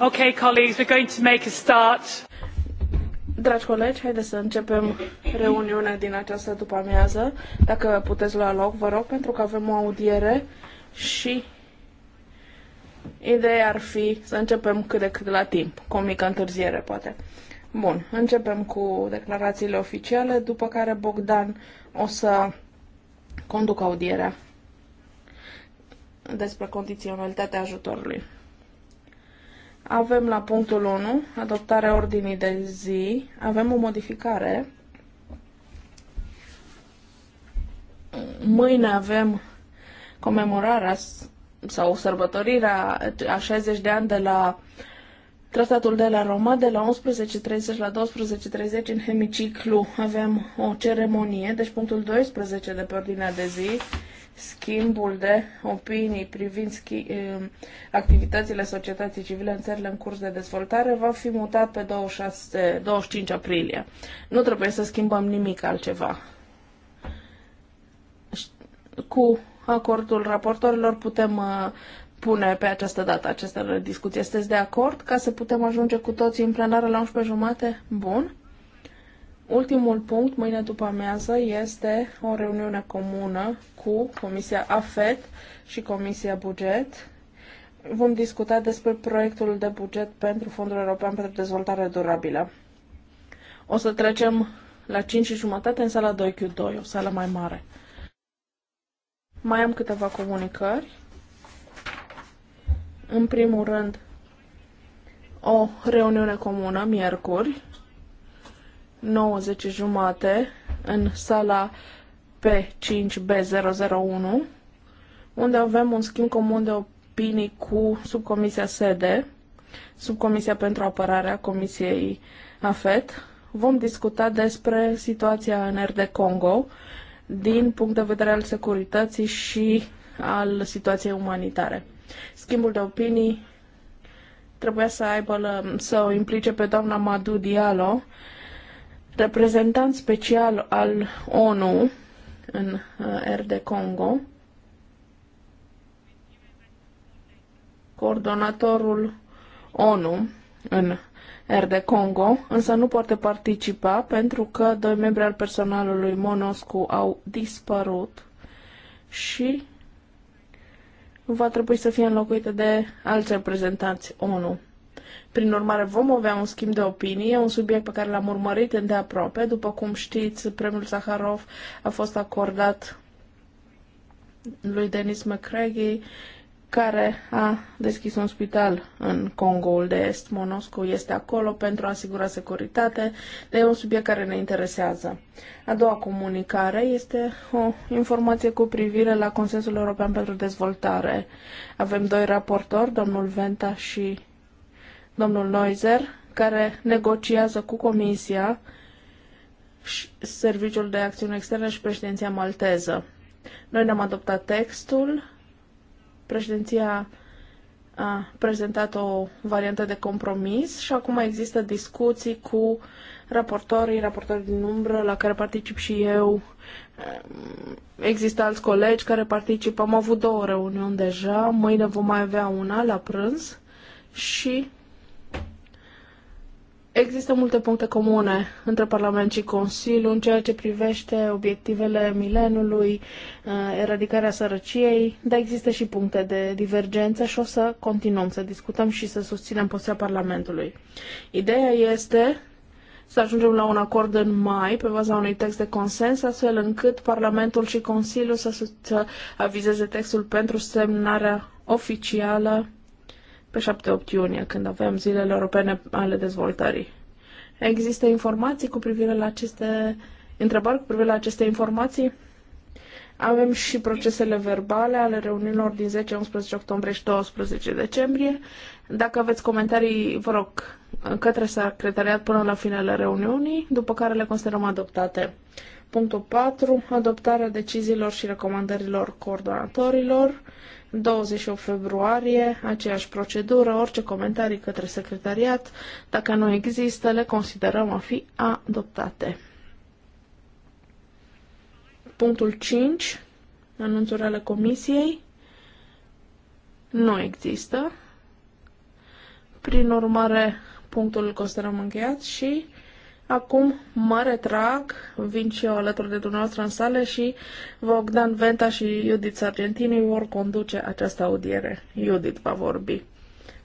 Ok, colleagues, we're going to make a start. Dragi colegi, haideți să începem reuniunea din această după-amiază. Dacă puteți lua loc, vă rog, pentru că avem o audiere și ideea ar fi să începem cât de cât la timp, cu o mică întârziere, poate. Bun, începem cu declarațiile oficiale, după care Bogdan o să conducă audierea despre condiționalitatea ajutorului. Avem la punctul 1, adoptarea ordinii de zi, avem o modificare. Mâine avem comemorarea sau sărbătorirea a 60 de ani de la Tratatul de la Roma, de la 11.30 la 12.30 în hemiciclu avem o ceremonie, deci punctul 12 de pe ordinea de zi, schimbul de opinii privind schi- um, activitățile societății civile în țările în curs de dezvoltare va fi mutat pe 26, 25 aprilie. Nu trebuie să schimbăm nimic altceva. Cu acordul raportorilor putem uh, pune pe această dată această discuție. Sunteți de acord ca să putem ajunge cu toții în plenară la 11.30? jumate? Bun. Ultimul punct, mâine după amiază, este o reuniune comună cu Comisia AFET și Comisia Buget. Vom discuta despre proiectul de buget pentru Fondul European pentru Dezvoltare Durabilă. O să trecem la 5 și jumătate în sala 2Q2, o sală mai mare. Mai am câteva comunicări. În primul rând, o reuniune comună, miercuri, 90 jumate în sala P5B001, unde avem un schimb comun de opinii cu subcomisia SEDE, subcomisia pentru apărarea Comisiei AFET. Vom discuta despre situația în RD Congo din punct de vedere al securității și al situației umanitare. Schimbul de opinii trebuia să aibă să o implice pe doamna Madu Diallo, reprezentant special al ONU în uh, RD Congo, coordonatorul ONU în RD Congo, însă nu poate participa pentru că doi membri al personalului Monoscu au dispărut și va trebui să fie înlocuite de alți reprezentanți ONU. Prin urmare, vom avea un schimb de opinie, un subiect pe care l-am urmărit îndeaproape. După cum știți, premiul Zaharov a fost acordat lui Denis McCreggy, care a deschis un spital în Congoul de Est. Monoscu este acolo pentru a asigura securitate, e un subiect care ne interesează. A doua comunicare este o informație cu privire la Consensul European pentru Dezvoltare. Avem doi raportori, domnul Venta și domnul Neuser, care negociază cu Comisia și Serviciul de Acțiune Externă și președinția malteză. Noi ne-am adoptat textul, președinția a prezentat o variantă de compromis și acum există discuții cu raportorii, raportori din umbră, la care particip și eu. Există alți colegi care participă. Am avut două reuniuni deja, mâine vom mai avea una la prânz și Există multe puncte comune între Parlament și Consiliu în ceea ce privește obiectivele milenului, eh, eradicarea sărăciei, dar există și puncte de divergență și o să continuăm să discutăm și să susținem poziția Parlamentului. Ideea este să ajungem la un acord în mai pe baza unui text de consens, astfel încât Parlamentul și Consiliul să, să avizeze textul pentru semnarea oficială pe 7-8 iunie, când avem zilele europene ale dezvoltării. Există informații cu privire la aceste întrebări, cu privire la aceste informații? Avem și procesele verbale ale reuniunilor din 10-11 octombrie și 12 decembrie. Dacă aveți comentarii, vă rog, către secretariat până la finele reuniunii, după care le considerăm adoptate. Punctul 4. Adoptarea deciziilor și recomandărilor coordonatorilor. 28 februarie, aceeași procedură, orice comentarii către secretariat, dacă nu există, le considerăm a fi adoptate. Punctul 5, anunțuri ale comisiei, nu există. Prin urmare, punctul îl considerăm încheiat și Acum mă retrag, vin și eu alături de dumneavoastră în sală și Bogdan Venta și Judith Sargentini vor conduce această audiere. Judith va vorbi.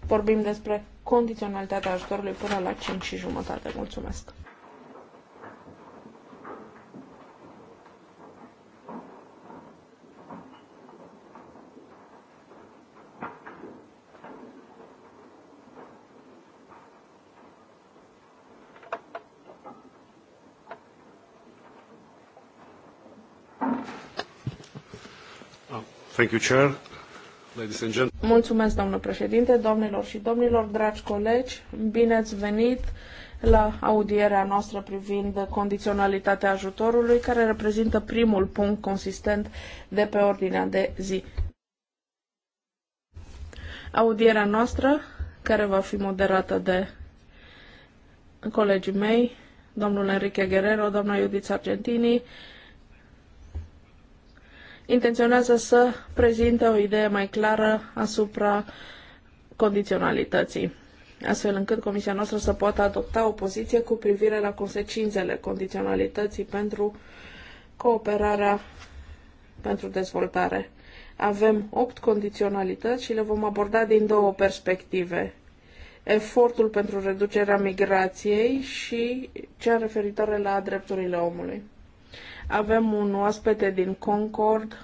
Vorbim despre condiționalitatea ajutorului până la 5 și jumătate. Mulțumesc! Mulțumesc, doamnă președinte, domnilor și domnilor, dragi colegi, bine ați venit la audierea noastră privind condiționalitatea ajutorului, care reprezintă primul punct consistent de pe ordinea de zi. Audierea noastră, care va fi moderată de colegii mei, domnul Enrique Guerrero, doamna Judith Argentini, intenționează să prezinte o idee mai clară asupra condiționalității, astfel încât Comisia noastră să poată adopta o poziție cu privire la consecințele condiționalității pentru cooperarea pentru dezvoltare. Avem opt condiționalități și le vom aborda din două perspective. Efortul pentru reducerea migrației și cea referitoare la drepturile omului. Avem un oaspete din Concord,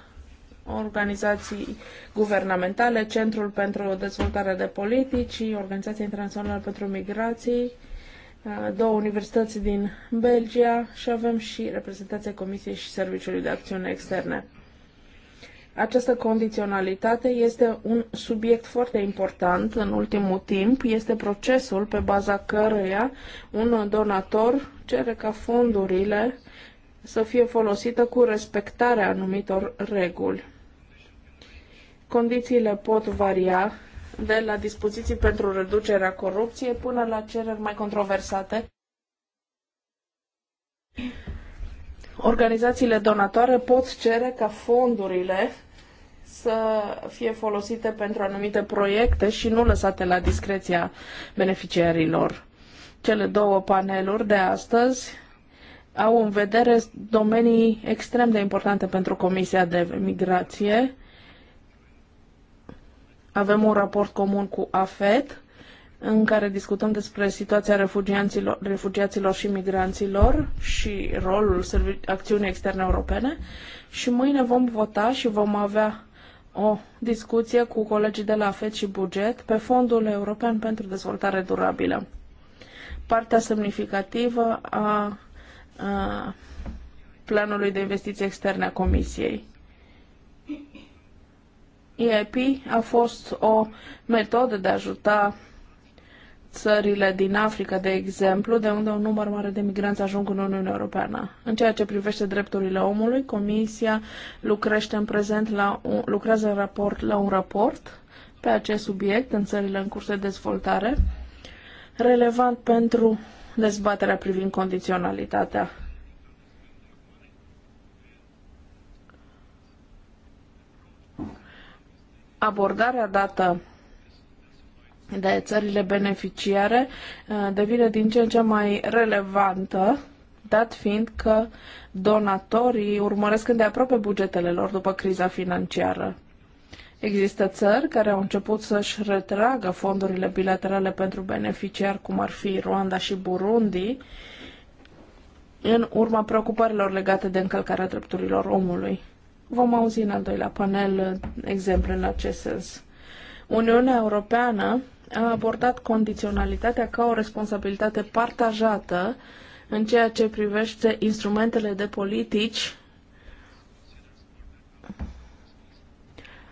organizații guvernamentale, Centrul pentru Dezvoltare de Politici, Organizația Internațională pentru Migrații, uh, două universități din Belgia și avem și reprezentația Comisiei și Serviciului de Acțiune Externe. Această condiționalitate este un subiect foarte important în ultimul timp. Este procesul pe baza căruia un donator cere ca fondurile să fie folosită cu respectarea anumitor reguli. Condițiile pot varia de la dispoziții pentru reducerea corupției până la cereri mai controversate. Organizațiile donatoare pot cere ca fondurile să fie folosite pentru anumite proiecte și nu lăsate la discreția beneficiarilor. Cele două paneluri de astăzi au în vedere domenii extrem de importante pentru Comisia de Migrație. Avem un raport comun cu AFET în care discutăm despre situația refugiaților, refugiaților și migranților și rolul acțiunii externe europene și mâine vom vota și vom avea o discuție cu colegii de la FED și buget pe Fondul European pentru Dezvoltare Durabilă. Partea semnificativă a planului de investiții externe a Comisiei. EIP a fost o metodă de a ajuta țările din Africa, de exemplu, de unde un număr mare de migranți ajung în Uniunea Europeană. În ceea ce privește drepturile omului, Comisia lucrește în prezent la un, lucrează în raport, la un raport pe acest subiect în țările în curs de dezvoltare, relevant pentru dezbaterea privind condiționalitatea abordarea dată de țările beneficiare uh, devine din ce în ce mai relevantă, dat fiind că donatorii urmăresc îndeaproape bugetele lor după criza financiară. Există țări care au început să-și retragă fondurile bilaterale pentru beneficiari, cum ar fi Rwanda și Burundi, în urma preocupărilor legate de încălcarea drepturilor omului. Vom auzi în al doilea panel uh, exemple în acest sens. Uniunea Europeană a abordat condiționalitatea ca o responsabilitate partajată în ceea ce privește instrumentele de politici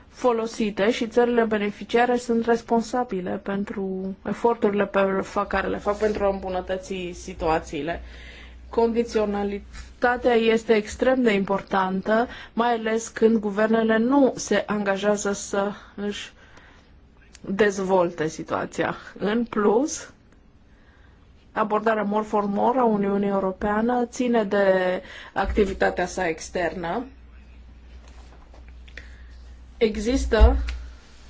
folosite și țările beneficiare sunt responsabile pentru eforturile pe care le fac pentru a îmbunătăți situațiile. Condiționalitatea Responsabilitatea este extrem de importantă, mai ales când guvernele nu se angajează să își dezvolte situația. În plus, abordarea more for more a Uniunii Europeană ține de activitatea sa externă. Există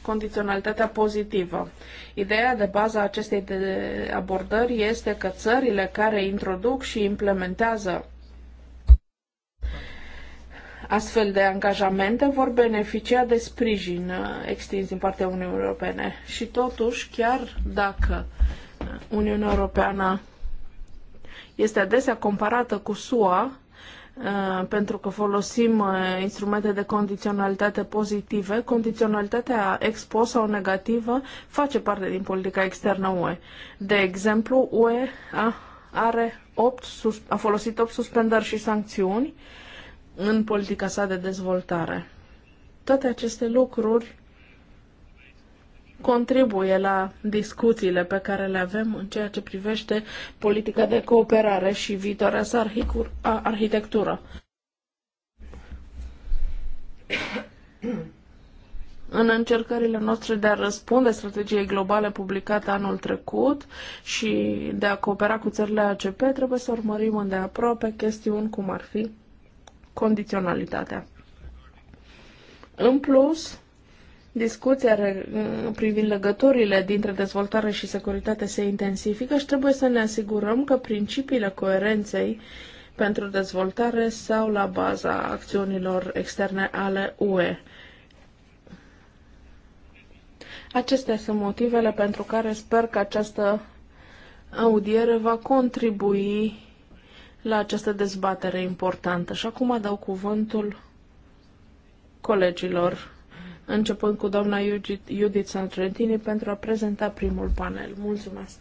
condiționalitatea pozitivă. Ideea de bază a acestei de abordări este că țările care introduc și implementează astfel de angajamente vor beneficia de sprijin uh, extins din partea Uniunii Europene. Și totuși, chiar dacă Uniunea Europeană este adesea comparată cu SUA, uh, pentru că folosim uh, instrumente de condiționalitate pozitive, condiționalitatea expo sau negativă face parte din politica externă UE. De exemplu, UE a, are 8, a folosit 8 suspendări și sancțiuni în politica sa de dezvoltare. Toate aceste lucruri contribuie la discuțiile pe care le avem în ceea ce privește politica de cooperare și viitoarea sa arhitectură. În încercările noastre de a răspunde strategiei globale publicate anul trecut și de a coopera cu țările ACP, trebuie să urmărim îndeaproape chestiuni cum ar fi condiționalitatea. În plus, discuția privind legăturile dintre dezvoltare și securitate se intensifică și trebuie să ne asigurăm că principiile coerenței pentru dezvoltare sau la baza acțiunilor externe ale UE. Acestea sunt motivele pentru care sper că această audiere va contribui la această dezbatere importantă. Și acum dau cuvântul colegilor, începând cu doamna Judith Santrentini pentru a prezenta primul panel. Mulțumesc!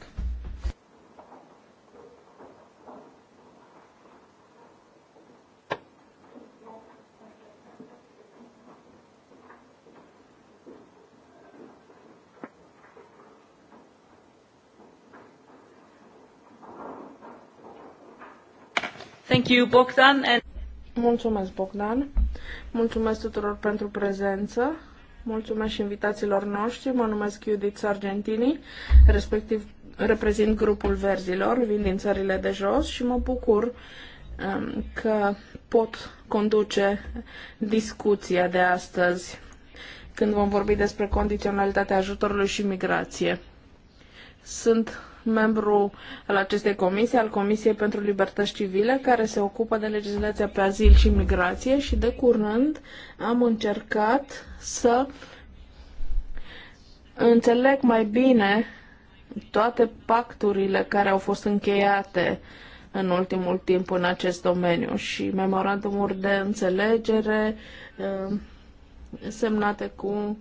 Thank you, Bogdan. And... Mulțumesc, Bogdan. Mulțumesc tuturor pentru prezență. Mulțumesc și invitațiilor noștri. Mă numesc Judith Sargentini, respectiv reprezint grupul verzilor, vin din țările de jos și mă bucur um, că pot conduce discuția de astăzi când vom vorbi despre condiționalitatea ajutorului și migrație. Sunt membru al acestei comisii, al Comisiei pentru Libertăți Civile, care se ocupă de legislația pe azil și migrație și de curând am încercat să înțeleg mai bine toate pacturile care au fost încheiate în ultimul timp în acest domeniu și memorandumuri de înțelegere uh, semnate cu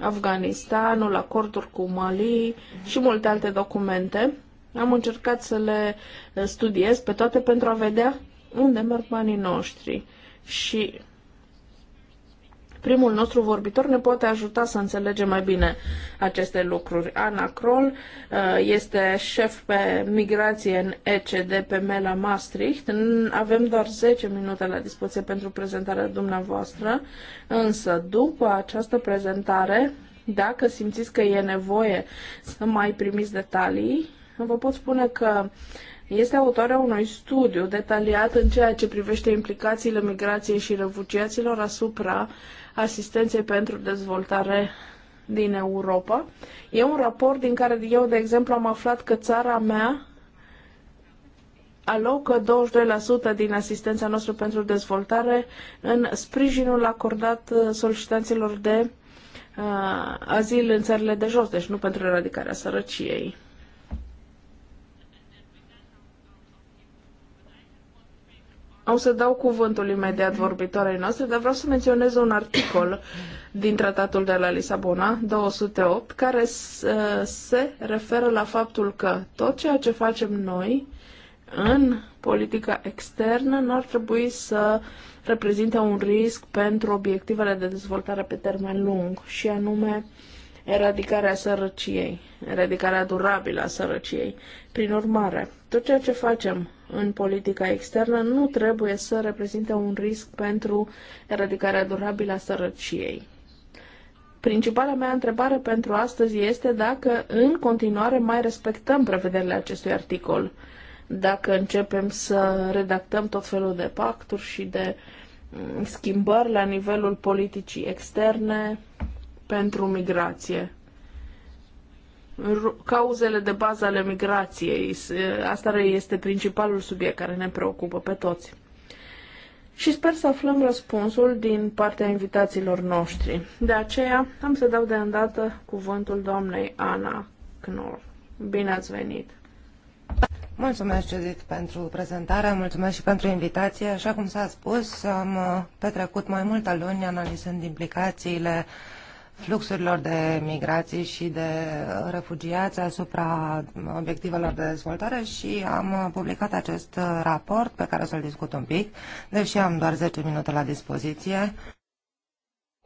Afganistanul, acorduri cu Mali și multe alte documente. Am încercat să le eh, studiez pe toate pentru a vedea unde merg banii noștri. Și primul nostru vorbitor ne poate ajuta să înțelegem mai bine aceste lucruri. Ana Kroll uh, este șef pe migrație în ECD pe Mela Maastricht. Avem doar 10 minute la dispoziție pentru prezentarea dumneavoastră, însă după această prezentare dacă simțiți că e nevoie să mai primiți detalii, vă pot spune că este autoarea unui studiu detaliat în ceea ce privește implicațiile migrației și refugiaților asupra asistenței pentru dezvoltare din Europa. E un raport din care eu, de exemplu, am aflat că țara mea alocă 22% din asistența noastră pentru dezvoltare în sprijinul acordat uh, solicitanților de uh, azil în țările de jos, deci nu pentru eradicarea sărăciei. O să dau cuvântul imediat vorbitoarei noastre, dar vreau să menționez un articol din Tratatul de la Lisabona, 208, care uh, se referă la faptul că tot ceea ce facem noi în politica externă nu ar trebui să reprezinte un risc pentru obiectivele de dezvoltare pe termen lung, și anume eradicarea sărăciei, eradicarea durabilă a sărăciei. Prin urmare, tot ceea ce facem în politica externă nu trebuie să reprezinte un risc pentru eradicarea durabilă a sărăciei. Principala mea întrebare pentru astăzi este dacă în continuare mai respectăm prevederile acestui articol, dacă începem să redactăm tot felul de pacturi și de mm, schimbări la nivelul politicii externe pentru migrație cauzele de bază ale migrației. Asta este principalul subiect care ne preocupă pe toți. Și sper să aflăm răspunsul din partea invitațiilor noștri. De aceea am să dau de îndată cuvântul doamnei Ana Knorr. Bine ați venit! Mulțumesc, Judith, pentru prezentare, mulțumesc și pentru invitație. Așa cum s-a spus, am uh, petrecut mai multe luni analizând implicațiile uh, fluxurilor de migrații și de refugiați asupra obiectivelor de dezvoltare și am publicat acest raport pe care o să-l discut un pic, deși am doar 10 minute la dispoziție.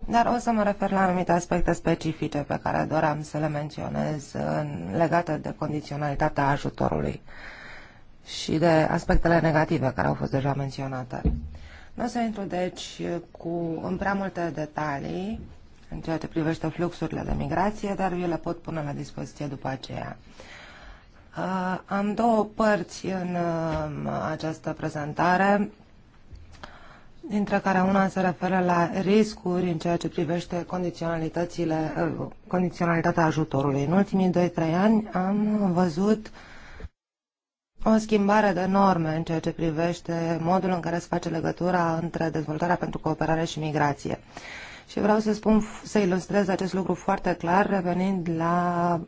Dar o să mă refer la anumite aspecte specifice pe care doream să le menționez legate de condiționalitatea ajutorului și de aspectele negative care au fost deja menționate. Nu o să intru deci cu, în prea multe detalii, în ceea ce privește fluxurile de migrație, dar eu le pot pune la dispoziție după aceea. Uh, am două părți în uh, această prezentare, dintre care una se referă la riscuri în ceea ce privește condiționalitățile, uh, condiționalitatea ajutorului. În ultimii 2-3 ani am văzut o schimbare de norme în ceea ce privește modul în care se face legătura între dezvoltarea pentru cooperare și migrație. Uh, și vreau să spun, să ilustrez acest lucru foarte clar, revenind la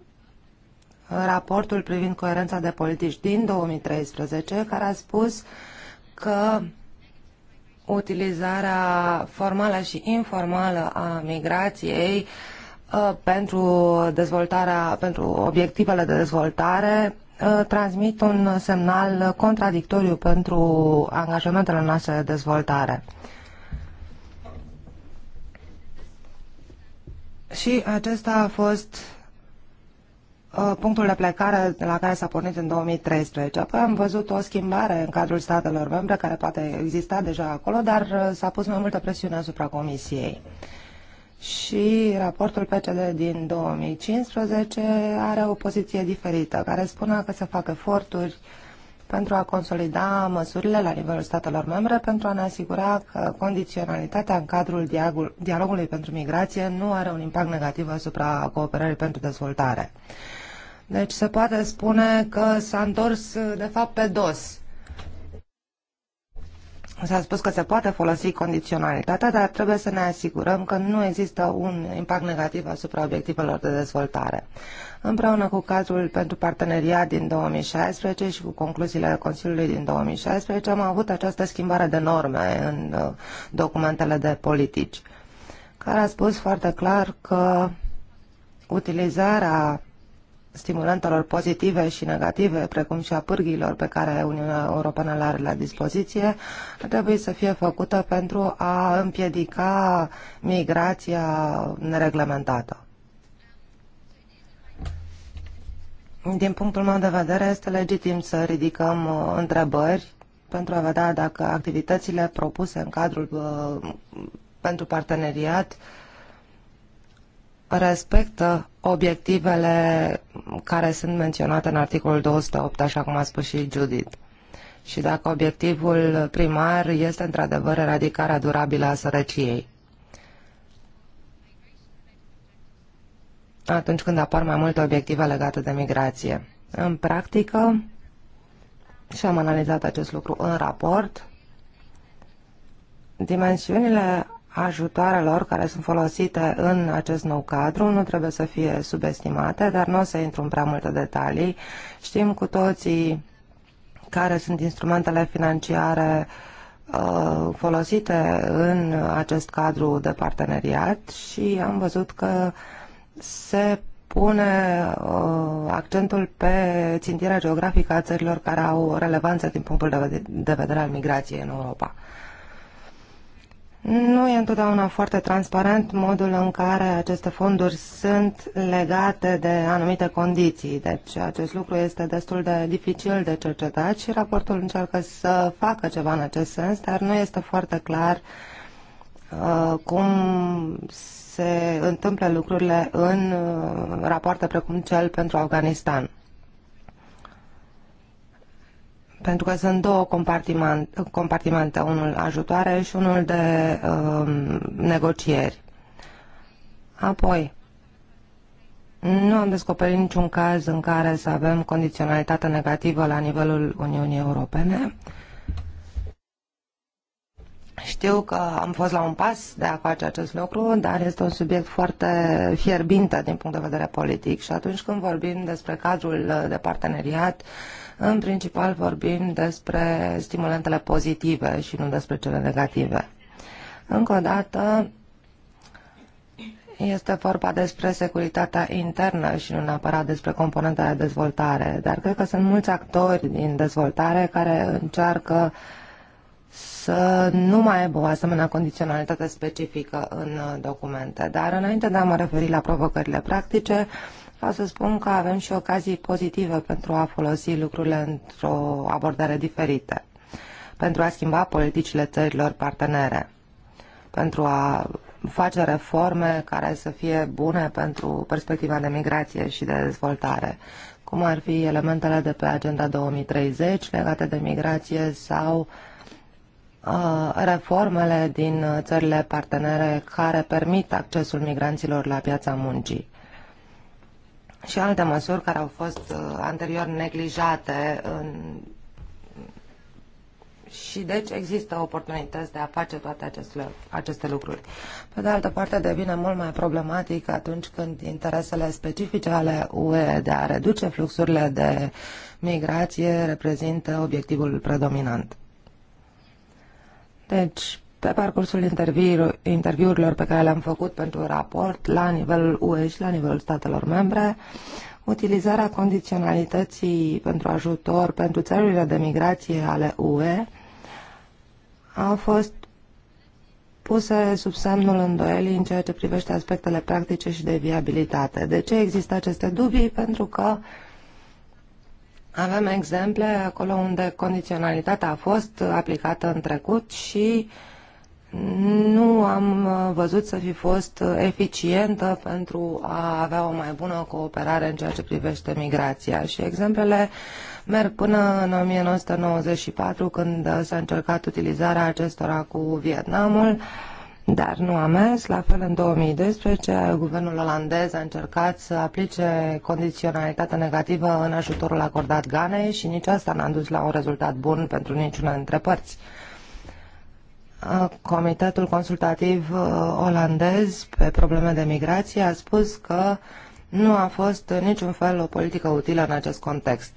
raportul privind coerența de politici din 2013, care a spus că utilizarea formală și informală a migrației ă, pentru dezvoltarea, pentru obiectivele de dezvoltare ă, transmit un semnal contradictoriu pentru angajamentele noastre de dezvoltare. Și acesta a fost uh, punctul de plecare la care s-a pornit în 2013. Apoi am văzut o schimbare în cadrul statelor membre, care poate exista deja acolo, dar uh, s-a pus mai multă presiune asupra Comisiei. Și raportul PCD din 2015 are o poziție diferită, care spune că se fac eforturi uh, pentru a consolida măsurile la nivelul statelor membre pentru a ne asigura că condiționalitatea în cadrul dialogului pentru migrație nu are un impact negativ asupra cooperării pentru dezvoltare. Deci se poate spune că s-a întors de fapt pe dos S-a spus că se poate folosi condiționalitatea, dar trebuie să ne asigurăm că nu există un impact negativ asupra obiectivelor de dezvoltare. Împreună cu cadrul pentru parteneriat din 2016 și cu concluziile Consiliului din 2016 am avut această schimbare de norme în uh, documentele de politici, care a spus foarte clar că utilizarea stimulentelor pozitive și negative, precum și a pârghiilor pe care Uniunea Europeană le are la dispoziție, ar trebui să fie făcută pentru a împiedica migrația nereglementată. Din punctul meu de vedere, este legitim să ridicăm uh, întrebări pentru a vedea dacă activitățile propuse în cadrul uh, pentru parteneriat uh, respectă obiectivele care sunt menționate în articolul 208, așa cum a spus și Judith. Și dacă obiectivul primar este într-adevăr eradicarea durabilă a sărăciei. Atunci când apar mai multe obiective legate de migrație. În practică, și am analizat acest lucru în raport, dimensiunile ajutoarelor care sunt folosite în acest nou cadru nu trebuie să fie subestimate, dar nu o să intru în prea multe detalii. Știm cu toții care sunt instrumentele financiare uh, folosite în acest cadru de parteneriat și am văzut că se pune uh, accentul pe țintirea geografică a țărilor care au relevanță din punctul de vedere al migrației în Europa. Nu e întotdeauna foarte transparent modul în care aceste fonduri sunt legate de anumite condiții. Deci acest lucru este destul de dificil de cercetat și raportul încearcă să facă ceva în acest sens, dar nu este foarte clar uh, cum se întâmplă lucrurile în uh, rapoarte precum cel pentru Afganistan pentru că sunt două compartimente, compartimente unul ajutoare și unul de uh, negocieri. Apoi, nu am descoperit niciun caz în care să avem condiționalitate negativă la nivelul Uniunii Europene. Știu că am fost la un pas de a face acest lucru, dar este un subiect foarte fierbinte din punct de vedere politic și atunci când vorbim despre cadrul de parteneriat, uh, în principal vorbim despre stimulentele pozitive și nu despre cele negative. Încă o dată, este vorba despre securitatea internă și nu neapărat despre componenta de dezvoltare, dar cred că sunt mulți actori din dezvoltare care încearcă să nu mai aibă o asemenea condiționalitate specifică în documente. Dar înainte de a mă referi la provocările practice, Vreau să spun că avem și ocazii pozitive pentru a folosi lucrurile într-o abordare diferită, pentru a schimba politicile țărilor partenere, pentru a face reforme care să fie bune pentru perspectiva de migrație și de dezvoltare, cum ar fi elementele de pe Agenda 2030 legate de migrație sau uh, reformele din țările partenere care permit accesul migranților la piața muncii și alte măsuri care au fost uh, anterior neglijate în... și deci există oportunități de a face toate aceste, aceste lucruri. Pe de altă parte devine mult mai problematic atunci când interesele specifice ale UE de a reduce fluxurile de migrație reprezintă obiectivul predominant. Deci, pe parcursul interviu interviurilor pe care le-am făcut pentru raport, la nivelul UE și la nivelul statelor membre, utilizarea condiționalității pentru ajutor pentru țările de migrație ale UE a fost puse sub semnul îndoielii în ceea ce privește aspectele practice și de viabilitate. De ce există aceste dubii? Pentru că avem exemple acolo unde condiționalitatea a fost aplicată în trecut și uh, nu am uh, văzut să fi fost uh, eficientă pentru a avea o mai bună cooperare în ceea ce privește migrația. Și exemplele merg până în 1994, când uh, s-a încercat utilizarea acestora cu Vietnamul, dar nu a mers. La fel, în 2012, guvernul olandez a încercat să aplice condiționalitatea negativă în ajutorul acordat Ganei și nici asta n-a dus la un rezultat bun pentru niciuna dintre părți. Comitetul Consultativ uh, Olandez pe probleme de migrație a spus că nu a fost în niciun fel o politică utilă în acest context.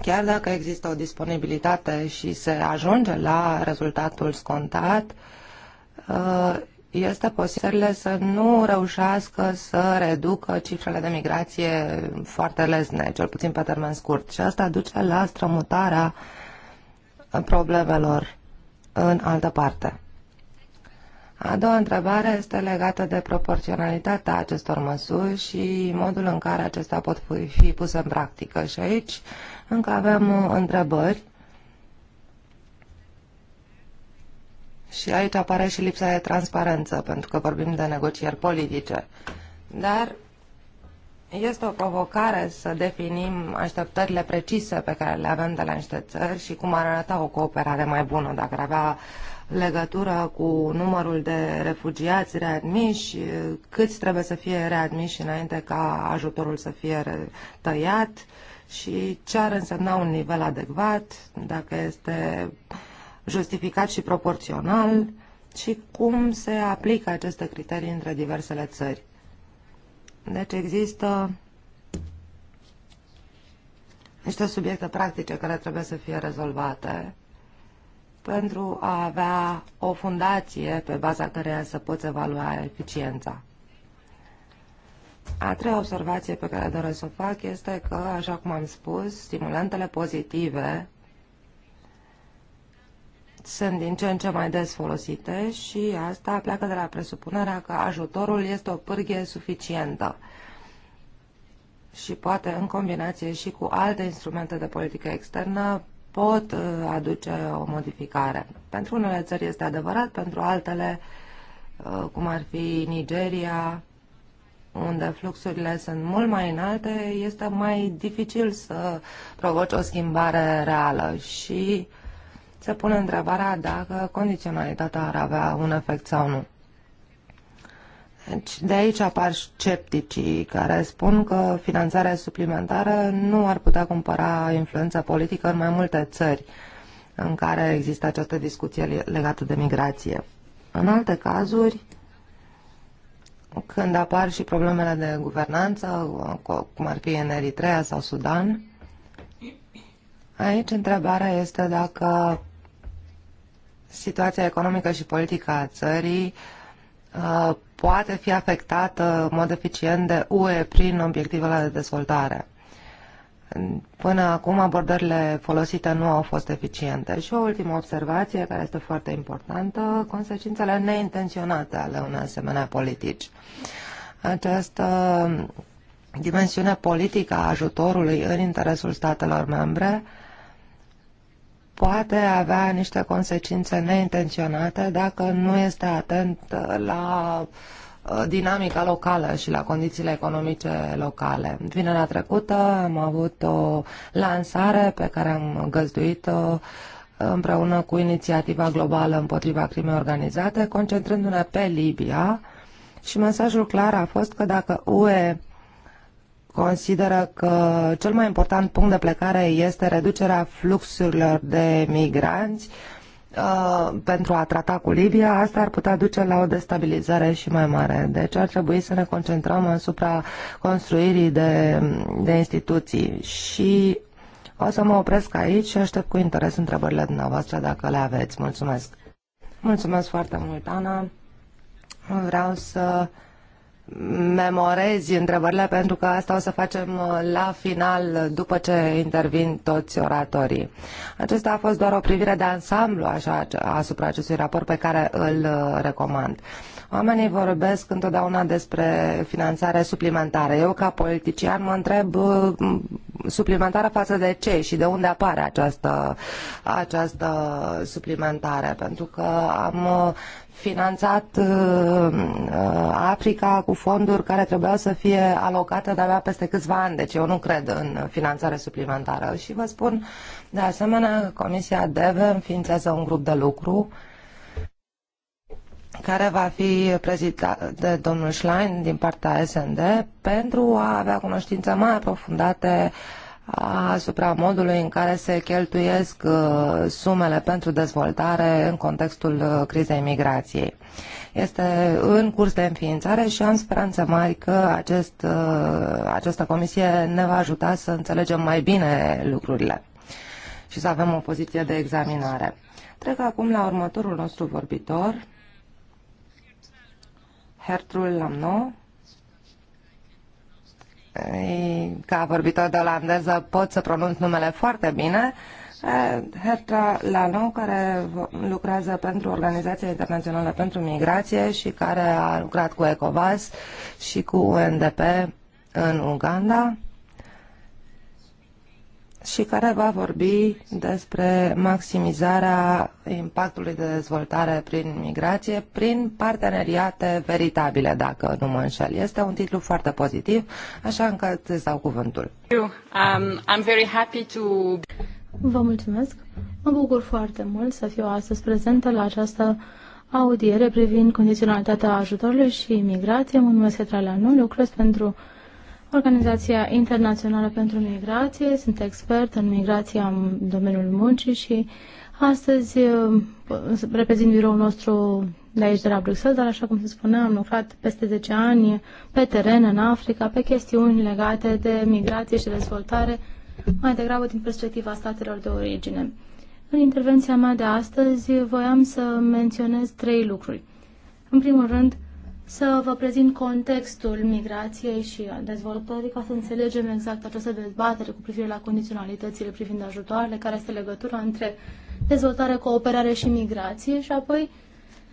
Chiar dacă există o disponibilitate și se ajunge la rezultatul scontat, uh, este posibil să nu reușească să reducă cifrele de migrație foarte lesne, cel puțin pe termen scurt. Și asta duce la strămutarea problemelor în altă parte. A doua întrebare este legată de proporționalitatea acestor măsuri și modul în care acestea pot fi puse în practică. Și aici încă avem întrebări. Și aici apare și lipsa de transparență, pentru că vorbim de negocieri politice. Dar este o provocare să definim așteptările precise pe care le avem de la niște țări și cum ar arăta o cooperare mai bună dacă ar avea legătură cu numărul de refugiați readmiși, câți trebuie să fie readmiși înainte ca ajutorul să fie tăiat și ce ar însemna un nivel adecvat, dacă este justificat și proporțional și cum se aplică aceste criterii între diversele țări. Deci există niște subiecte practice care trebuie să fie rezolvate pentru a avea o fundație pe baza căreia să poți evalua eficiența. A treia observație pe care doresc să o fac este că, așa cum am spus, stimulantele pozitive sunt din ce în ce mai des folosite și asta pleacă de la presupunerea că ajutorul este o pârghie suficientă și poate în combinație și cu alte instrumente de politică externă pot uh, aduce o modificare. Pentru unele țări este adevărat, pentru altele, uh, cum ar fi Nigeria, unde fluxurile sunt mult mai înalte, este mai dificil să provoci o schimbare reală și uh, se pune întrebarea dacă condiționalitatea ar avea un efect sau nu. Deci, de aici apar scepticii care spun că finanțarea suplimentară nu ar putea cumpăra influența politică în mai multe țări în care există această discuție legată de migrație. În alte cazuri, când apar și problemele de guvernanță, cum ar fi în Eritrea sau Sudan, aici întrebarea este dacă situația economică și politică a țării uh, poate fi afectată în mod eficient de UE prin obiectivele de dezvoltare. Până acum abordările folosite nu au fost eficiente. Și o ultimă observație care este foarte importantă, consecințele neintenționate ale unei asemenea politici. Această dimensiune politică a ajutorului în interesul statelor membre poate avea niște consecințe neintenționate dacă nu este atent la uh, dinamica locală și la condițiile economice locale. Vinerea trecută am avut o lansare pe care am găzduit-o uh, împreună cu inițiativa globală împotriva crimei organizate, concentrându-ne pe Libia și mesajul clar a fost că dacă UE consideră că cel mai important punct de plecare este reducerea fluxurilor de migranți uh, pentru a trata cu Libia, asta ar putea duce la o destabilizare și mai mare. Deci ar trebui să ne concentrăm asupra construirii de, de instituții. Și o să mă opresc aici și aștept cu interes întrebările dumneavoastră dacă le aveți. Mulțumesc! Mulțumesc foarte mult, Ana! Vreau să memorezi întrebările pentru că asta o să facem uh, la final după ce intervin toți oratorii. Acesta a fost doar o privire de ansamblu așa, asupra acestui raport pe care îl uh, recomand. Oamenii vorbesc întotdeauna despre finanțare suplimentară. Eu, ca politician, mă întreb uh, suplimentară față de ce și de unde apare această, această suplimentare. Pentru că am finanțat uh, uh, Africa cu fonduri care trebuiau să fie alocate de-abia peste câțiva ani, deci eu nu cred în finanțare suplimentară. Și vă spun, de asemenea, Comisia DEVE înființează un grup de lucru care va fi prezidat de domnul Schlein din partea SND pentru a avea cunoștințe mai aprofundate uh, asupra modului în care se cheltuiesc uh, sumele pentru dezvoltare în contextul uh, crizei migrației. Este în curs de înființare și am speranțe mari că acest, uh, această comisie ne va ajuta să înțelegem mai bine lucrurile și să avem o poziție de examinare. Trec acum la următorul nostru vorbitor, Hertrul Lamnou, ca vorbitor de olandeză pot să pronunț numele foarte bine, Herta Lano, care lucrează pentru Organizația Internațională pentru Migrație și care a lucrat cu ECOVAS și cu UNDP în Uganda și care va vorbi despre maximizarea impactului de dezvoltare prin migrație prin parteneriate veritabile, dacă nu mă înșel. Este un titlu foarte pozitiv, așa încât îți dau cuvântul. Um, Vă mulțumesc. Mă bucur foarte mult să fiu astăzi prezentă la această audiere privind condiționalitatea ajutorului și migrație. Mă numesc Nu, lucrez pentru Organizația Internațională pentru Migrație, sunt expert în migrația în domeniul muncii și astăzi uh, reprezint biroul nostru de aici, de la Bruxelles, dar așa cum se spunea, am lucrat peste 10 ani pe teren în Africa, pe chestiuni legate de migrație și dezvoltare, mai degrabă din perspectiva statelor de origine. În intervenția mea de astăzi voiam să menționez trei lucruri. În primul rând, să vă prezint contextul migrației și dezvoltării ca să înțelegem exact această dezbatere cu privire la condiționalitățile privind ajutoarele, care este legătura între dezvoltare, cooperare și migrație și apoi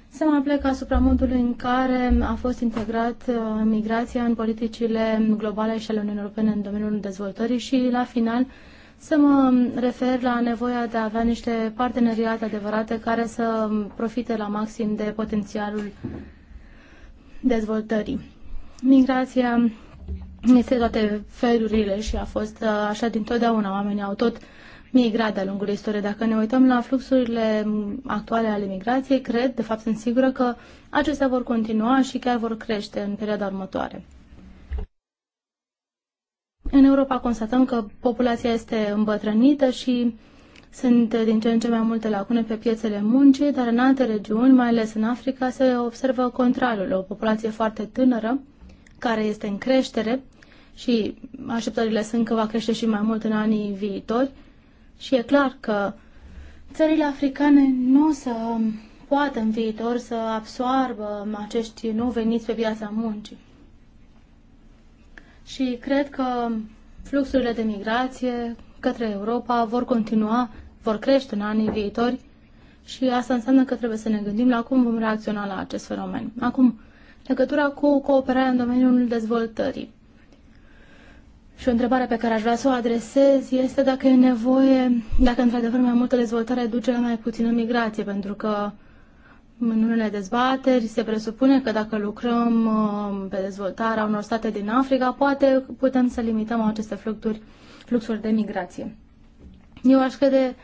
se mai plec asupra modului în care a fost integrat uh, migrația în politicile globale și ale Uniunii Europene în domeniul dezvoltării și la final să mă refer la nevoia de a avea niște parteneriate adevărate care să profite la maxim de potențialul dezvoltării. Migrația este toate felurile și a fost uh, așa dintotdeauna. Oamenii au tot migrat de-a lungul istoriei. Dacă ne uităm la fluxurile actuale ale migrației, cred, de fapt sunt sigură că acestea vor continua și chiar vor crește în perioada următoare. În Europa constatăm că populația este îmbătrânită și sunt eh, din ce în ce mai multe lacune pe piețele muncii, dar în alte regiuni, mai ales în Africa, se observă contrarul, o populație foarte tânără, care este în creștere și așteptările sunt că va crește și mai mult în anii viitori. Și e clar că țările africane nu o să poată în viitor să absoarbă acești nu veniți pe piața muncii. Și cred că fluxurile de migrație către Europa vor continua vor crește în anii viitori și asta înseamnă că trebuie să ne gândim la cum vom reacționa la acest fenomen. Acum, legătura cu cooperarea în domeniul dezvoltării. Și o întrebare pe care aș vrea să o adresez este dacă e nevoie, dacă într-adevăr mai multă dezvoltare duce la mai puțină migrație, pentru că în unele dezbateri se presupune că dacă lucrăm uh, pe dezvoltarea unor state din Africa, poate putem să limităm aceste fluxuri, fluxuri de migrație. Eu aș crede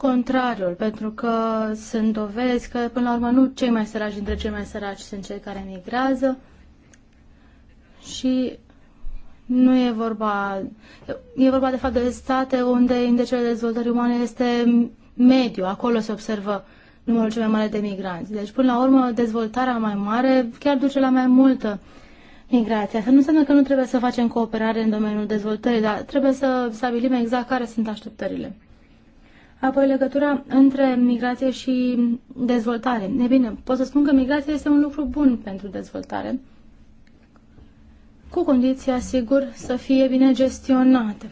contrariul, pentru că sunt dovezi că, până la urmă, nu cei mai săraci dintre cei mai săraci sunt cei care migrează și nu e vorba, e vorba de fapt de state unde indicele de dezvoltare umane este mediu, acolo se observă numărul cel mai mare de migranți. Deci, până la urmă, dezvoltarea mai mare chiar duce la mai multă migrație. Asta nu înseamnă că nu trebuie să facem cooperare în domeniul dezvoltării, dar trebuie să stabilim exact care sunt așteptările. Apoi legătura între migrație și dezvoltare. E bine, pot să spun că migrația este un lucru bun pentru dezvoltare, cu condiția, sigur, să fie bine gestionată.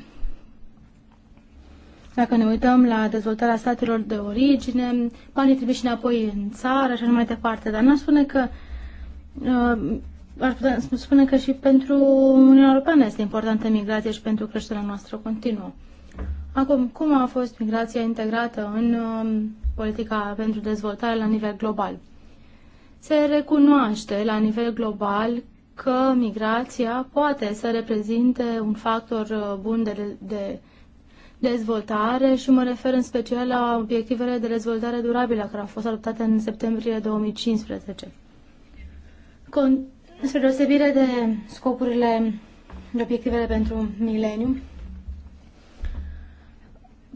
Dacă ne uităm la dezvoltarea statelor de origine, banii trebuie și înapoi în țară și așa mai departe, dar nu aș spune că uh, aș putea spune că și pentru Uniunea Europeană este importantă migrația și pentru creșterea noastră continuă. Acum, cum a fost migrația integrată în um, politica pentru dezvoltare la nivel global? Se recunoaște la nivel global că migrația poate să reprezinte un factor uh, bun de, de dezvoltare și mă refer în special la obiectivele de dezvoltare durabilă care au fost adoptate în septembrie 2015. Con- spre deosebire de scopurile de obiectivele pentru mileniu,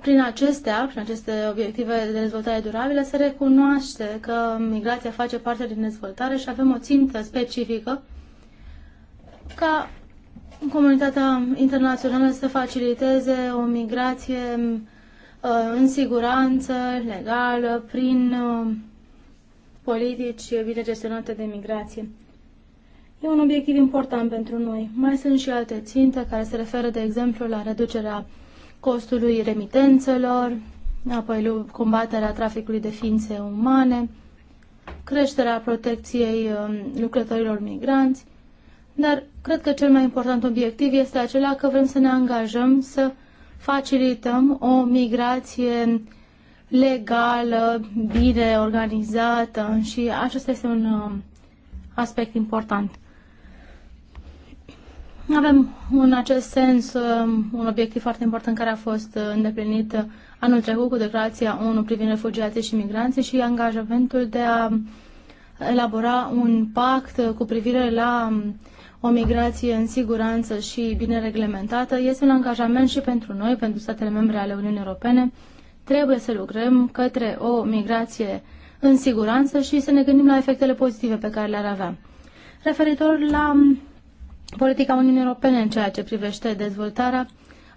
prin acestea, prin aceste obiective de dezvoltare durabilă, se recunoaște că migrația face parte din dezvoltare și avem o țintă specifică ca comunitatea internațională să faciliteze o migrație uh, în siguranță, legală, prin uh, politici bine gestionate de migrație. E un obiectiv important pentru noi. Mai sunt și alte ținte care se referă, de exemplu, la reducerea costului remitențelor, apoi combaterea traficului de ființe umane, creșterea protecției um, lucrătorilor migranți, dar cred că cel mai important obiectiv este acela că vrem să ne angajăm să facilităm o migrație legală, bine organizată și acesta este un um, aspect important. Avem în acest sens um, un obiectiv foarte important care a fost uh, îndeplinit uh, anul trecut cu declarația ONU privind refugiații și migranții și angajamentul de a um, elabora un pact uh, cu privire la um, o migrație în siguranță și bine reglementată este un angajament și pentru noi, pentru statele membre ale Uniunii Europene. Trebuie să lucrăm către o migrație în siguranță și să ne gândim la efectele pozitive pe care le-ar avea. Referitor la politica Uniunii Europene în ceea ce privește dezvoltarea.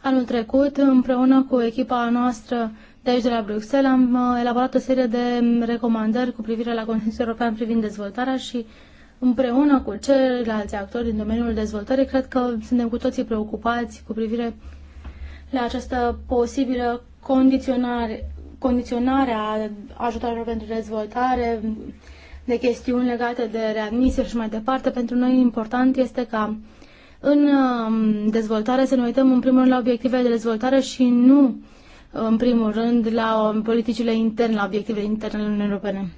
Anul trecut, împreună cu echipa noastră de aici de la Bruxelles, am uh, elaborat o serie de recomandări cu privire la Consensul European privind dezvoltarea și împreună cu ceilalți actori din domeniul dezvoltării, cred că suntem cu toții preocupați cu privire la această posibilă condiționare, condiționare a ajutoarelor pentru dezvoltare, de chestiuni legate de readmisie și mai departe, pentru noi important este ca în um, dezvoltare să ne uităm în primul rând la obiectivele de dezvoltare și nu în primul rând la um, politicile interne, la obiectivele interne ale Uniunii Europene.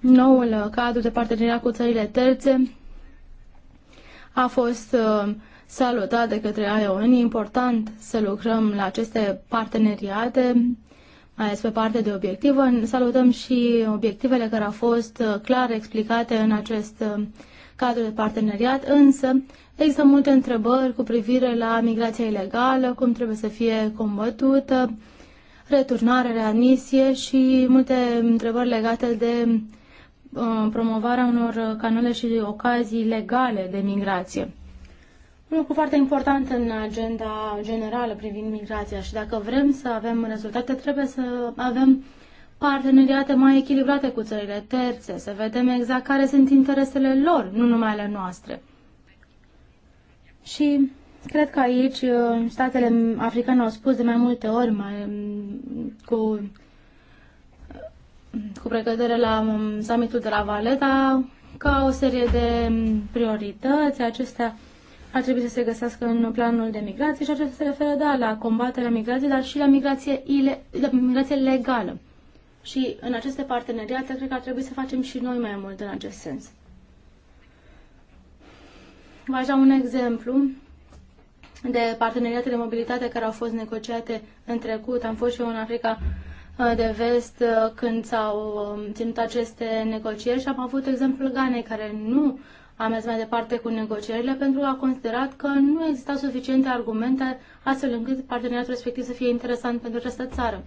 Noul uh, cadru de parteneriat cu țările terțe a fost uh, salutat de către ION. E important să lucrăm la aceste parteneriate ales pe parte de obiectivă. Salutăm și obiectivele care au fost uh, clar explicate în acest uh, cadru de parteneriat, însă există multe întrebări cu privire la migrația ilegală, cum trebuie să fie combătută, returnare, readmisie și multe întrebări legate de uh, promovarea unor canale și ocazii legale de migrație un lucru foarte important în agenda generală privind migrația și dacă vrem să avem rezultate, trebuie să avem parteneriate mai echilibrate cu țările terțe, să vedem exact care sunt interesele lor, nu numai ale noastre. Și cred că aici uh, statele africane au spus de mai multe ori mai, mm, cu, mm, cu precădere la mm, summitul de la Valeta ca o serie de priorități, acestea ar trebui să se găsească în planul de migrație și acesta se referă, da, la combaterea migrației, dar și la migrație, ile, la migrație legală. Și în aceste parteneriate, cred că ar trebui să facem și noi mai mult în acest sens. Vă aș da un exemplu de parteneriate de mobilitate care au fost negociate în trecut. Am fost și eu în Africa uh, de vest uh, când s-au um, ținut aceste negocieri și am avut exemplul Ganei, care nu a mers mai departe cu negocierile pentru că a considerat că nu exista suficiente argumente astfel încât parteneriatul respectiv să fie interesant pentru această țară.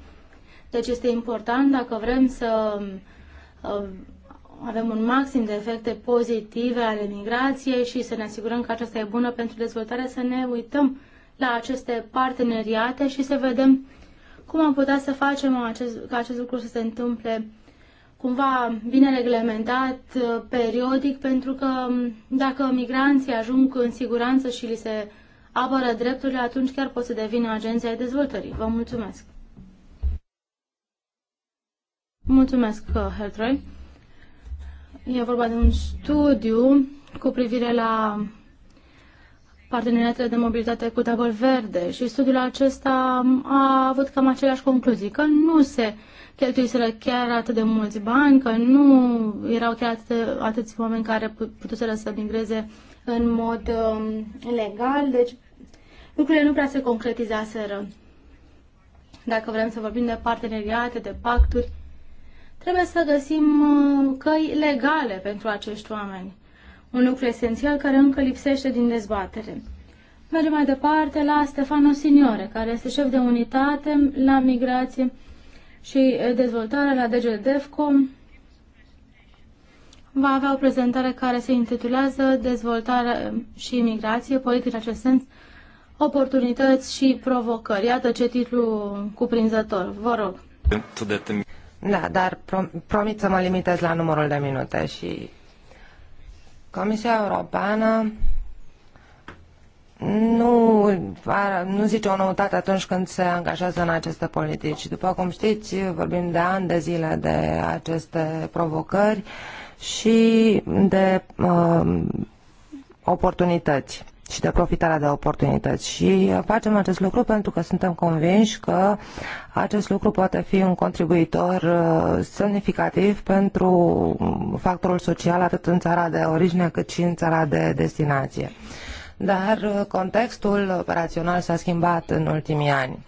Deci este important dacă vrem să uh, avem un maxim de efecte pozitive ale migrației și să ne asigurăm că aceasta e bună pentru dezvoltare, să ne uităm la aceste parteneriate și să vedem cum am putea să facem acest, ca acest lucru să se întâmple cumva bine reglementat, uh, periodic, pentru că um, dacă migranții ajung în siguranță și li se apără drepturile, atunci chiar pot să devină agenția dezvoltării. Vă mulțumesc! Mulțumesc, uh, Hertroy. E vorba de un studiu cu privire la parteneriatele de mobilitate cu tabăl verde și studiul acesta um, a avut cam aceleași concluzii, că nu se cheltuiseră chiar atât de mulți bani, că nu erau chiar atât, atâți oameni care putuseră să migreze în mod uh, legal, deci lucrurile nu prea se concretizaseră. Dacă vrem să vorbim de parteneriate, de pacturi, trebuie să găsim uh, căi legale pentru acești oameni. Un lucru esențial care încă lipsește din dezbatere. Mergem mai departe la Stefano Signore, care este șef de unitate la migrație și dezvoltare la DG DEFCOM va avea o prezentare care se intitulează Dezvoltare și imigrație, politică în acest sens, oportunități și provocări. Iată ce titlu cuprinzător. Vă rog. Da, dar promit să mă limitez la numărul de minute și Comisia Europeană nu, nu zice o noutate atunci când se angajează în aceste politici. După cum știți, vorbim de ani de zile de aceste provocări și de uh, oportunități și de profitarea de oportunități. Și facem acest lucru pentru că suntem convinși că acest lucru poate fi un contribuitor uh, semnificativ pentru factorul social atât în țara de origine cât și în țara de destinație dar uh, contextul operațional s-a schimbat în ultimii ani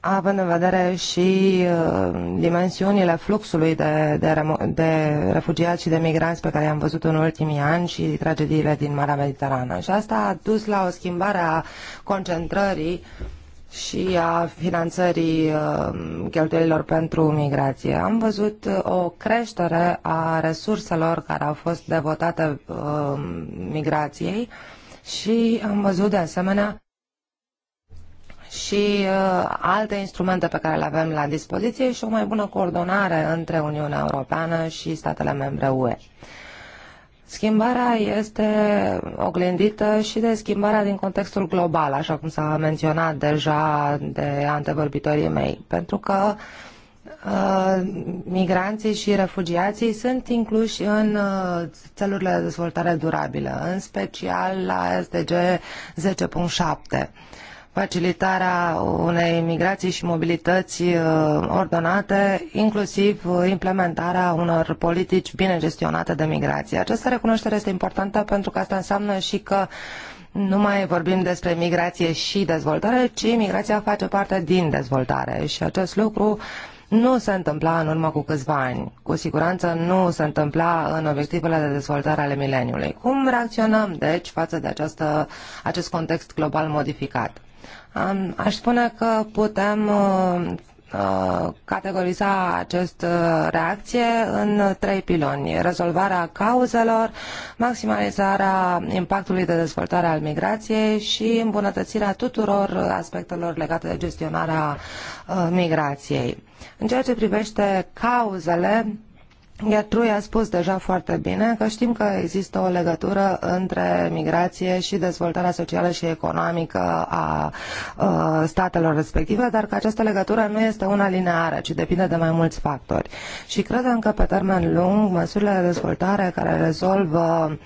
având în vedere și uh, dimensiunile fluxului de, de, de refugiați și de migranți pe care i-am văzut în ultimii ani și tragediile din Marea Mediterană. Și asta a dus la o schimbare a concentrării uh, și a finanțării uh, cheltuielilor pentru migrație. Am văzut uh, o creștere a resurselor care au fost devotate uh, migrației și am văzut de asemenea și alte instrumente pe care le avem la dispoziție și o mai bună coordonare între Uniunea Europeană și statele membre UE. Schimbarea este oglindită și de schimbarea din contextul global, așa cum s-a menționat deja de antevorbitorii mei, pentru că uh, migranții și refugiații sunt incluși în uh, țelurile de dezvoltare durabilă, în special la SDG 10.7 facilitarea unei migrații și mobilități uh, ordonate, inclusiv uh, implementarea unor politici bine gestionate de migrație. Această recunoaștere este importantă pentru că asta înseamnă și că nu mai vorbim despre migrație și dezvoltare, ci migrația face parte din dezvoltare și acest lucru nu se întâmpla în urmă cu câțiva ani. Cu siguranță nu se întâmpla în obiectivele de dezvoltare ale mileniului. Cum reacționăm, deci, față de această, acest context global modificat? aș spune că putem uh, uh, categoriza această reacție în trei piloni. Rezolvarea cauzelor, maximalizarea impactului de dezvoltare al migrației și îmbunătățirea tuturor aspectelor legate de gestionarea uh, migrației. În ceea ce privește cauzele, Gertrude a spus deja foarte bine că știm că există o legătură între migrație și dezvoltarea socială și economică a, a statelor respective, dar că această legătură nu este una lineară, ci depinde de mai mulți factori. Și credem că pe termen lung măsurile de dezvoltare care rezolvă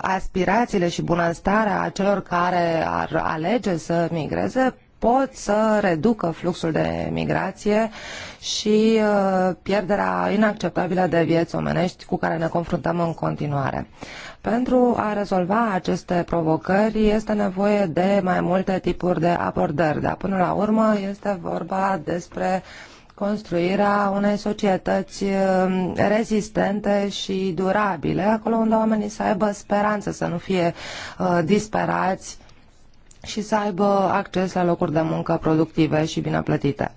aspirațiile și bunăstarea celor care ar alege să migreze pot să reducă fluxul de migrație și uh, pierderea inacceptabilă de vieți omenești cu care ne confruntăm în continuare. Pentru a rezolva aceste provocări este nevoie de mai multe tipuri de abordări, dar până la urmă este vorba despre construirea unei societăți uh, rezistente și durabile, acolo unde oamenii să aibă speranță, să nu fie uh, disperați și să aibă acces la locuri de muncă productive și bine plătite.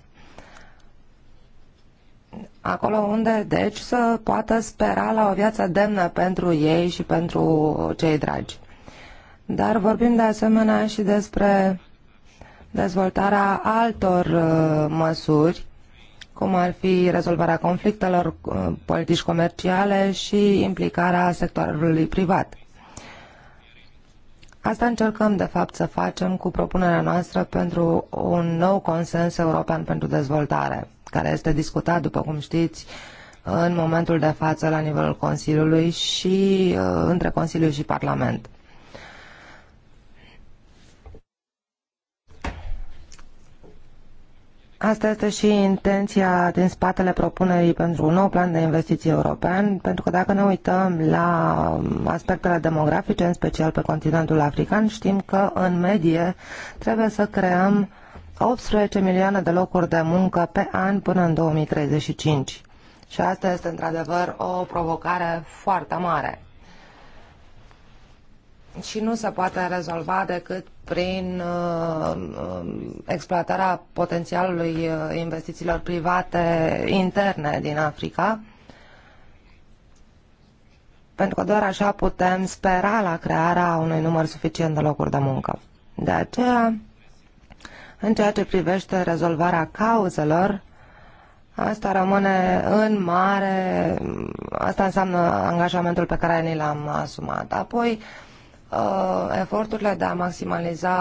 Acolo unde, deci, să poată spera la o viață demnă pentru ei și pentru cei dragi. Dar vorbim de asemenea și despre dezvoltarea altor uh, măsuri, cum ar fi rezolvarea conflictelor, uh, politici comerciale și implicarea sectorului privat. Asta încercăm, de fapt, să facem cu propunerea noastră pentru un nou consens european pentru dezvoltare, care este discutat, după cum știți, în momentul de față la nivelul Consiliului și uh, între Consiliu și Parlament. Asta este și intenția din spatele propunerii pentru un nou plan de investiții european, pentru că dacă ne uităm la aspectele demografice, în special pe continentul african, știm că în medie trebuie să creăm 18 milioane de locuri de muncă pe an până în 2035. Și asta este într-adevăr o provocare foarte mare și nu se poate rezolva decât prin uh, um, exploatarea potențialului uh, investițiilor private interne din Africa pentru că doar așa putem spera la crearea unui număr suficient de locuri de muncă. De aceea, în ceea ce privește rezolvarea cauzelor, asta rămâne în mare, asta înseamnă angajamentul pe care ni l-am asumat. Apoi, Uh, eforturile de a maximaliza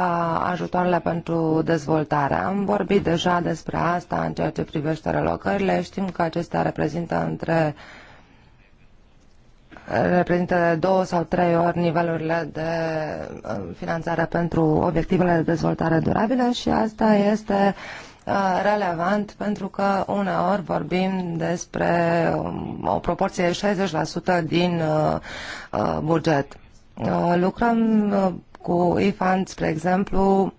ajutoarele pentru dezvoltare. Am vorbit deja despre asta în ceea ce privește relocările. Știm că acestea reprezintă între reprezintă de două sau trei ori nivelurile de uh, finanțare pentru obiectivele de dezvoltare durabilă și asta este uh, relevant pentru că uneori vorbim despre um, o proporție de 60% din buget. Da. Uh, lucrăm uh, cu e-funds, spre exemplu,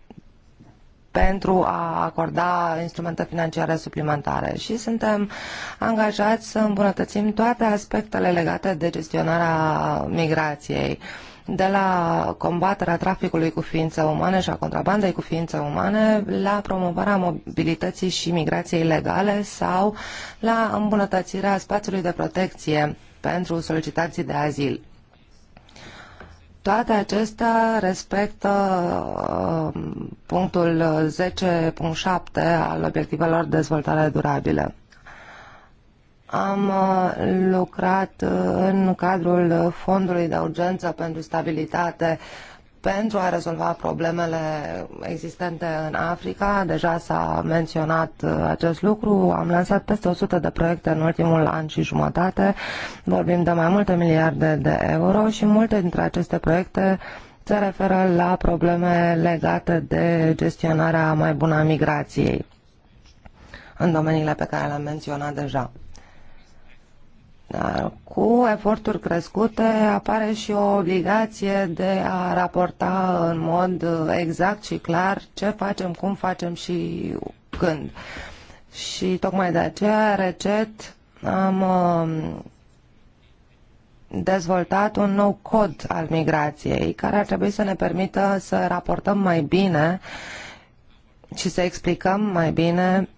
pentru a acorda instrumente financiare suplimentare și suntem angajați să îmbunătățim toate aspectele legate de gestionarea migrației de la combaterea traficului cu ființe umane și a contrabandei cu ființe umane la promovarea mobilității și migrației legale sau la îmbunătățirea spațiului de protecție pentru solicitații de azil. Toate acestea respectă uh, punctul 10.7 al obiectivelor de dezvoltare durabile. Am uh, lucrat uh, în cadrul Fondului de Urgență pentru Stabilitate pentru a rezolva problemele existente în Africa. Deja s-a menționat uh, acest lucru. Am lansat peste 100 de proiecte în ultimul an și jumătate. Vorbim de mai multe miliarde de euro și multe dintre aceste proiecte se referă la probleme legate de gestionarea mai bună a migrației în domeniile pe care le-am menționat deja. Da, cu eforturi crescute apare și o obligație de a raporta în mod exact și clar ce facem, cum facem și când. Și tocmai de aceea, recet, am um, dezvoltat un nou cod al migrației care ar trebui să ne permită să raportăm mai bine și să explicăm mai bine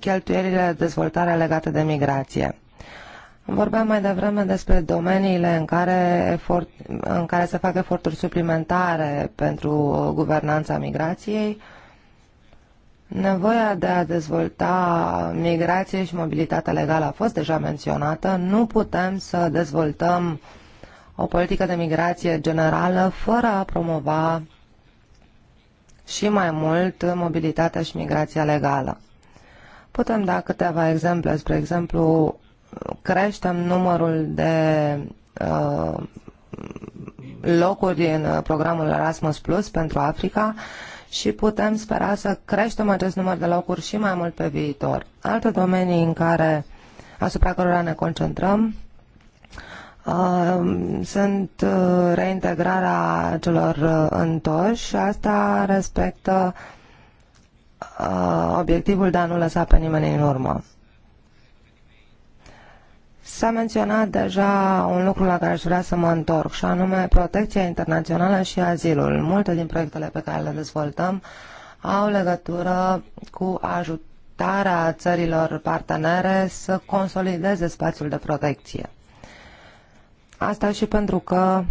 cheltuielile de dezvoltare legate de migrație. Vorbeam mai devreme despre domeniile în care, efort, în care se fac eforturi suplimentare pentru guvernanța migrației. Nevoia de a dezvolta migrație și mobilitatea legală a fost deja menționată. Nu putem să dezvoltăm o politică de migrație generală fără a promova și mai mult mobilitatea și migrația legală. Putem da câteva exemple, spre exemplu creștem numărul de uh, locuri în uh, programul Erasmus Plus pentru Africa și putem spera să creștem acest număr de locuri și mai mult pe viitor. Alte domenii în care, asupra cărora ne concentrăm uh, sunt uh, reintegrarea celor întoși și asta respectă uh, obiectivul de a nu lăsa pe nimeni în urmă. S-a menționat deja un lucru la care aș vrea să mă întorc, și anume protecția internațională și azilul. Multe din proiectele pe care le dezvoltăm au legătură cu ajutarea țărilor partenere să consolideze spațiul de protecție. Asta și pentru că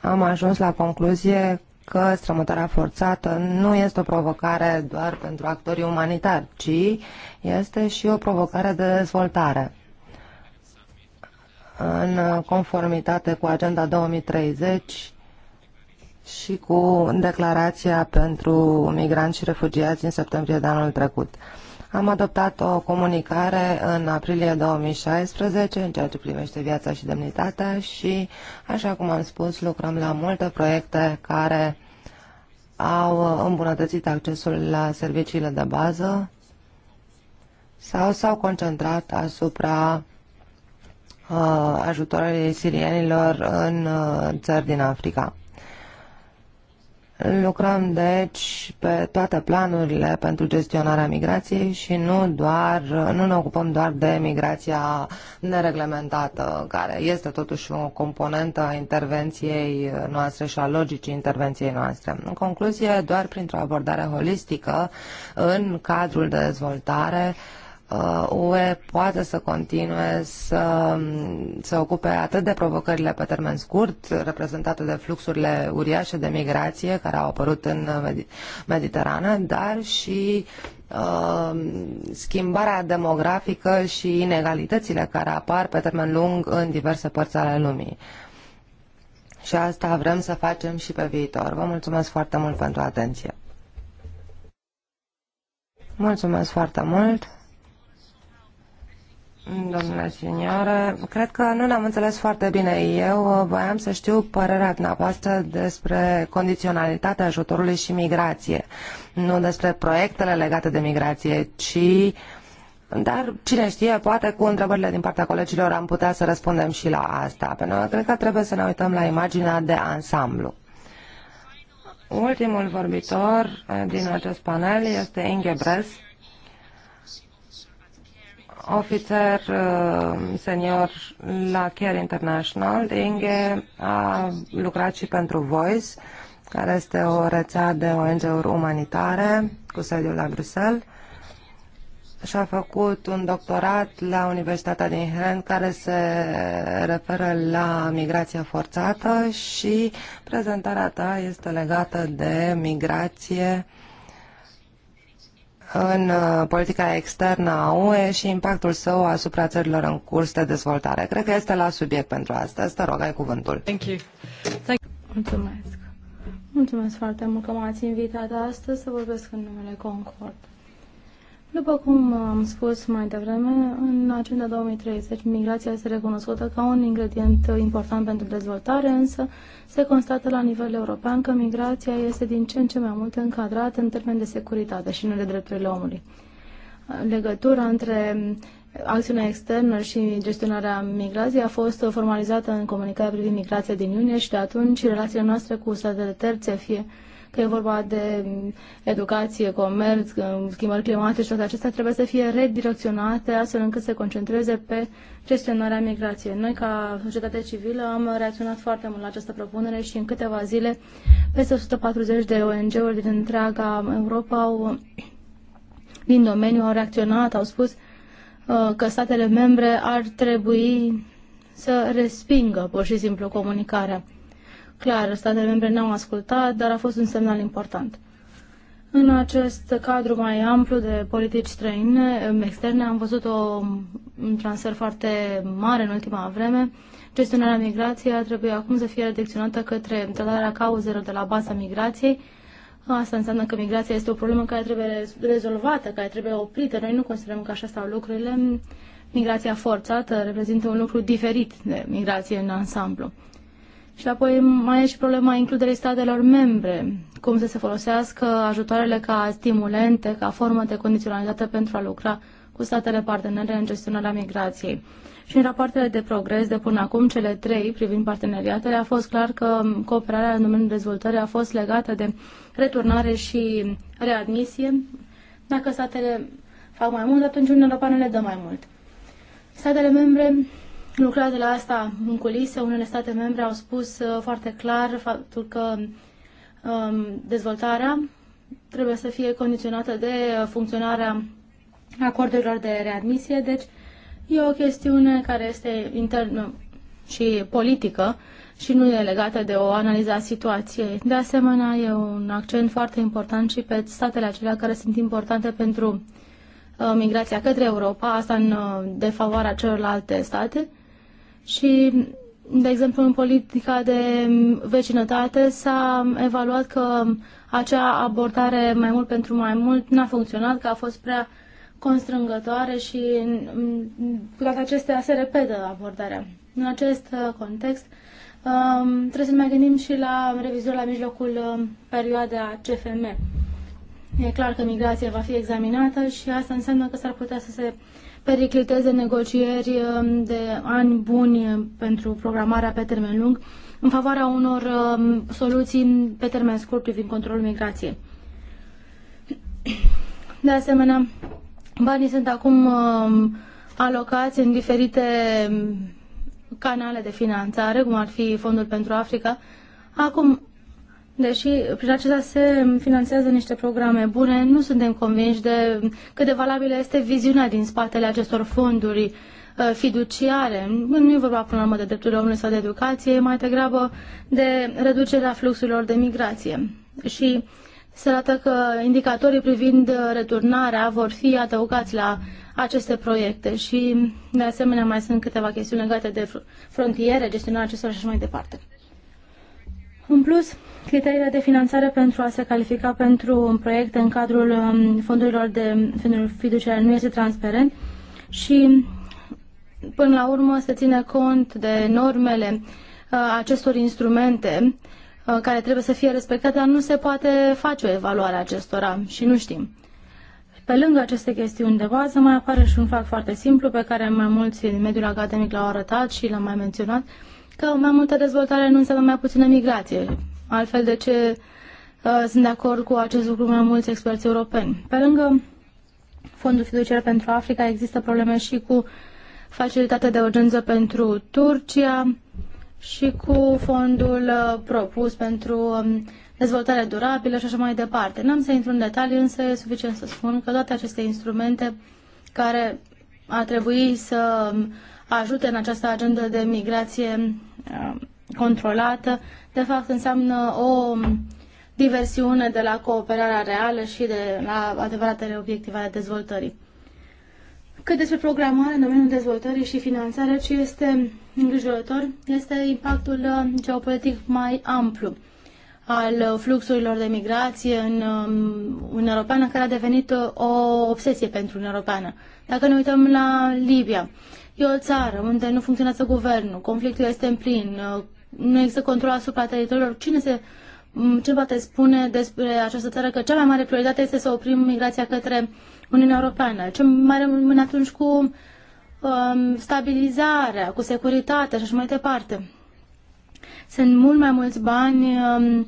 am ajuns la concluzie că strămutarea forțată nu este o provocare doar pentru actorii umanitari, ci este și o provocare de dezvoltare în conformitate cu Agenda 2030 și cu declarația pentru migranți și refugiați din septembrie de anul trecut. Am adoptat o comunicare în aprilie 2016 în ceea ce privește viața și demnitatea și, așa cum am spus, lucrăm la multe proiecte care au îmbunătățit accesul la serviciile de bază sau s-au concentrat asupra Uh, ajutoarele sirienilor în uh, țări din Africa. Lucrăm, deci, pe toate planurile pentru gestionarea migrației și nu, doar, nu ne ocupăm doar de migrația nereglementată, care este totuși o componentă a intervenției noastre și a logicii intervenției noastre. În concluzie, doar printr-o abordare holistică în cadrul de dezvoltare, uh, UE uh, poate să continue să mm, se ocupe atât de provocările pe termen scurt, reprezentate de fluxurile uriașe de migrație care au apărut în Mediterană, dar și uh, schimbarea demografică și inegalitățile care apar pe termen lung în diverse părți ale lumii. Și asta vrem să facem și pe viitor. Vă mulțumesc foarte mult pentru atenție. Mulțumesc foarte mult. Domnule senior, cred că nu ne-am înțeles foarte bine. Eu uh, voiam să știu părerea dumneavoastră despre condiționalitatea ajutorului și migrație. Nu despre proiectele legate de migrație, ci... Dar cine știe, poate cu întrebările din partea colegilor am putea să răspundem și la asta. Pentru că cred că trebuie să ne uităm la imaginea de ansamblu. Ultimul vorbitor uh, din acest panel este Inge Brest ofițer uh, senior la Care International. de Inge a lucrat și pentru Voice, care este o rețea de ONG-uri umanitare cu sediul la Bruxelles și-a făcut un doctorat la Universitatea din Heren care se referă la migrația forțată și prezentarea ta este legată de migrație în uh, politica externă a UE și impactul său asupra țărilor în curs de dezvoltare. Cred că este la subiect pentru astăzi. Te rog, ai cuvântul. Thank you. Thank you. Mulțumesc. Mulțumesc foarte mult că m-ați invitat astăzi să vorbesc în numele Concord. După cum am spus mai devreme, în Agenda 2030 migrația este recunoscută ca un ingredient important pentru dezvoltare, însă se constată la nivel european că migrația este din ce în ce mai mult încadrată în termeni de securitate și nu de drepturile omului. Legătura între acțiunea externă și gestionarea migrației a fost formalizată în comunicarea privind migrația din iunie și de atunci relațiile noastre cu statele terțe, fie că e vorba de educație, comerț, schimbări climatice și toate acestea trebuie să fie redirecționate astfel încât să se concentreze pe gestionarea migrației. Noi, ca societate civilă, am reacționat foarte mult la această propunere și în câteva zile peste 140 de ONG-uri din întreaga Europa au, din domeniu au reacționat, au spus uh, că statele membre ar trebui să respingă pur și simplu comunicarea. Clar, statele membre n-au ascultat, dar a fost un semnal important. În acest cadru mai amplu de politici străine, um, externe, am văzut o, un transfer foarte mare în ultima vreme. Gestionarea migrației trebuie acum să fie redirecționată către tratarea cauzelor de la baza migrației. Asta înseamnă că migrația este o problemă care trebuie rezolvată, care trebuie oprită. Noi nu considerăm că așa stau lucrurile. Migrația forțată reprezintă un lucru diferit de migrație în ansamblu. Și apoi mai e și problema includerii statelor membre, cum să se folosească ajutoarele ca stimulente, ca formă de condiționalitate pentru a lucra cu statele partenere în gestionarea migrației. Și în rapoartele de progres de până acum, cele trei privind parteneriatele, a fost clar că cooperarea în domeniul dezvoltării a fost legată de returnare și readmisie. Dacă statele fac mai mult, atunci Uniunea Europeană le dă mai mult. Statele membre lucrează la asta în culise. Unele state membre au spus uh, foarte clar faptul că um, dezvoltarea trebuie să fie condiționată de uh, funcționarea acordurilor de readmisie, deci e o chestiune care este internă uh, și politică și nu e legată de o analiză a situației. De asemenea, e un accent foarte important și pe statele acelea care sunt importante pentru migrația către Europa, asta în defavoarea celorlalte state și, de exemplu, în politica de vecinătate s-a evaluat că acea abordare mai mult pentru mai mult n-a funcționat, că a fost prea constrângătoare și cu toate acestea se repetă abordarea. În acest uh, context, um, trebuie să ne mai gândim și la revizuirea la mijlocul um, perioadei CFM. E clar că migrația va fi examinată și asta înseamnă că s-ar putea să se pericliteze negocieri um, de ani buni pentru programarea pe termen lung în favoarea unor um, soluții pe termen scurt privind controlul migrației. De asemenea, banii sunt acum um, alocați în diferite canale de finanțare, cum ar fi Fondul pentru Africa. Acum Deși prin acestea se finanțează niște programe bune, nu suntem convinși de cât de valabilă este viziunea din spatele acestor fonduri uh, fiduciare. Nu e vorba până la urmă de drepturile omului sau de educație, mai degrabă de reducerea fluxurilor de migrație. Și se arată că indicatorii privind returnarea vor fi adăugați la aceste proiecte și, de asemenea, mai sunt câteva chestiuni legate de frontiere, gestionarea acestora și așa mai departe. În plus, criteriile de finanțare pentru a se califica pentru un proiect în cadrul um, fondurilor de fonduri fiduciare nu este transparent și până la urmă se ține cont de normele uh, acestor instrumente uh, care trebuie să fie respectate, dar nu se poate face o evaluare acestora și nu știm. Pe lângă aceste chestiuni de bază, mai apare și un fapt foarte simplu pe care mai mulți din mediul academic l-au arătat și l-am mai menționat, că mai multă dezvoltare nu înseamnă mai puțină migrație. Altfel, de ce uh, sunt de acord cu acest lucru mai mulți experți europeni? Pe lângă Fondul Fiduciar pentru Africa, există probleme și cu facilitatea de urgență pentru Turcia și cu fondul uh, propus pentru um, dezvoltare durabilă și așa mai departe. N-am să intru în detalii, însă e suficient să spun că toate aceste instrumente care ar trebui să um, ajute în această agendă de migrație uh, controlată, de fapt înseamnă o diversiune de la cooperarea reală și de la adevăratele obiective ale dezvoltării. Cât despre programare în domeniul dezvoltării și finanțare, ce este îngrijorător este impactul uh, geopolitic mai amplu al uh, fluxurilor de migrație în um, Uniunea Europeană, care a devenit o obsesie pentru Uniunea Europeană. Dacă ne uităm la Libia, E o țară unde nu funcționează guvernul, conflictul este în plin, uh, nu există control asupra teritoriilor. Cine se mm, ce poate spune despre această țară că cea mai mare prioritate este să oprim migrația către Uniunea Europeană? Ce mai rămâne atunci cu um, stabilizarea, cu securitatea și așa mai departe? Sunt mult mai mulți bani um,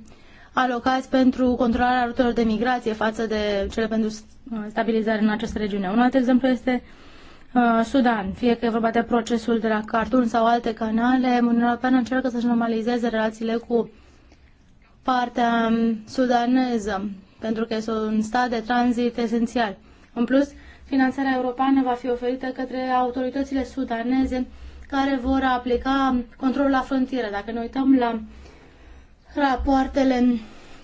alocați pentru controlarea rutelor de migrație față de cele pentru uh, stabilizare în această regiune. Un alt exemplu este uh, Uh, Sudan, fie că e vorba de procesul de la Khartoum sau alte canale, Uniunea Europeană încearcă să-și normalizeze relațiile cu partea um, sudaneză, pentru că este un stat de tranzit esențial. În plus, finanțarea europeană va fi oferită către autoritățile sudaneze care vor aplica um, controlul la frontieră. Dacă ne uităm la rapoartele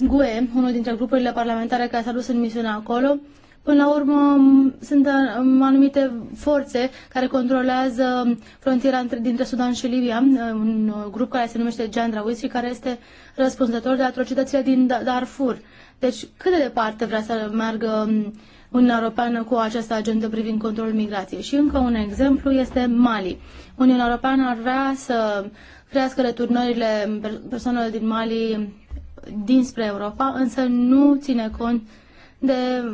GUE, unul dintre grupurile parlamentare care s-a dus în misiune acolo, Până la urmă, sunt uh, anumite forțe care controlează frontiera dintre Sudan și Libia, uh, un uh, grup care se numește Jandrawisi, care este răspunzător de atrocitățile din da-, Darfur. Deci, cât de departe vrea să meargă um, Uniunea Europeană cu această agendă privind controlul migrației? Și încă un exemplu este Mali. Uniunea Europeană ar vrea să crească returnările persoanelor din Mali dinspre Europa, însă nu ține cont de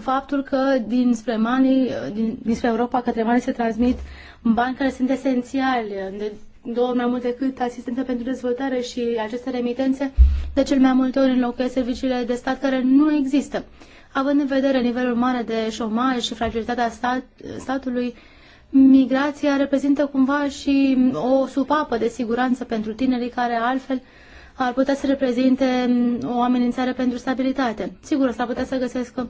faptul că dinspre, Mani, din, dinspre Europa către mani se transmit bani care sunt esențiale, de două mai mult decât asistență pentru dezvoltare și aceste remitențe de cel mai multe ori înlocuiesc serviciile de stat care nu există. Având în vedere nivelul mare de șomaj și fragilitatea stat, statului, migrația reprezintă cumva și o supapă de siguranță pentru tinerii care altfel uh, ar putea să reprezinte mm, o amenințare pentru stabilitate. Sigur, s-ar putea să găsească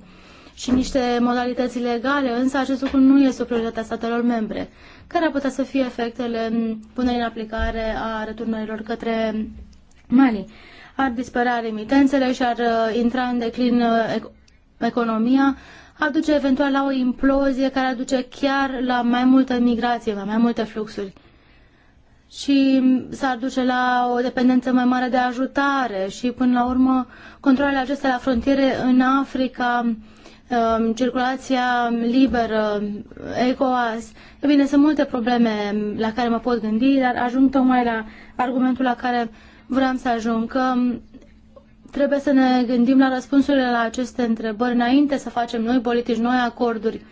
și niște modalități legale, însă acest lucru nu este o prioritate statelor membre. Care ar putea să fie efectele mm, punerii în aplicare a returnărilor către mm, Mali? Ar dispărea remitențele și ar uh, intra în declin uh, economia, ar duce eventual la o implozie care ar duce chiar la mai multă migrație, la mai multe fluxuri și s-ar duce la o dependență mai mare de ajutare și până la urmă controlele acestea la frontiere în Africa, um, circulația liberă, ECOAS. E bine, sunt multe probleme la care mă pot gândi, dar ajung tocmai la argumentul la care vreau să ajung, că trebuie să ne gândim la răspunsurile la aceste întrebări înainte să facem noi politici, noi acorduri.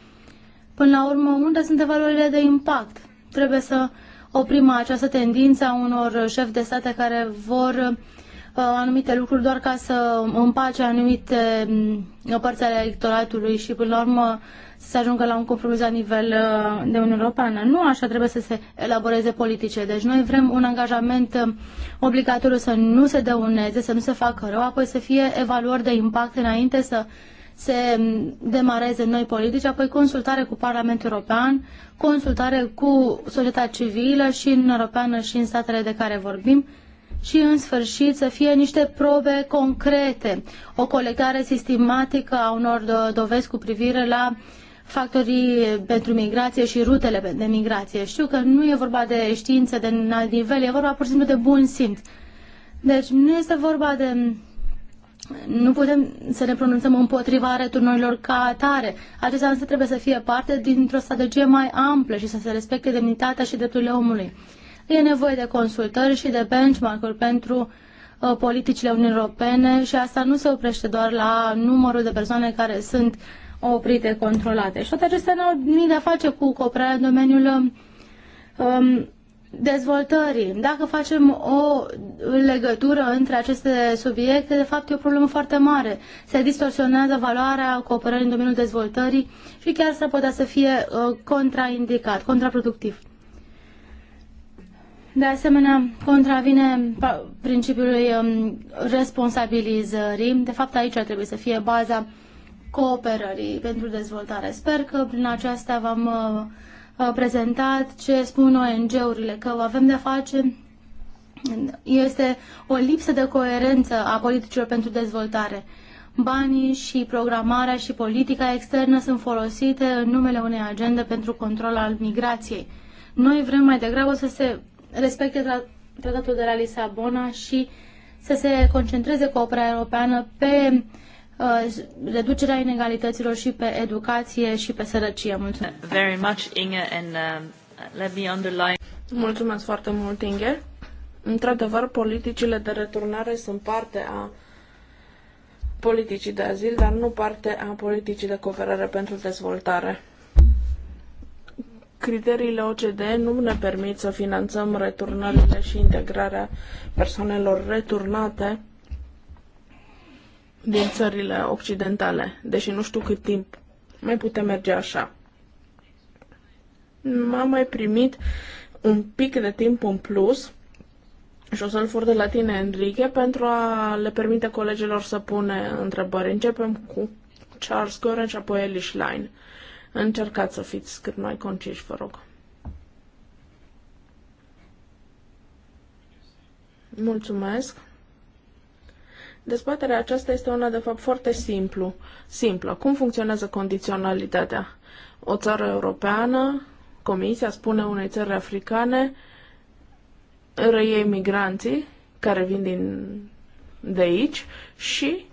Până la urmă, unde sunt evaluările de impact? Trebuie să oprim această tendință a unor șefi de state care vor uh, anumite lucruri doar ca să împace anumite mm, părți ale electoratului și până la urmă să se ajungă la un compromis la nivel uh, de Uniune Europeană. Nu așa trebuie să se elaboreze politice. Deci noi vrem un angajament uh, obligatoriu să nu se dăuneze, să nu se facă rău, apoi să fie evaluări de impact înainte să se demareze noi politici, apoi consultare cu Parlamentul European, consultare cu societatea civilă și în Europeană și în statele de care vorbim și în sfârșit să fie niște probe concrete, o colectare sistematică a unor dovezi cu privire la factorii pentru migrație și rutele de migrație. Știu că nu e vorba de știință de înalt nivel, e vorba pur și simplu de bun simț. Deci nu este vorba de nu putem să ne pronunțăm împotriva returnurilor ca atare. Acestea însă trebuie să fie parte dintr-o strategie mai amplă și să se respecte demnitatea și drepturile omului. E nevoie de consultări și de benchmark-uri pentru uh, politicile Uniunii Europene și asta nu se oprește doar la numărul de persoane care sunt oprite, controlate. Și toate acestea nu au nimic de a face cu cooperarea în domeniul um, dezvoltării. Dacă facem o legătură între aceste subiecte, de fapt e o problemă foarte mare. Se distorsionează valoarea cooperării în domeniul dezvoltării și chiar s-ar putea să fie uh, contraindicat, contraproductiv. De asemenea, contravine principiului um, responsabilizării. De fapt, aici ar trebui să fie baza cooperării pentru dezvoltare. Sper că prin aceasta v-am uh, prezentat, ce spun ONG-urile, că avem de face este o lipsă de coerență a politicilor pentru dezvoltare. Banii și programarea și politica externă sunt folosite în numele unei agende pentru control al migrației. Noi vrem mai degrabă să se respecte tratatul de la Lisabona și să se concentreze cooperarea europeană pe uh, Uh, reducerea inegalităților și pe educație și pe sărăcie. Mulțumesc. Very much, Inge, and um, let me underline... Mulțumesc foarte mult, Inge. Într-adevăr, politicile de returnare sunt parte a politicii de azil, dar nu parte a politicii de cooperare pentru dezvoltare. Criteriile OCDE nu ne permit să finanțăm returnările și integrarea persoanelor returnate din țările occidentale, deși nu știu cât timp mai putem merge așa. M-am mai primit un pic de timp în plus și o să-l fur de la tine, Enrique, pentru a le permite colegilor să pune întrebări. Începem cu Charles Goren și apoi Elish Line. Încercați să fiți cât mai conciși, vă rog. Mulțumesc. Dezbaterea aceasta este una de fapt foarte simplu, simplă. Cum funcționează condiționalitatea? O țară europeană, Comisia spune unei țări africane, răiei migranții care vin din, de aici și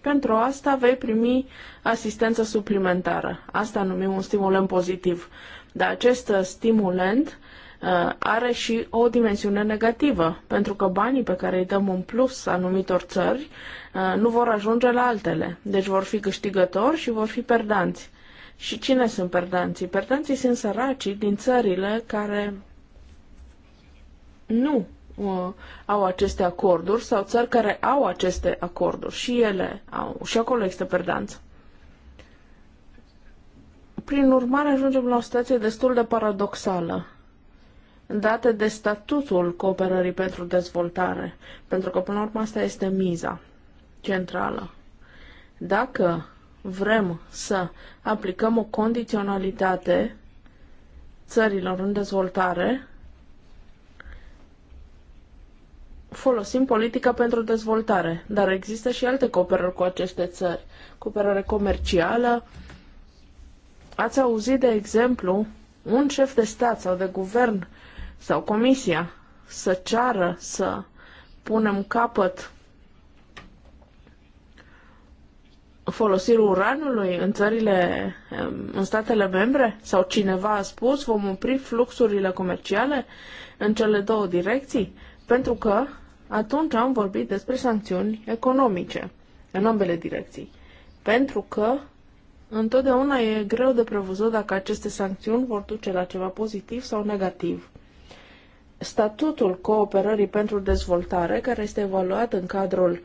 pentru asta vei primi asistență suplimentară. Asta numim un stimulent pozitiv. Dar acest stimulent Uh, are și o dimensiune negativă, pentru că banii pe care îi dăm în plus anumitor țări uh, nu vor ajunge la altele. Deci vor fi câștigători și vor fi perdanți. Și cine sunt perdanții? Perdanții sunt săracii din țările care nu uh, au aceste acorduri sau țări care au aceste acorduri și ele au. Și acolo există perdanță. Prin urmare, ajungem la o situație destul de paradoxală date de statutul cooperării pentru dezvoltare, pentru că până la urmă asta este miza centrală. Dacă vrem să aplicăm o condiționalitate țărilor în dezvoltare, folosim politica pentru dezvoltare, dar există și alte cooperări cu aceste țări, cooperare comercială. Ați auzit, de exemplu, un șef de stat sau de guvern sau Comisia să ceară să punem capăt folosirii uranului în țările, în statele membre? Sau cineva a spus, vom opri fluxurile comerciale în cele două direcții? Pentru că atunci am vorbit despre sancțiuni economice în ambele direcții. Pentru că întotdeauna e greu de prevăzut dacă aceste sancțiuni vor duce la ceva pozitiv sau negativ statutul cooperării pentru dezvoltare, care este evaluat în cadrul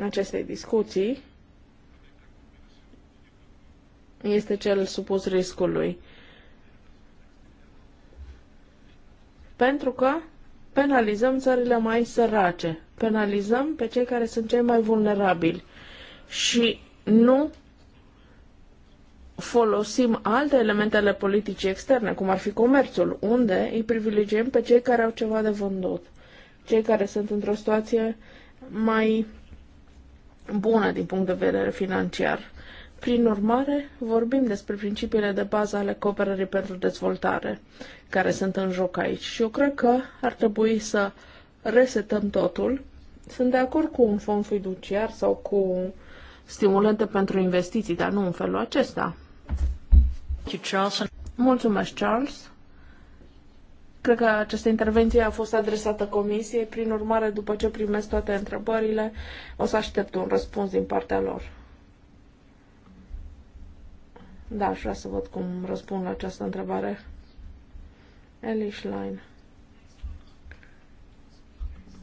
acestei discuții, este cel supus riscului. Pentru că penalizăm țările mai sărace, penalizăm pe cei care sunt cei mai vulnerabili și nu folosim alte elemente ale politicii externe, cum ar fi comerțul, unde îi privilegiem pe cei care au ceva de vândut, cei care sunt într-o situație mai bună din punct de vedere financiar. Prin urmare, vorbim despre principiile de bază ale cooperării pentru dezvoltare, care sunt în joc aici. Și eu cred că ar trebui să resetăm totul. Sunt de acord cu un fond fiduciar sau cu stimulente pentru investiții, dar nu în felul acesta. Mulțumesc, Charles. Cred că această intervenție a fost adresată comisiei, prin urmare, după ce primesc toate întrebările, o să aștept un răspuns din partea lor. Da, aș vrea să văd cum răspund la această întrebare. Elish Line.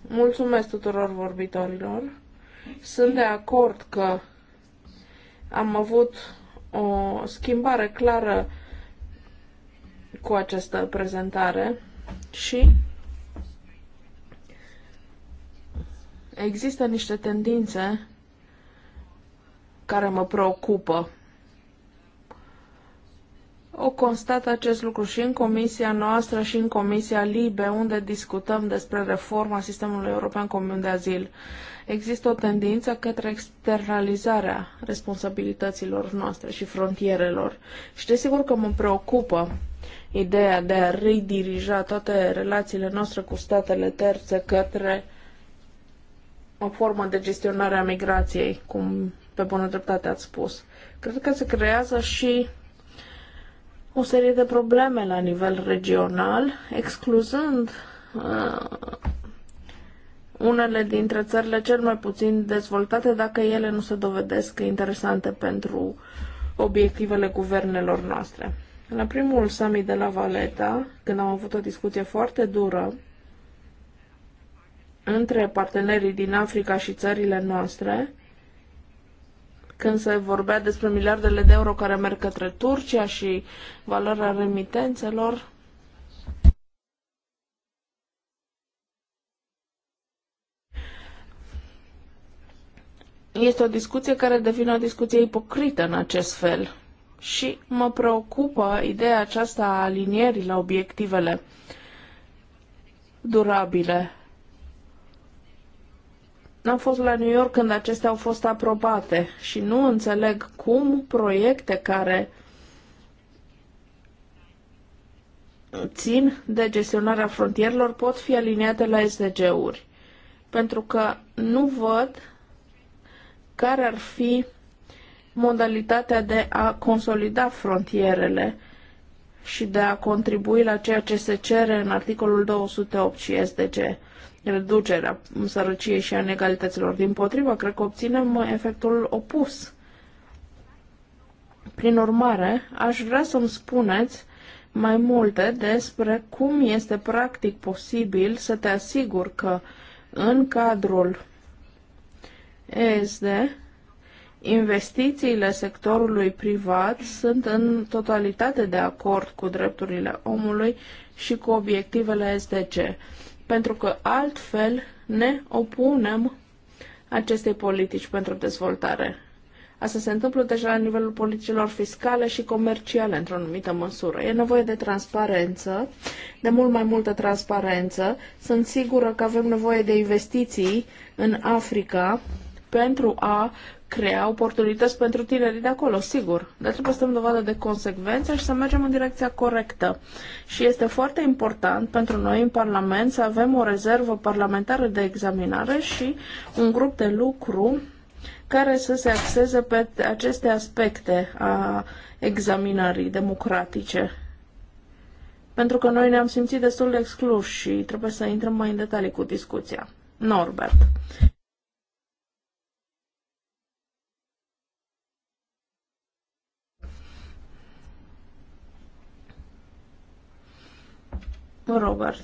Mulțumesc tuturor vorbitorilor. Sunt de acord că am avut o schimbare clară cu această prezentare și există niște tendințe care mă preocupă o constat acest lucru și în comisia noastră și în comisia LIBE, unde discutăm despre reforma sistemului european comun de azil. Există o tendință către externalizarea responsabilităților noastre și frontierelor. Și desigur că mă preocupă ideea de a redirija toate relațiile noastre cu statele terțe către o formă de gestionare a migrației, cum pe bună dreptate ați spus. Cred că se creează și o serie de probleme la nivel regional, excluzând uh, unele dintre țările cel mai puțin dezvoltate dacă ele nu se dovedesc interesante pentru obiectivele guvernelor noastre. La primul summit de la Valeta, când am avut o discuție foarte dură între partenerii din Africa și țările noastre, când se vorbea despre miliardele de euro care merg către Turcia și valoarea remitențelor. Este o discuție care devine o discuție ipocrită în acest fel și mă preocupă ideea aceasta a alinierii la obiectivele durabile am fost la New York când acestea au fost aprobate și nu înțeleg cum proiecte care țin de gestionarea frontierelor pot fi aliniate la SDG-uri. Pentru că nu văd care ar fi modalitatea de a consolida frontierele și de a contribui la ceea ce se cere în articolul 208 și SDG reducerea sărăciei și a inegalităților. Din potrivă, cred că obținem efectul opus. Prin urmare, aș vrea să-mi spuneți mai multe despre cum este practic posibil să te asiguri că în cadrul ESD investițiile sectorului privat sunt în totalitate de acord cu drepturile omului și cu obiectivele SDG pentru că altfel ne opunem acestei politici pentru dezvoltare. Asta se întâmplă deja la nivelul politicilor fiscale și comerciale, într-o anumită măsură. E nevoie de transparență, de mult mai multă transparență. Sunt sigură că avem nevoie de investiții în Africa pentru a crea oportunități pentru tinerii de acolo, sigur. Dar trebuie să dăm dovadă de consecvență și să mergem în direcția corectă. Și este foarte important pentru noi în Parlament să avem o rezervă parlamentară de examinare și un grup de lucru care să se axeze pe aceste aspecte a examinării democratice. Pentru că noi ne-am simțit destul de excluși și trebuie să intrăm mai în detalii cu discuția. Norbert. Robert.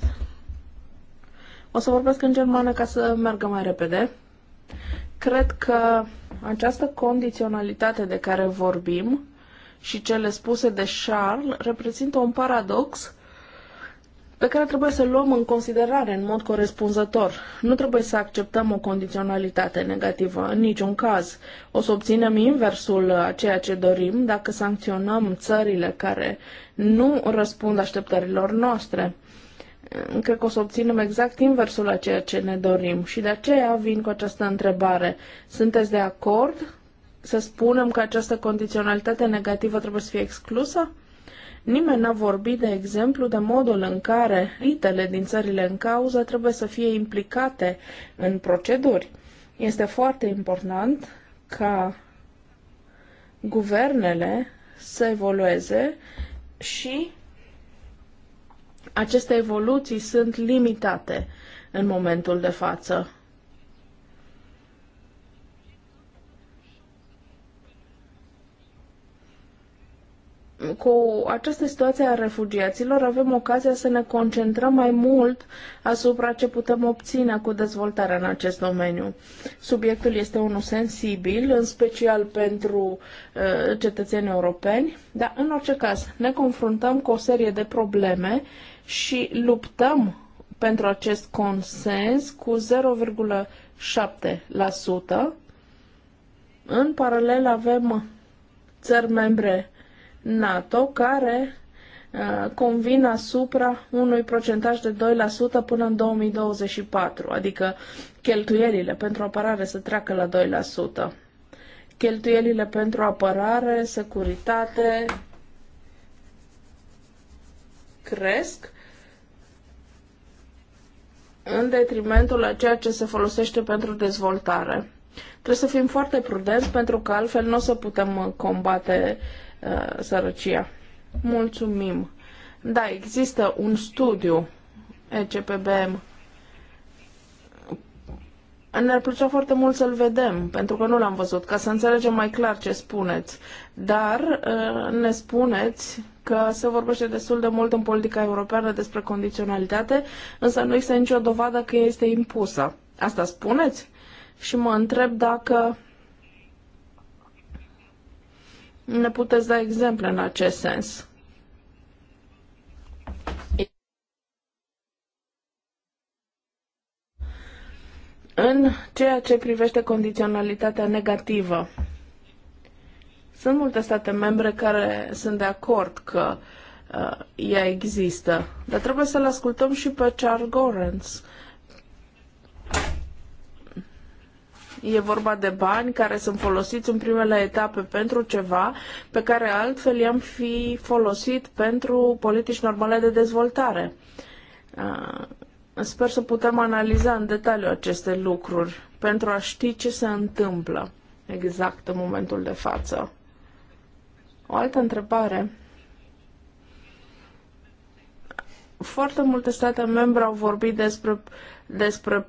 O să vorbesc în germană ca să meargă mai repede. Cred că această condiționalitate de care vorbim și cele spuse de Charles reprezintă un paradox pe care trebuie să luăm în considerare în mod corespunzător. Nu trebuie să acceptăm o condiționalitate negativă în niciun caz. O să obținem inversul a ceea ce dorim dacă sancționăm țările care nu răspund așteptărilor noastre cred că o să obținem exact inversul la ceea ce ne dorim și de aceea vin cu această întrebare. Sunteți de acord să spunem că această condiționalitate negativă trebuie să fie exclusă? Nimeni n-a vorbit, de exemplu, de modul în care ritele din țările în cauză trebuie să fie implicate în proceduri. Este foarte important ca guvernele să evolueze și aceste evoluții sunt limitate în momentul de față. cu această situație a refugiaților avem ocazia să ne concentrăm mai mult asupra ce putem obține cu dezvoltarea în acest domeniu. Subiectul este unul sensibil, în special pentru uh, cetățenii europeni, dar în orice caz ne confruntăm cu o serie de probleme și luptăm pentru acest consens cu 0,7%. În paralel avem țări membre NATO care uh, convin asupra unui procentaj de 2% până în 2024, adică cheltuielile pentru apărare să treacă la 2%. Cheltuielile pentru apărare, securitate cresc în detrimentul a ceea ce se folosește pentru dezvoltare. Trebuie să fim foarte prudenți pentru că altfel nu o să putem uh, combate uh, sărăcia. Mulțumim! Da, există un studiu ECPBM. Ne-ar plăcea foarte mult să-l vedem, pentru că nu l-am văzut, ca să înțelegem mai clar ce spuneți. Dar uh, ne spuneți că se vorbește destul de mult în politica europeană despre condiționalitate, însă nu există nicio dovadă că este impusă. Asta spuneți? Și mă întreb dacă ne puteți da exemple în acest sens. În ceea ce privește condiționalitatea negativă, sunt multe state membre care sunt de acord că uh, ea există, dar trebuie să-l ascultăm și pe Charles Gorens. E vorba de bani care sunt folosiți în primele etape pentru ceva pe care altfel i-am fi folosit pentru politici normale de dezvoltare. Uh, sper să putem analiza în detaliu aceste lucruri pentru a ști ce se întâmplă exact în momentul de față. O altă întrebare. Foarte multe state membre au vorbit despre, despre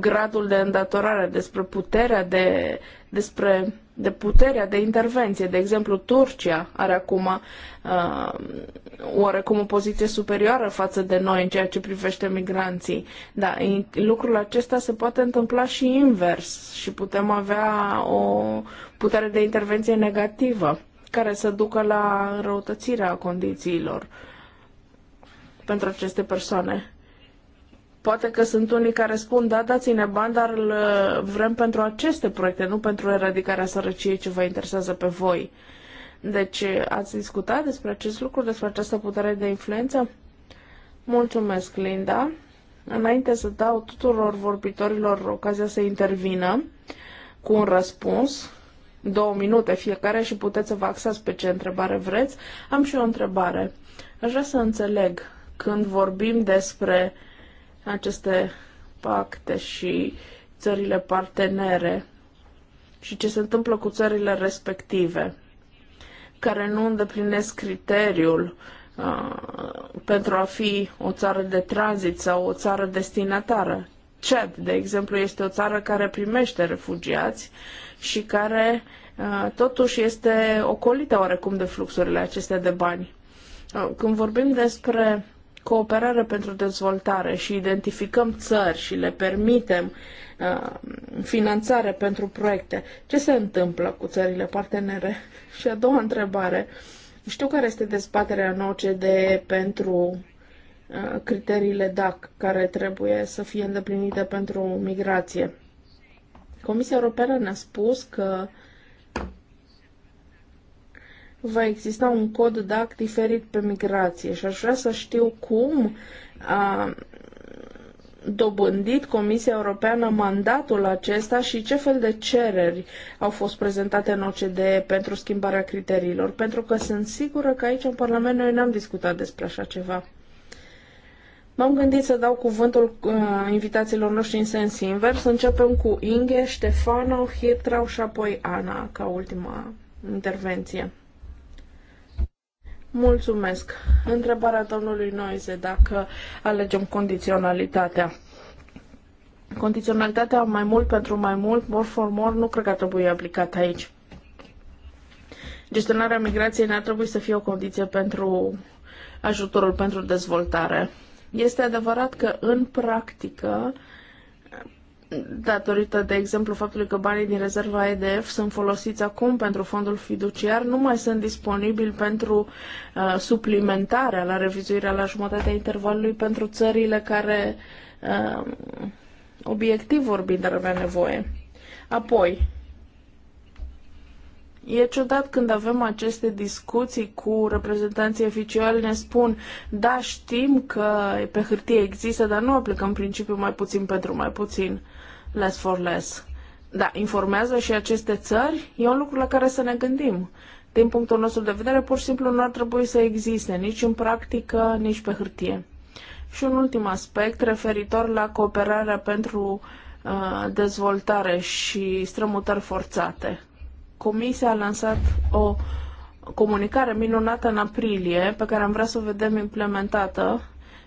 gradul de îndatorare, despre puterea de, despre de puterea de intervenție. De exemplu, Turcia are acum uh, oarecum o poziție superioară față de noi în ceea ce privește migranții. Dar lucrul acesta se poate întâmpla și invers și putem avea o putere de intervenție negativă care să ducă la înrăutățirea condițiilor pentru aceste persoane. Poate că sunt unii care spun, da, dați-ne bani, dar uh, vrem pentru aceste proiecte, nu pentru eradicarea sărăciei ce vă interesează pe voi. Deci, ați discutat despre acest lucru, despre această putere de influență? Mulțumesc, Linda. Înainte să dau tuturor vorbitorilor ocazia să intervină cu un răspuns, două minute fiecare și puteți să vă axați pe ce întrebare vreți. Am și o întrebare. Aș vrea să înțeleg când vorbim despre aceste pacte și țările partenere și ce se întâmplă cu țările respective care nu îndeplinesc criteriul uh, pentru a fi o țară de tranzit sau o țară destinatară. Chad, de exemplu, este o țară care primește refugiați și care uh, totuși este ocolită oarecum de fluxurile acestea de bani. Uh, când vorbim despre cooperare pentru dezvoltare și identificăm țări și le permitem uh, finanțare pentru proiecte, ce se întâmplă cu țările partenere? Și a doua întrebare, știu care este dezbaterea în OCDE pentru Uh, criteriile DAC care trebuie să fie îndeplinite pentru migrație. Comisia Europeană ne-a spus că va exista un cod DAC diferit pe migrație și aș vrea să știu cum a dobândit Comisia Europeană mandatul acesta și ce fel de cereri au fost prezentate în OCDE pentru schimbarea criteriilor, pentru că sunt sigură că aici în Parlament noi n-am discutat despre așa ceva. M-am gândit să dau cuvântul uh, invitațiilor noștri în sens invers. Începem cu Inge, Ștefano, Hirtrau și apoi Ana ca ultima intervenție. Mulțumesc. Întrebarea domnului Noize dacă alegem condiționalitatea. Condiționalitatea mai mult pentru mai mult, more for more, nu cred că ar trebui aplicată aici. Gestionarea migrației n-ar trebui să fie o condiție pentru ajutorul pentru dezvoltare. Este adevărat că în practică datorită, de exemplu, faptului că banii din rezerva EDF sunt folosiți acum pentru fondul fiduciar, nu mai sunt disponibili pentru uh, suplimentarea la revizuirea la jumătatea intervalului pentru țările care, uh, obiectiv vorbind, ar avea nevoie. Apoi, E ciudat când avem aceste discuții cu reprezentanții oficiali, ne spun, da, știm că pe hârtie există, dar nu aplicăm principiul mai puțin pentru mai puțin, less for less. Da, informează și aceste țări? E un lucru la care să ne gândim. Din punctul nostru de vedere, pur și simplu nu ar trebui să existe nici în practică, nici pe hârtie. Și un ultim aspect referitor la cooperarea pentru uh, dezvoltare și strămutări forțate. Comisia a lansat o comunicare minunată în aprilie, pe care am vrea să o vedem implementată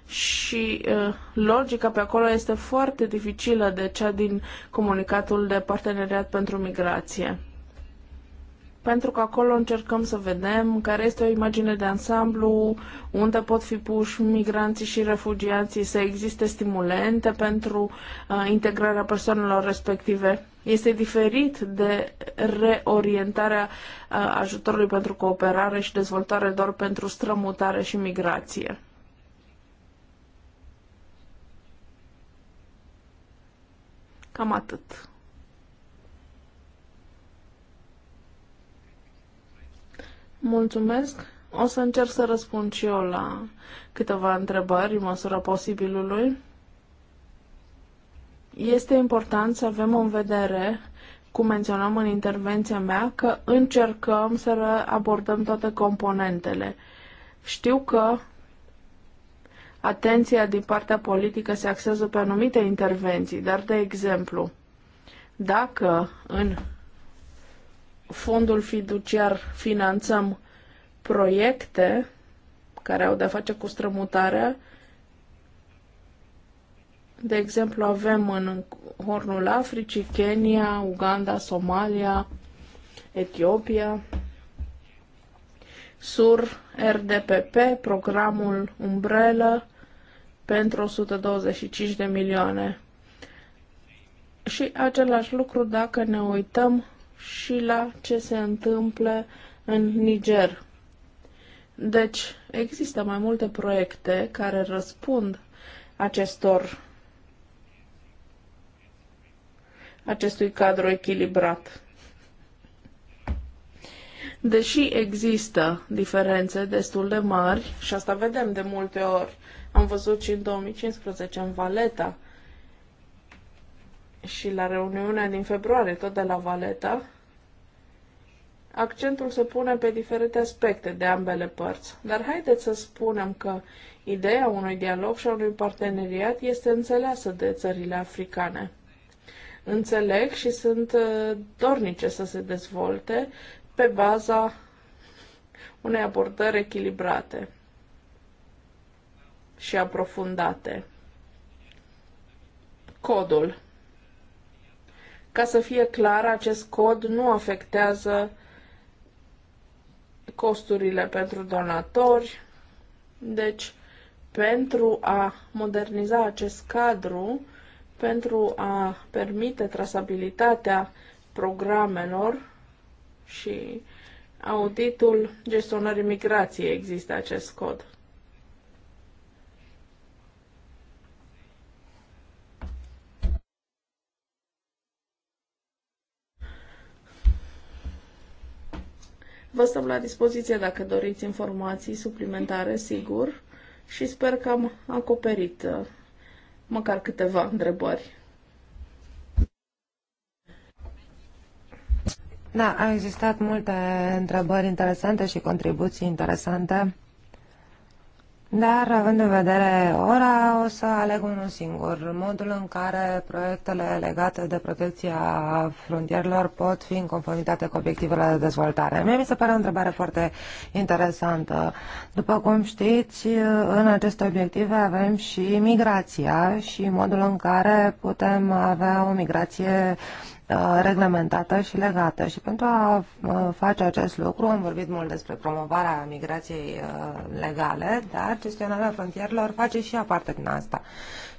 și uh, logica pe acolo este foarte dificilă de cea din comunicatul de parteneriat pentru migrație pentru că acolo încercăm să vedem care este o imagine de ansamblu, unde pot fi puși migranții și refugiații, să existe stimulente pentru uh, integrarea persoanelor respective. Este diferit de reorientarea uh, ajutorului pentru cooperare și dezvoltare doar pentru strămutare și migrație. Cam atât. Mulțumesc. O să încerc să răspund și eu la câteva întrebări în măsura posibilului. Este important să avem în vedere, cum menționam în intervenția mea, că încercăm să abordăm toate componentele. Știu că atenția din partea politică se axează pe anumite intervenții, dar, de exemplu, dacă în fondul fiduciar finanțăm proiecte care au de-a face cu strămutarea. De exemplu, avem în Hornul Africii, Kenya, Uganda, Somalia, Etiopia, SUR, RDPP, programul Umbrella pentru 125 de milioane. Și același lucru dacă ne uităm și la ce se întâmplă în Niger. Deci, există mai multe proiecte care răspund acestor acestui cadru echilibrat. Deși există diferențe destul de mari, și asta vedem de multe ori, am văzut și în 2015 în Valeta, și la reuniunea din februarie, tot de la Valeta, accentul se pune pe diferite aspecte de ambele părți. Dar haideți să spunem că ideea unui dialog și a unui parteneriat este înțeleasă de țările africane. Înțeleg și sunt uh, dornice să se dezvolte pe baza unei abordări echilibrate și aprofundate. Codul ca să fie clar, acest cod nu afectează costurile pentru donatori, deci pentru a moderniza acest cadru, pentru a permite trasabilitatea programelor și auditul gestionării migrației există acest cod. Vă stăm la dispoziție dacă doriți informații suplimentare, sigur, și sper că am acoperit uh, măcar câteva întrebări. Da, au existat multe întrebări interesante și contribuții interesante dar, având în vedere ora, o să aleg unul singur. Modul în care proiectele legate de protecția frontierelor pot fi în conformitate cu obiectivele de dezvoltare. Mie mi se pare o întrebare foarte interesantă. După cum știți, în aceste obiective avem și migrația și modul în care putem avea o migrație Uh, reglementată și legată. Și pentru a uh, face acest lucru am vorbit mult despre promovarea migrației uh, legale, dar gestionarea frontierelor face și aparte din asta.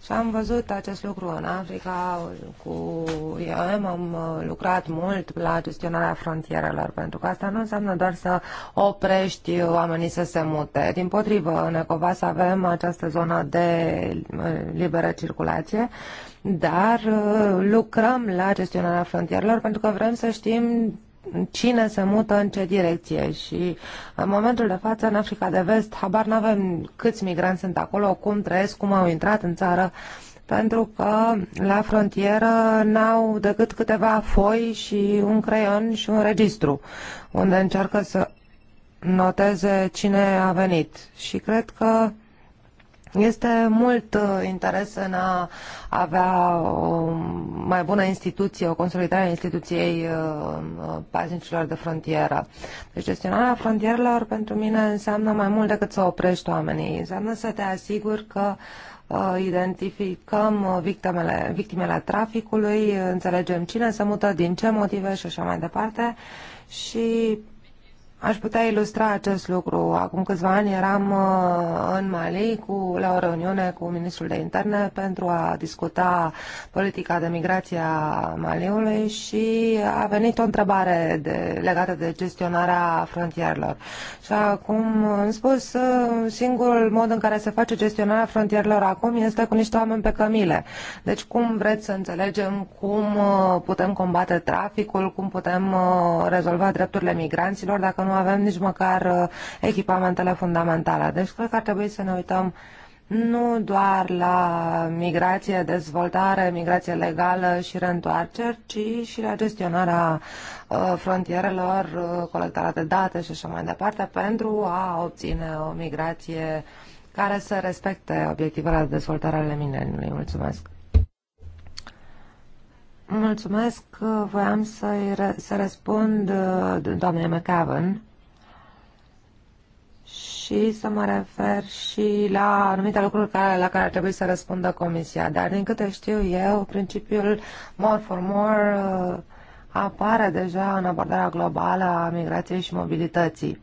Și am văzut acest lucru în Africa cu IOM, am lucrat mult la gestionarea frontierelor, pentru că asta nu înseamnă doar să oprești oamenii să se mute. Din potrivă, în Ecovas avem această zonă de liberă circulație, dar uh, lucrăm la gestionarea frontierelor pentru că vrem să știm cine se mută în ce direcție și în momentul de față în Africa de Vest habar n-avem câți migranți sunt acolo, cum trăiesc, cum au intrat în țară pentru că la frontieră n-au decât câteva foi și un creion și un registru unde încearcă să noteze cine a venit și cred că este mult uh, interes în a avea o mai bună instituție, o consolidare a instituției uh, uh, paznicilor de frontieră. Deci gestionarea frontierelor pentru mine înseamnă mai mult decât să oprești oamenii. Înseamnă să te asiguri că identificăm victimele, victimele traficului, înțelegem cine se mută, din ce motive și așa mai departe și Aș putea ilustra acest lucru. Acum câțiva ani eram uh, în Mali cu, la o reuniune cu ministrul de interne pentru a discuta politica de migrație a Maliului și a venit o întrebare de, legată de gestionarea frontierelor. Și acum am spus, uh, singurul mod în care se face gestionarea frontierelor acum este cu niște oameni pe cămile. Deci cum vreți să înțelegem cum uh, putem combate traficul, cum putem rezolva drepturile migranților dacă nu nu avem nici măcar uh, echipamentele fundamentale. Deci cred că ar trebui să ne uităm nu doar la migrație, dezvoltare, migrație legală și reîntoarceri, ci și la gestionarea uh, frontierelor, uh, colectarea de date și așa mai departe, pentru a obține o migrație care să respecte obiectivele de dezvoltare ale mineriului. Mulțumesc! Mulțumesc. Voiam să, ră, să răspund uh, doamnei McAvan și să mă refer și la anumite lucruri care, la care ar trebui să răspundă Comisia. Dar din câte știu eu, principiul more for more uh, apare deja în abordarea globală a migrației și mobilității.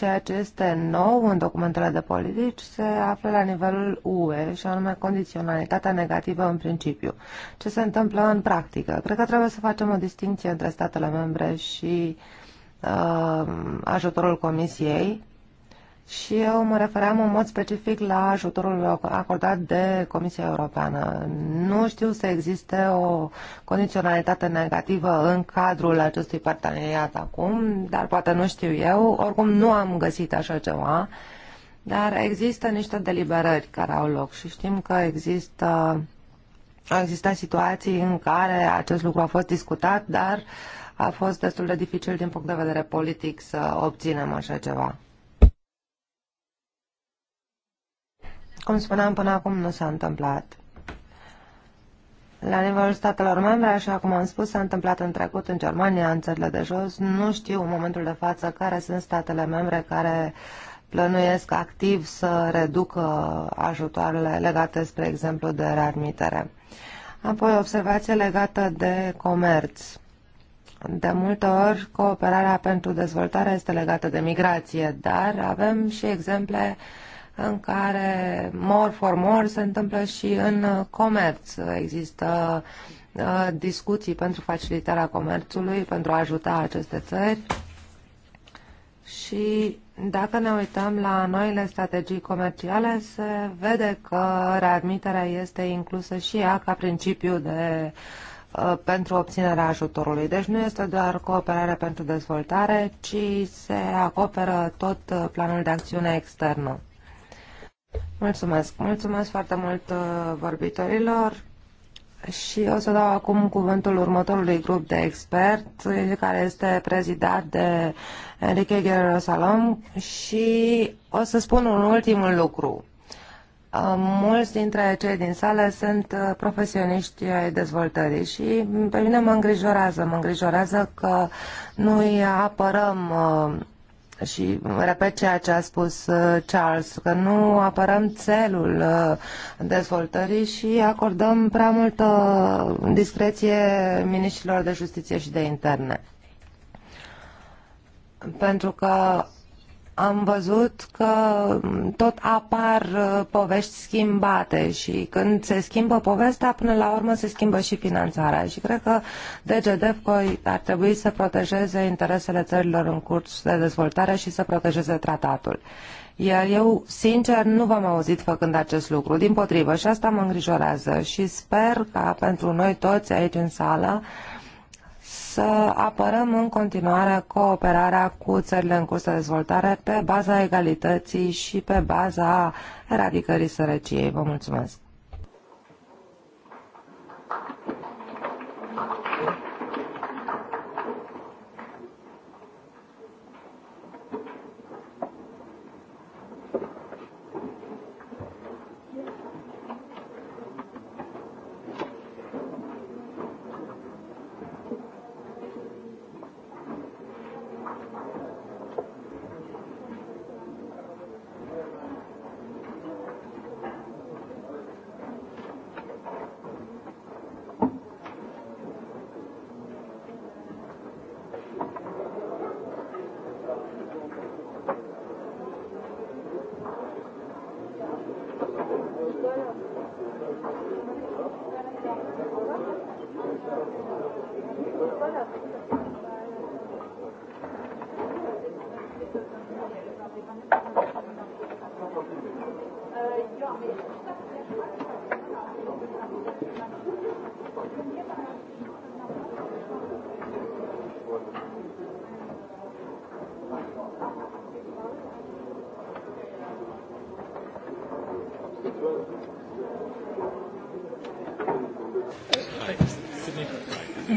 Ceea ce este nou în documentele de politici se află la nivelul UE și anume condiționalitatea negativă în principiu. Ce se întâmplă în practică? Cred că trebuie să facem o distinție între statele membre și uh, ajutorul Comisiei și eu mă refeream în mod specific la ajutorul acordat de Comisia Europeană. Nu știu să existe o condiționalitate negativă în cadrul acestui parteneriat acum, dar poate nu știu eu. Oricum nu am găsit așa ceva, dar există niște deliberări care au loc și știm că există au existat situații în care acest lucru a fost discutat, dar a fost destul de dificil din punct de vedere politic să obținem așa ceva. Cum spuneam, până acum nu s-a întâmplat. La nivelul statelor membre, așa cum am spus, s-a întâmplat în trecut în Germania, în țările de jos. Nu știu în momentul de față care sunt statele membre care plănuiesc activ să reducă ajutoarele legate, spre exemplu, de readmitere. Apoi, observație legată de comerț. De multe ori, cooperarea pentru dezvoltare este legată de migrație, dar avem și exemple uh, în care more for more se întâmplă și în uh, comerț. Există uh, discuții pentru facilitarea comerțului, pentru a ajuta aceste țări. Și dacă ne uităm la noile strategii comerciale, se vede că readmiterea este inclusă și ea ca principiu de, uh, pentru obținerea ajutorului. Deci nu este doar cooperare pentru dezvoltare, ci se acoperă tot planul de acțiune externă. Mulțumesc. Mulțumesc foarte mult uh, vorbitorilor. Și o să dau acum cuvântul următorului grup de expert, uh, care este prezidat de Enrique Guerrero Salom și o să spun un ultim lucru. Uh, mulți dintre cei din sală sunt profesioniști ai dezvoltării și pe mine mă îngrijorează. Mă îngrijorează că nu îi apărăm și repet ceea ce a spus uh, Charles, că nu apărăm țelul uh, dezvoltării și acordăm prea multă discreție miniștrilor de justiție și de interne. Pentru că am văzut că tot apar uh, povești schimbate și când se schimbă povestea, până la urmă se schimbă și finanțarea. Și cred că DGDFCO ar trebui să protejeze interesele țărilor în curs de dezvoltare și să protejeze tratatul. Iar eu, sincer, nu v-am auzit făcând acest lucru. Din potrivă, și asta mă îngrijorează și sper ca pentru noi toți aici în sală, uh, să apărăm în continuare cooperarea cu țările în curs de dezvoltare pe baza egalității și pe baza eradicării sărăciei. Vă mulțumesc!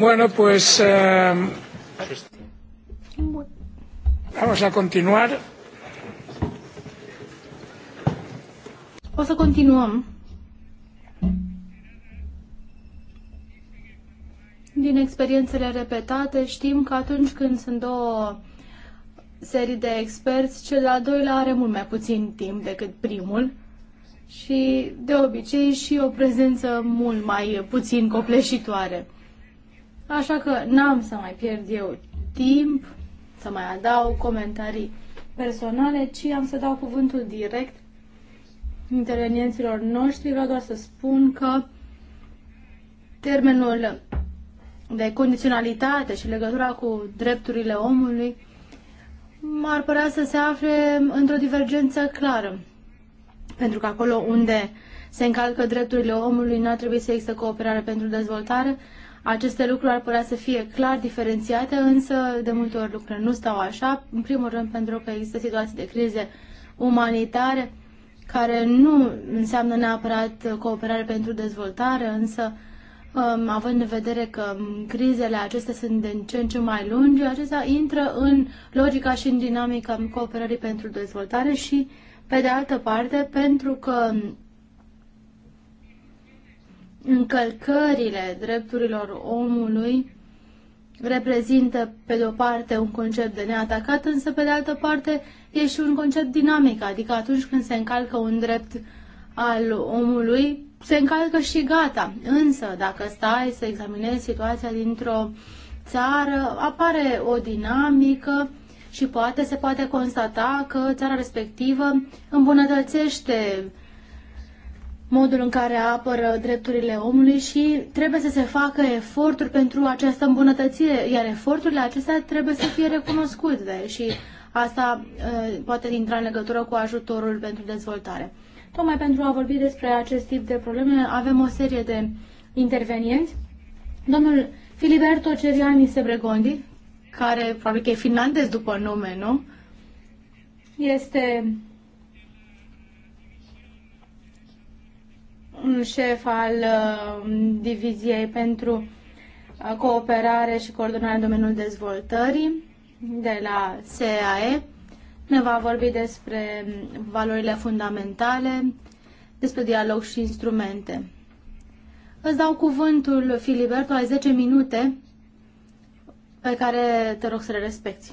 Bueno, pues eh, vamos a continuar. O să continuăm. Din experiențele repetate știm că atunci când sunt două serii de experți, cel de-al doilea are mult mai puțin timp decât primul și de obicei și o prezență mult mai puțin copleșitoare. Așa că n-am să mai pierd eu timp, să mai adaug comentarii personale, ci am să dau cuvântul direct intervenienților noștri. Vreau doar să spun că termenul de condiționalitate și legătura cu drepturile omului m-ar părea să se afle într-o divergență clară. Pentru că acolo unde se încalcă drepturile omului, nu ar trebui să există cooperare pentru dezvoltare, aceste lucruri ar putea să fie clar diferențiate, însă de multe ori lucrurile nu stau așa, în primul rând pentru că există situații de crize umanitare care nu înseamnă neapărat cooperare pentru dezvoltare, însă um, având în vedere că um, crizele acestea sunt de ce în ce mai lungi, acestea intră în logica și în dinamica cooperării pentru dezvoltare și, pe de altă parte, pentru că um, încălcările drepturilor omului reprezintă, pe de o parte, un concept de neatacat, însă, pe de altă parte, e și un concept dinamic, adică atunci când se încalcă un drept al omului, se încalcă și gata. Însă, dacă stai să examinezi situația dintr-o țară, apare o dinamică și poate se poate constata că țara respectivă îmbunătățește modul în care apără drepturile omului și trebuie să se facă eforturi pentru această îmbunătățire, iar eforturile acestea trebuie să fie recunoscute și asta uh, poate intra în legătură cu ajutorul pentru dezvoltare. Tocmai pentru a vorbi despre acest tip de probleme avem o serie de intervenienți. Domnul Filiberto Ceriani Sebregondi, care probabil că e finlandez după nume, nu? Este un șef al uh, Diviziei pentru uh, Cooperare și Coordonare în domeniul dezvoltării de la SAE. Ne va vorbi despre mm, valorile fundamentale, despre dialog și instrumente. Îți dau cuvântul, Filiberto, ai 10 minute pe care te rog să le respecti.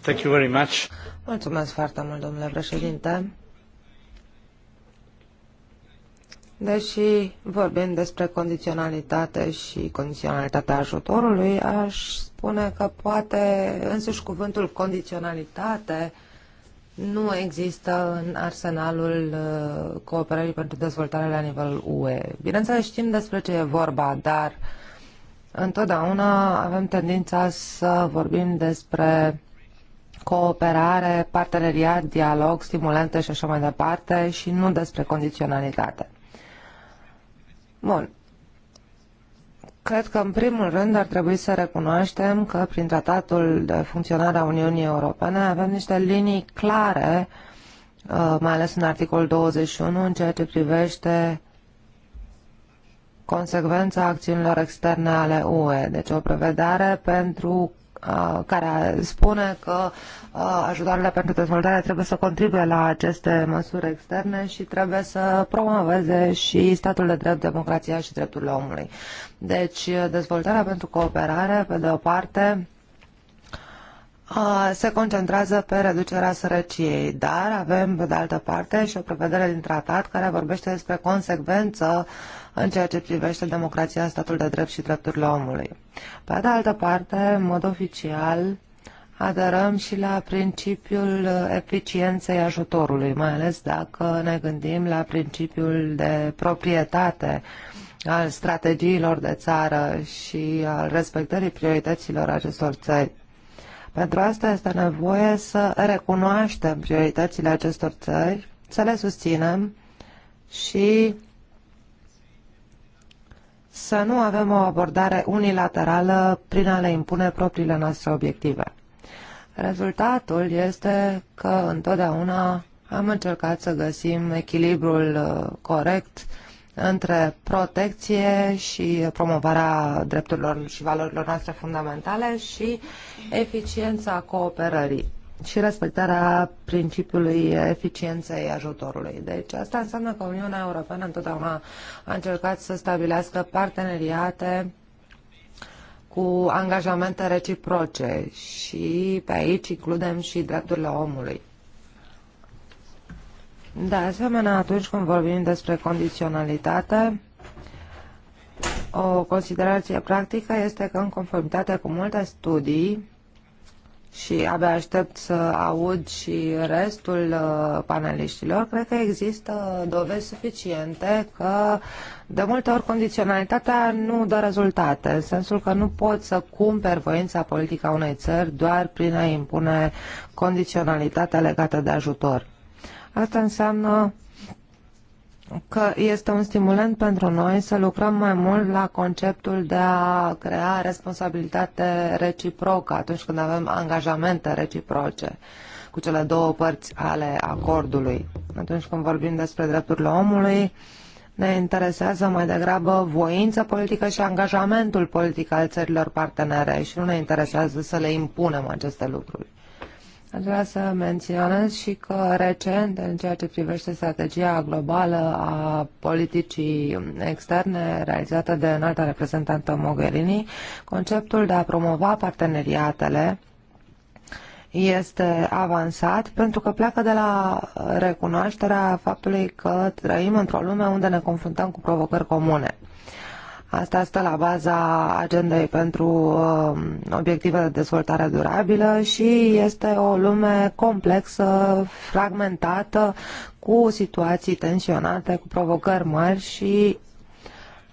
Thank you very much. Mulțumesc foarte mult, domnule președinte. Deși vorbim despre condiționalitate și condiționalitatea ajutorului, aș spune că poate însuși cuvântul condiționalitate nu există în arsenalul uh, cooperării pentru dezvoltare la nivel UE. Bineînțeles, știm despre ce e vorba, dar întotdeauna avem tendința să vorbim despre cooperare, parteneriat, dialog, stimulente și așa mai departe și nu despre condiționalitate. Bun. Cred că, în primul rând, ar trebui să recunoaștem că prin tratatul de funcționare a Uniunii Europene avem niște linii clare, uh, mai ales în articolul 21, în ceea ce privește consecvența acțiunilor externe ale UE. Deci o prevedere pentru uh, care spune că Uh, ajutoarele pentru dezvoltare trebuie să contribuie la aceste măsuri externe și trebuie să promoveze și statul de drept, democrația și drepturile omului. Deci, dezvoltarea pentru cooperare, pe de o parte, uh, se concentrează pe reducerea sărăciei, dar avem, pe de altă parte, și o prevedere din tratat care vorbește despre consecvență în ceea ce privește democrația, statul de drept și drepturile omului. Pe de altă parte, în mod oficial, aderăm și la principiul uh, eficienței ajutorului, mai ales dacă ne gândim la principiul de proprietate al strategiilor de țară și al respectării priorităților acestor țări. Pentru asta este nevoie să recunoaștem prioritățile acestor țări, să le susținem și să nu avem o abordare unilaterală prin a le impune propriile noastre obiective. Rezultatul este că întotdeauna am încercat să găsim echilibrul uh, corect între protecție și promovarea drepturilor și valorilor noastre fundamentale și eficiența cooperării și respectarea principiului eficienței ajutorului. Deci asta înseamnă că Uniunea Europeană întotdeauna a încercat să stabilească parteneriate cu angajamente reciproce și pe aici includem și drepturile omului. De asemenea, atunci când vorbim despre condiționalitate, o considerație practică este că în conformitate cu multe studii, și abia aștept să aud și restul uh, paneliștilor, cred că există dovezi suficiente că de multe ori condiționalitatea nu dă rezultate, în sensul că nu poți să cumperi voința politică a unei țări doar prin a impune condiționalitatea legată de ajutor. Asta înseamnă că este un stimulant pentru noi să lucrăm mai mult la conceptul de a crea responsabilitate reciprocă atunci când avem angajamente reciproce cu cele două părți ale acordului. Atunci când vorbim despre drepturile omului, ne interesează mai degrabă voința politică și angajamentul politic al țărilor partenere și nu ne interesează să le impunem aceste lucruri. Aș vrea să menționez și că recent, în ceea ce privește strategia globală a politicii externe realizată de înalta reprezentantă Mogherini, conceptul de a promova parteneriatele este avansat pentru că pleacă de la recunoașterea faptului că trăim într-o lume unde ne confruntăm cu provocări comune. Asta stă la baza agendei pentru um, obiective de dezvoltare durabilă și este o lume complexă, fragmentată, cu situații tensionate, cu provocări mari și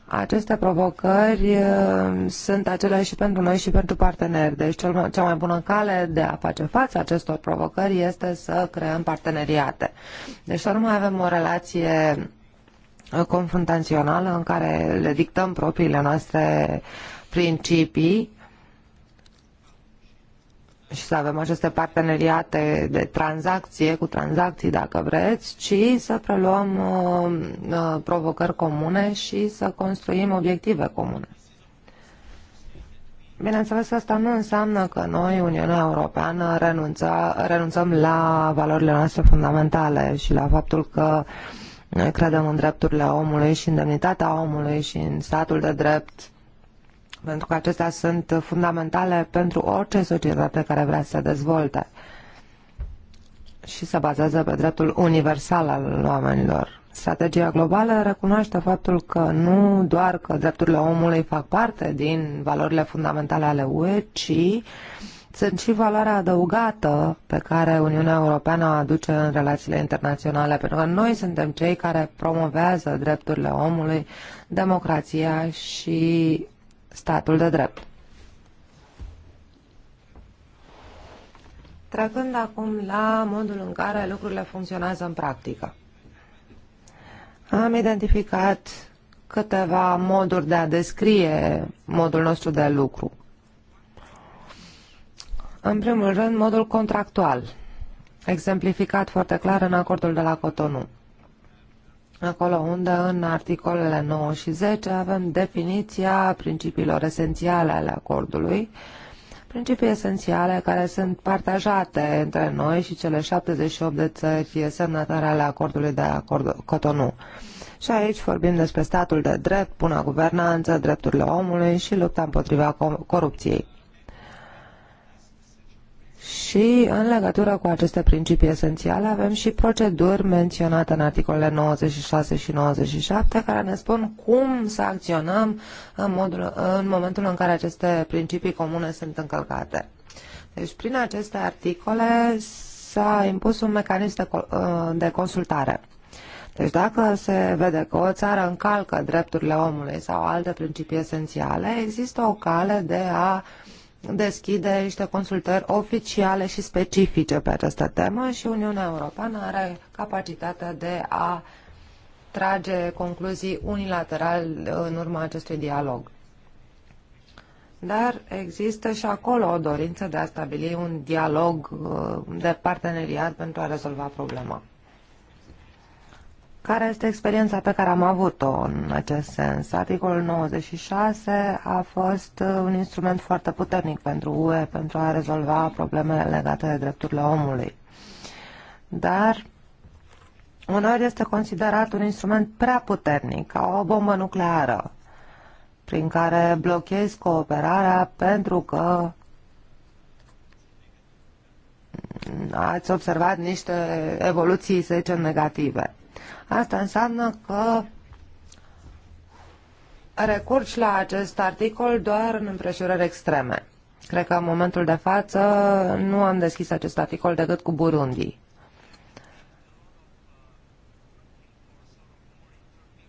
aceste provocări um, sunt aceleași și pentru noi și pentru parteneri. Deci cea mai bună cale de a face față acestor provocări este să creăm parteneriate. Deci să nu mai avem o relație confruntațională în care le dictăm propriile noastre principii și să avem aceste parteneriate de tranzacție cu tranzacții, dacă vreți, ci să preluăm uh, uh, provocări comune și să construim obiective comune. Bineînțeles că asta nu înseamnă că noi, Uniunea Europeană, renunță, renunțăm la valorile noastre fundamentale și la faptul că uh, noi credem în drepturile omului și în demnitatea omului și în statul de drept, pentru că acestea sunt fundamentale pentru orice societate care vrea să se dezvolte și se bazează pe dreptul universal al oamenilor. Strategia globală recunoaște faptul că nu doar că drepturile omului fac parte din valorile fundamentale ale UE, ci sunt și valoarea adăugată pe care Uniunea Europeană o aduce în relațiile internaționale, pentru că noi suntem cei care promovează drepturile omului, democrația și statul de drept. Trecând acum la modul în care lucrurile funcționează în practică. Am identificat câteva moduri de a descrie modul nostru de lucru. În primul rând, modul contractual, exemplificat foarte clar în acordul de la Cotonou. Acolo unde în articolele 9 și 10 avem definiția principiilor esențiale ale acordului, principii esențiale care sunt partajate între noi și cele 78 de țări semnătare ale acordului de acord Cotonou. Și aici vorbim despre statul de drept, bună guvernanță, drepturile omului și lupta împotriva corupției. Și în legătură cu aceste principii esențiale avem și proceduri menționate în articolele 96 și 97 care ne spun cum să acționăm în, modul, în momentul în care aceste principii comune sunt încălcate. Deci prin aceste articole s-a impus un mecanism de, uh, de consultare. Deci dacă se vede că o țară încalcă drepturile omului sau alte principii esențiale, există o cale de a uh, deschide niște consultări oficiale și specifice pe această temă și Uniunea Europeană are capacitatea de a trage concluzii unilateral în urma acestui dialog. Dar există și acolo o dorință de a stabili un dialog uh, de parteneriat pentru a rezolva problema. Care este experiența pe care am avut-o în acest sens? Articolul 96 a fost uh, un instrument foarte puternic pentru UE pentru a rezolva problemele legate de drepturile omului. Dar uneori este considerat un instrument prea puternic, ca o bombă nucleară, prin care blochezi cooperarea pentru că ați observat niște evoluții, să zicem, negative. Asta înseamnă că recurgi la acest articol doar în împrejurări extreme. Cred că în momentul de față nu am deschis acest articol decât cu Burundi.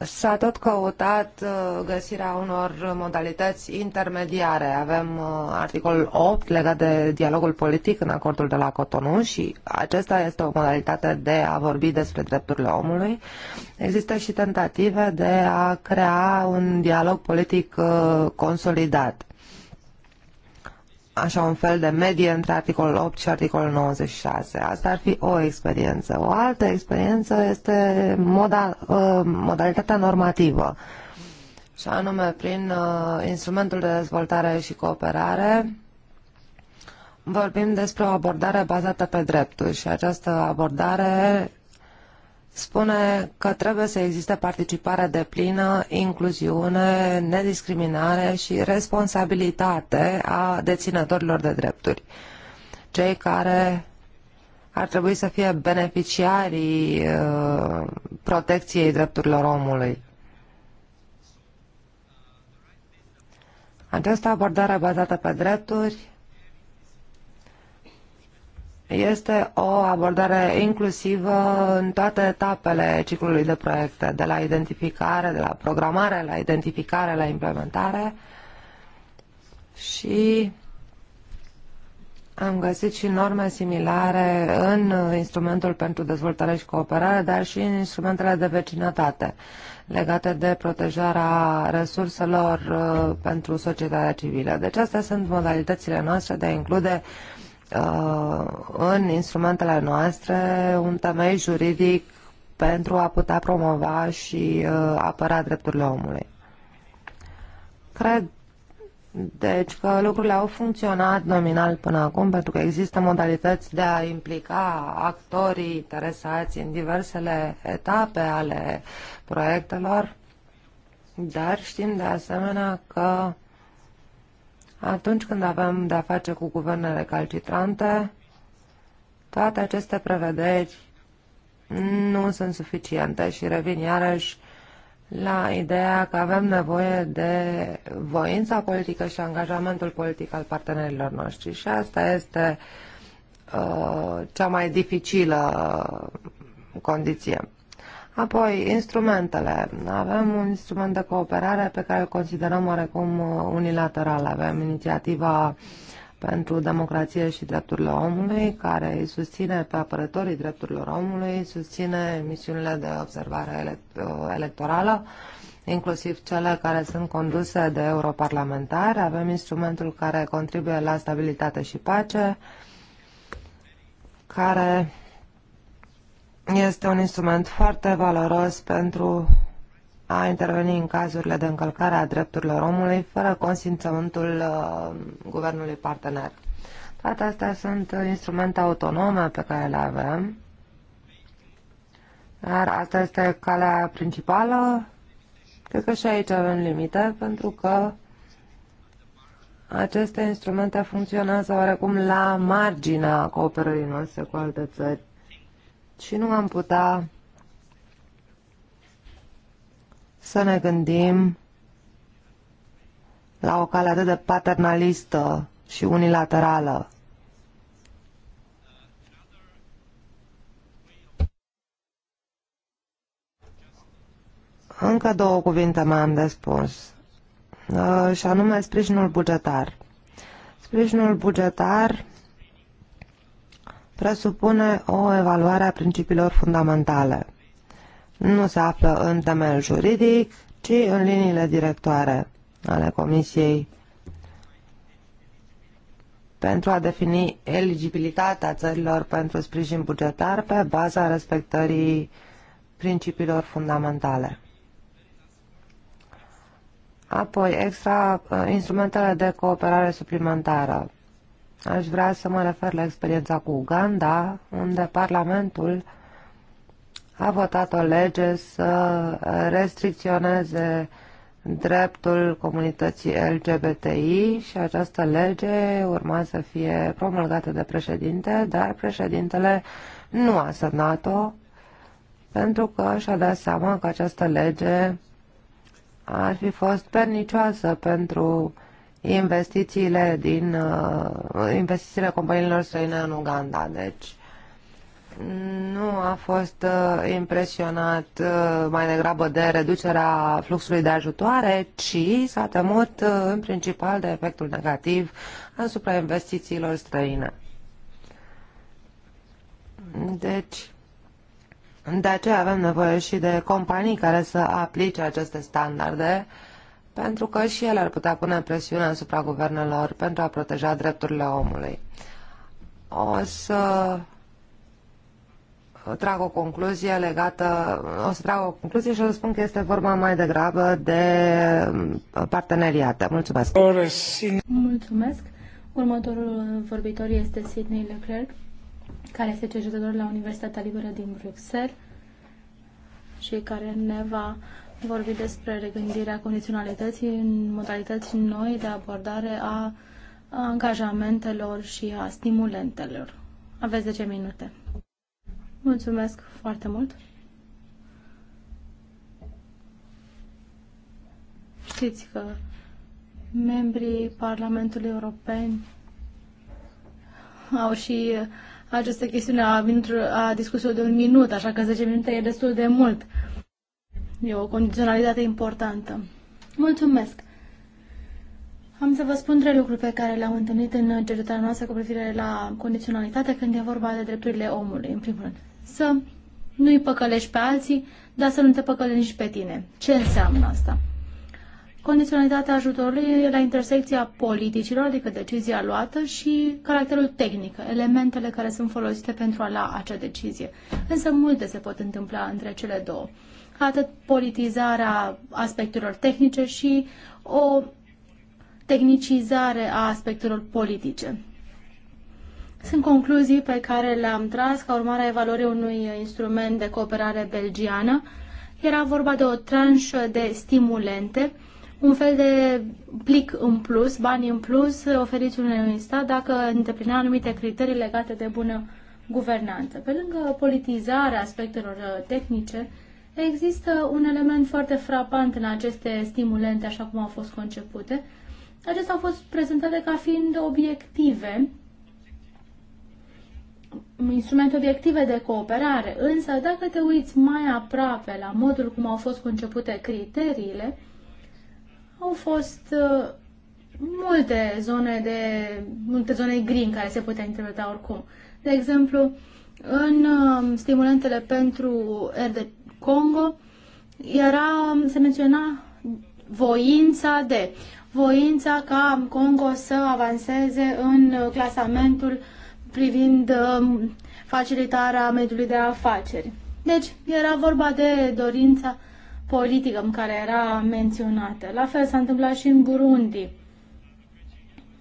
S-a tot căutat uh, găsirea unor modalități intermediare. Avem uh, articolul 8 legat de dialogul politic în acordul de la Cotonou și acesta este o modalitate de a vorbi despre drepturile omului. Există și tentative de a crea un dialog politic uh, consolidat așa un fel de medie între articolul 8 și articolul 96. Asta ar fi o experiență. O altă experiență este moda, uh, modalitatea normativă, și anume prin uh, instrumentul de dezvoltare și cooperare vorbim despre o abordare bazată pe drepturi și această abordare spune că trebuie să existe participare deplină, incluziune, nediscriminare și responsabilitate a deținătorilor de drepturi. Cei care ar trebui să fie beneficiarii uh, protecției drepturilor omului. Această abordare bazată pe drepturi este o abordare inclusivă în toate etapele ciclului de proiecte, de la identificare, de la programare, la identificare, la implementare și am găsit și norme similare în instrumentul pentru dezvoltare și cooperare, dar și în instrumentele de vecinătate legate de protejarea resurselor uh, pentru societatea civilă. Deci astea sunt modalitățile noastre de a include uh, Uh, în instrumentele noastre un temei juridic pentru a putea promova și uh, apăra drepturile omului. Cred deci că lucrurile au funcționat nominal până acum pentru că există modalități de a implica actorii interesați în diversele etape ale proiectelor, dar știm de asemenea că atunci când avem de-a face cu guvernele calcitrante, toate aceste prevederi nu sunt suficiente și revin iarăși la ideea că avem nevoie de voința politică și angajamentul politic al partenerilor noștri. Și asta este uh, cea mai dificilă condiție. Apoi, instrumentele. Avem un instrument de cooperare pe care îl considerăm oarecum uh, unilateral. Avem inițiativa pentru democrație și drepturile omului, care îi susține pe apărătorii drepturilor omului, susține misiunile de observare uh, electorală, inclusiv cele care sunt conduse de europarlamentari. Avem instrumentul care contribuie la stabilitate și pace, care este un instrument foarte valoros pentru a interveni în cazurile de încălcare a drepturilor omului fără consimțământul uh, guvernului partener. Toate astea sunt instrumente autonome pe care le avem, dar asta este calea principală. Cred că și aici avem limite, pentru că aceste instrumente funcționează oarecum la marginea cooperării noastre cu alte țări și nu am putea să ne gândim la o cale atât de paternalistă și unilaterală. Încă două cuvinte mai am de spus, uh, și anume sprijinul bugetar. Sprijinul bugetar presupune o evaluare a principiilor fundamentale. Nu se află în temel juridic, ci în liniile directoare ale Comisiei pentru a defini eligibilitatea țărilor pentru sprijin bugetar pe baza respectării principiilor fundamentale. Apoi, extra uh, instrumentele de cooperare suplimentară. Aș vrea să mă refer la experiența cu Uganda, unde Parlamentul a votat o lege să restricționeze dreptul comunității LGBTI și această lege urma să fie promulgată de președinte, dar președintele nu a semnat-o pentru că și-a dat seama că această lege ar fi fost pernicioasă pentru uh, investițiile din uh, investițiile companiilor străine în Uganda. Deci nu a fost uh, impresionat uh, mai degrabă de reducerea fluxului de ajutoare, ci s-a temut în principal de efectul negativ asupra investițiilor străine. Deci, de aceea avem nevoie și de companii care să aplice aceste standarde uh, pentru că și ele ar putea pune presiune asupra guvernelor pentru a proteja drepturile omului. O să trag o concluzie legată, o să trag o concluzie și o să spun că este vorba mai degrabă de parteneriate. Mulțumesc! Mulțumesc! Următorul vorbitor este Sidney Leclerc, care este cercetător la Universitatea Liberă din Bruxelles și care ne va vorbit despre regândirea condiționalității în modalități noi de abordare a angajamentelor și a stimulentelor. Aveți 10 minute. Mulțumesc foarte mult. Știți că membrii Parlamentului European au și această chestiune a, a discursului de un minut, așa că 10 minute e destul de mult. E o condiționalitate importantă. Mulțumesc! Am să vă spun trei lucruri pe care le-am întâlnit în cercetarea noastră cu privire la condiționalitate când e vorba de drepturile omului, în primul rând. Să nu-i păcălești pe alții, dar să nu te păcălești nici pe tine. Ce înseamnă asta? Condiționalitatea ajutorului la intersecția politicilor, adică decizia luată, și caracterul tehnic, elementele care sunt folosite pentru a lua acea decizie. Însă multe se pot întâmpla între cele două atât politizarea aspectelor tehnice și o tehnicizare a aspectelor politice. Sunt concluzii pe care le-am tras ca urmare a evaluării unui instrument de cooperare belgiană. Era vorba de o tranșă de stimulente, un fel de plic în plus, bani în plus oferiți unui stat dacă îndeplinea anumite criterii legate de bună guvernanță. Pe lângă politizarea aspectelor uh, tehnice, Există un element foarte frapant în aceste stimulente, așa cum au fost concepute. Acestea au fost prezentate ca fiind obiective, instrumente obiective de cooperare, însă dacă te uiți mai aproape la modul cum au fost concepute criteriile, au fost uh, multe zone de multe zone gri în care se putea interpreta oricum. De exemplu, în uh, stimulentele pentru RD, Congo era, se menționa voința de, voința ca Congo să avanseze în clasamentul privind um, facilitarea mediului de afaceri. Deci era vorba de dorința politică în care era menționată. La fel s-a întâmplat și în Burundi.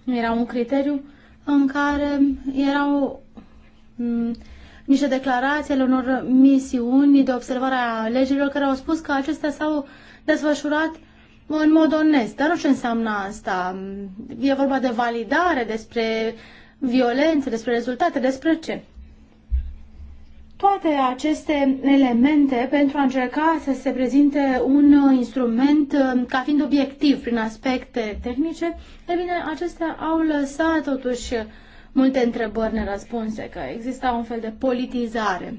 Era un criteriu în care erau niște declarații ale unor misiuni de observare a legilor care au spus că acestea s-au desfășurat în mod onest. Dar nu ce înseamnă asta. E vorba de validare, despre violență, despre rezultate, despre ce? Toate aceste elemente pentru a încerca să se prezinte un instrument um, ca fiind obiectiv prin aspecte tehnice, e bine, acestea au lăsat totuși multe întrebări nerăspunse, că exista un fel de politizare.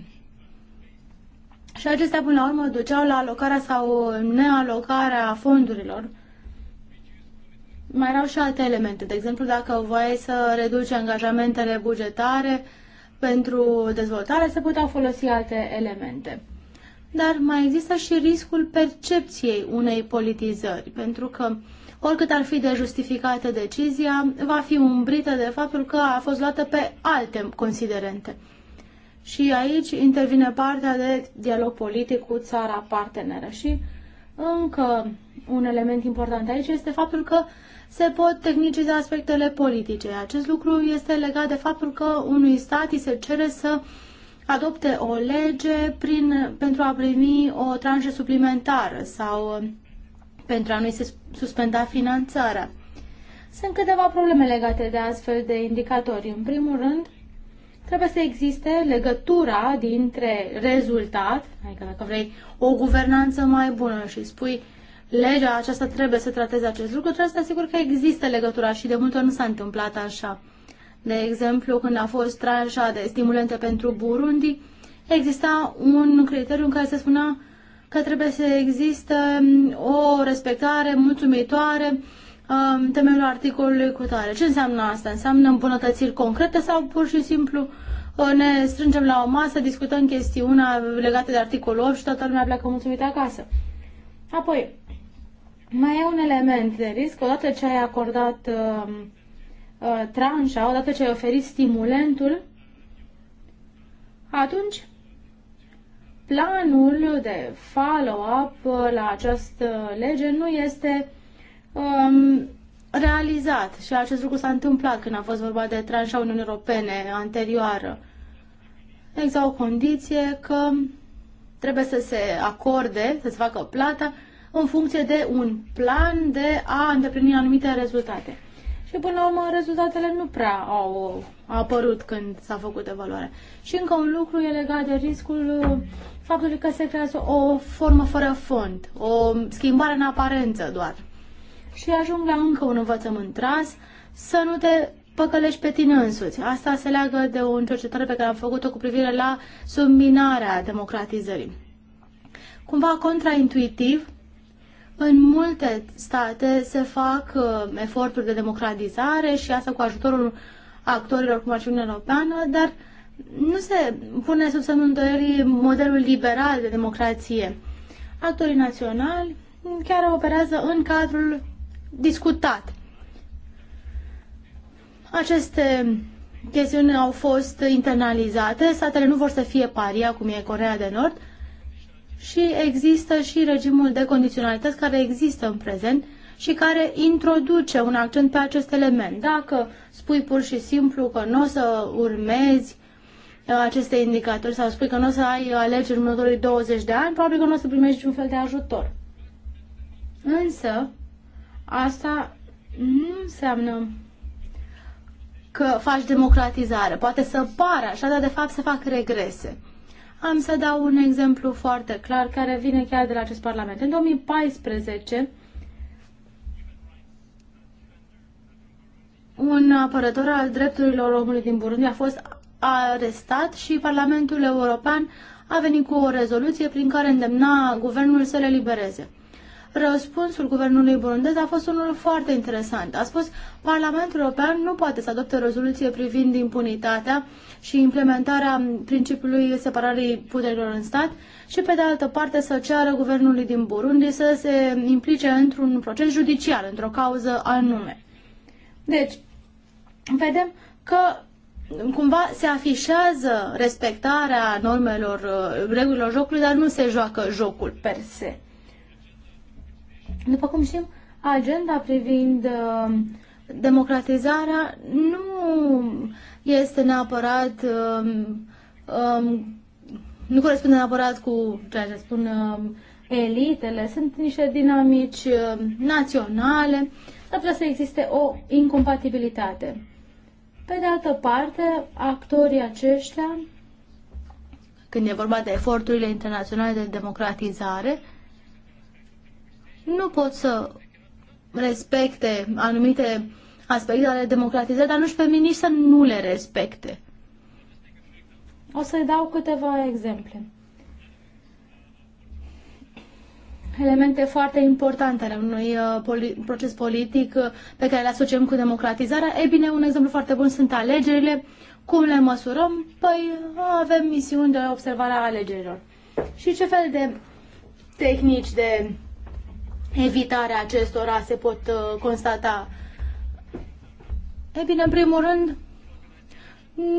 Și acestea, până la urmă, duceau la alocarea sau nealocarea fondurilor. Mai erau și alte elemente. De exemplu, dacă voiai să reduci angajamentele bugetare pentru dezvoltare, se puteau folosi alte elemente. Dar mai există și riscul percepției unei politizări, pentru că uh, oricât ar fi de justificată decizia, va fi umbrită de faptul că a fost luată pe alte considerente. Și aici intervine partea de dialog politic cu țara parteneră. Și încă un element important aici este faptul că se pot tehniciza aspectele politice. Acest lucru este legat de faptul că unui stat îi se cere să adopte o lege prin, pentru a primi o tranșă suplimentară sau pentru a nu se suspenda finanțarea. Sunt câteva probleme legate de astfel de indicatori. În primul rând, trebuie să existe legătura dintre rezultat, adică dacă vrei o guvernanță mai bună și spui legea aceasta trebuie să trateze acest lucru, trebuie să te asiguri că există legătura și de multe ori nu s-a întâmplat așa. De exemplu, când a fost tranșa de stimulente pentru Burundi, exista un criteriu în care se spunea că trebuie să existe um, o respectare mulțumitoare um, temelul articolului cu tare. Ce înseamnă asta? Înseamnă îmbunătățiri concrete sau pur și simplu uh, ne strângem la o masă, discutăm chestiunea legată de articolul 8 și toată lumea pleacă mulțumită acasă. Apoi, mai e un element de risc. Odată ce ai acordat uh, uh, tranșa, odată ce ai oferit stimulentul, atunci planul de follow-up uh, la această lege nu este um, realizat și acest lucru s-a întâmplat când a fost vorba de tranșa Uniunii Europene anterioară. există o condiție că trebuie să se acorde, să se facă plata în funcție de un plan de a îndeplini anumite rezultate. Și până la urmă rezultatele nu prea au apărut când s-a făcut evaluarea. Și încă un lucru e legat de riscul uh, faptului că se creează o formă fără fond, o schimbare în aparență doar. Și ajung la încă un învățământ tras, să nu te păcălești pe tine însuți. Asta se leagă de o cercetare pe care am făcut-o cu privire la subminarea democratizării. Cumva contraintuitiv, în multe state se fac uh, eforturi de democratizare și asta cu ajutorul actorilor cum ar fi Uniunea Europeană, dar uh, nu se pune sub semnul îndoielii modelul liberal de democrație. Actorii naționali chiar operează în cadrul discutat. Aceste chestiuni au fost internalizate, statele nu vor să fie paria, cum e Corea de Nord, și există și regimul de condiționalități care există în prezent și care introduce un accent pe acest element. Dacă spui pur și simplu că nu o să urmezi Uh, aceste indicatori sau spui că nu o să ai alegeri în următorii 20 de ani, probabil că nu o să primești niciun fel de ajutor. Însă, asta nu înseamnă că faci democratizare. Poate să pară așa, dar de fapt se fac regrese. Am să dau un exemplu foarte clar care vine chiar de la acest Parlament. În 2014, un apărător al drepturilor omului din Burundi a fost arestat și Parlamentul European a venit cu o rezoluție prin care îndemna guvernul să le libereze. Răspunsul guvernului burundez a fost unul foarte interesant. A spus, Parlamentul European nu poate să adopte rezoluție privind impunitatea și implementarea principiului separării puterilor în stat și, pe de altă parte, să ceară guvernului din Burundi să se implice într-un proces judiciar, într-o cauză anume. Deci, vedem că cumva se afișează respectarea normelor, uh, regulilor jocului, dar nu se joacă jocul per se. După cum știm, agenda privind uh, democratizarea nu este neapărat um, um, nu corespunde neapărat cu ceea ce spun um, elitele, sunt niște dinamici um, naționale, dar trebuie să existe o incompatibilitate. Pe de altă parte, actorii aceștia, când e vorba de eforturile internaționale de democratizare, nu pot să respecte anumite aspecte ale democratizării, dar nu-și pe miniști să nu le respecte. O să-i dau câteva exemple. elemente foarte importante ale unui uh, poli- proces politic uh, pe care le asociem cu democratizarea. E bine, un exemplu foarte bun sunt alegerile. Cum le măsurăm? Păi avem misiuni de observare a alegerilor. Și ce fel de tehnici de evitare acestora se pot uh, constata? E bine, în primul rând,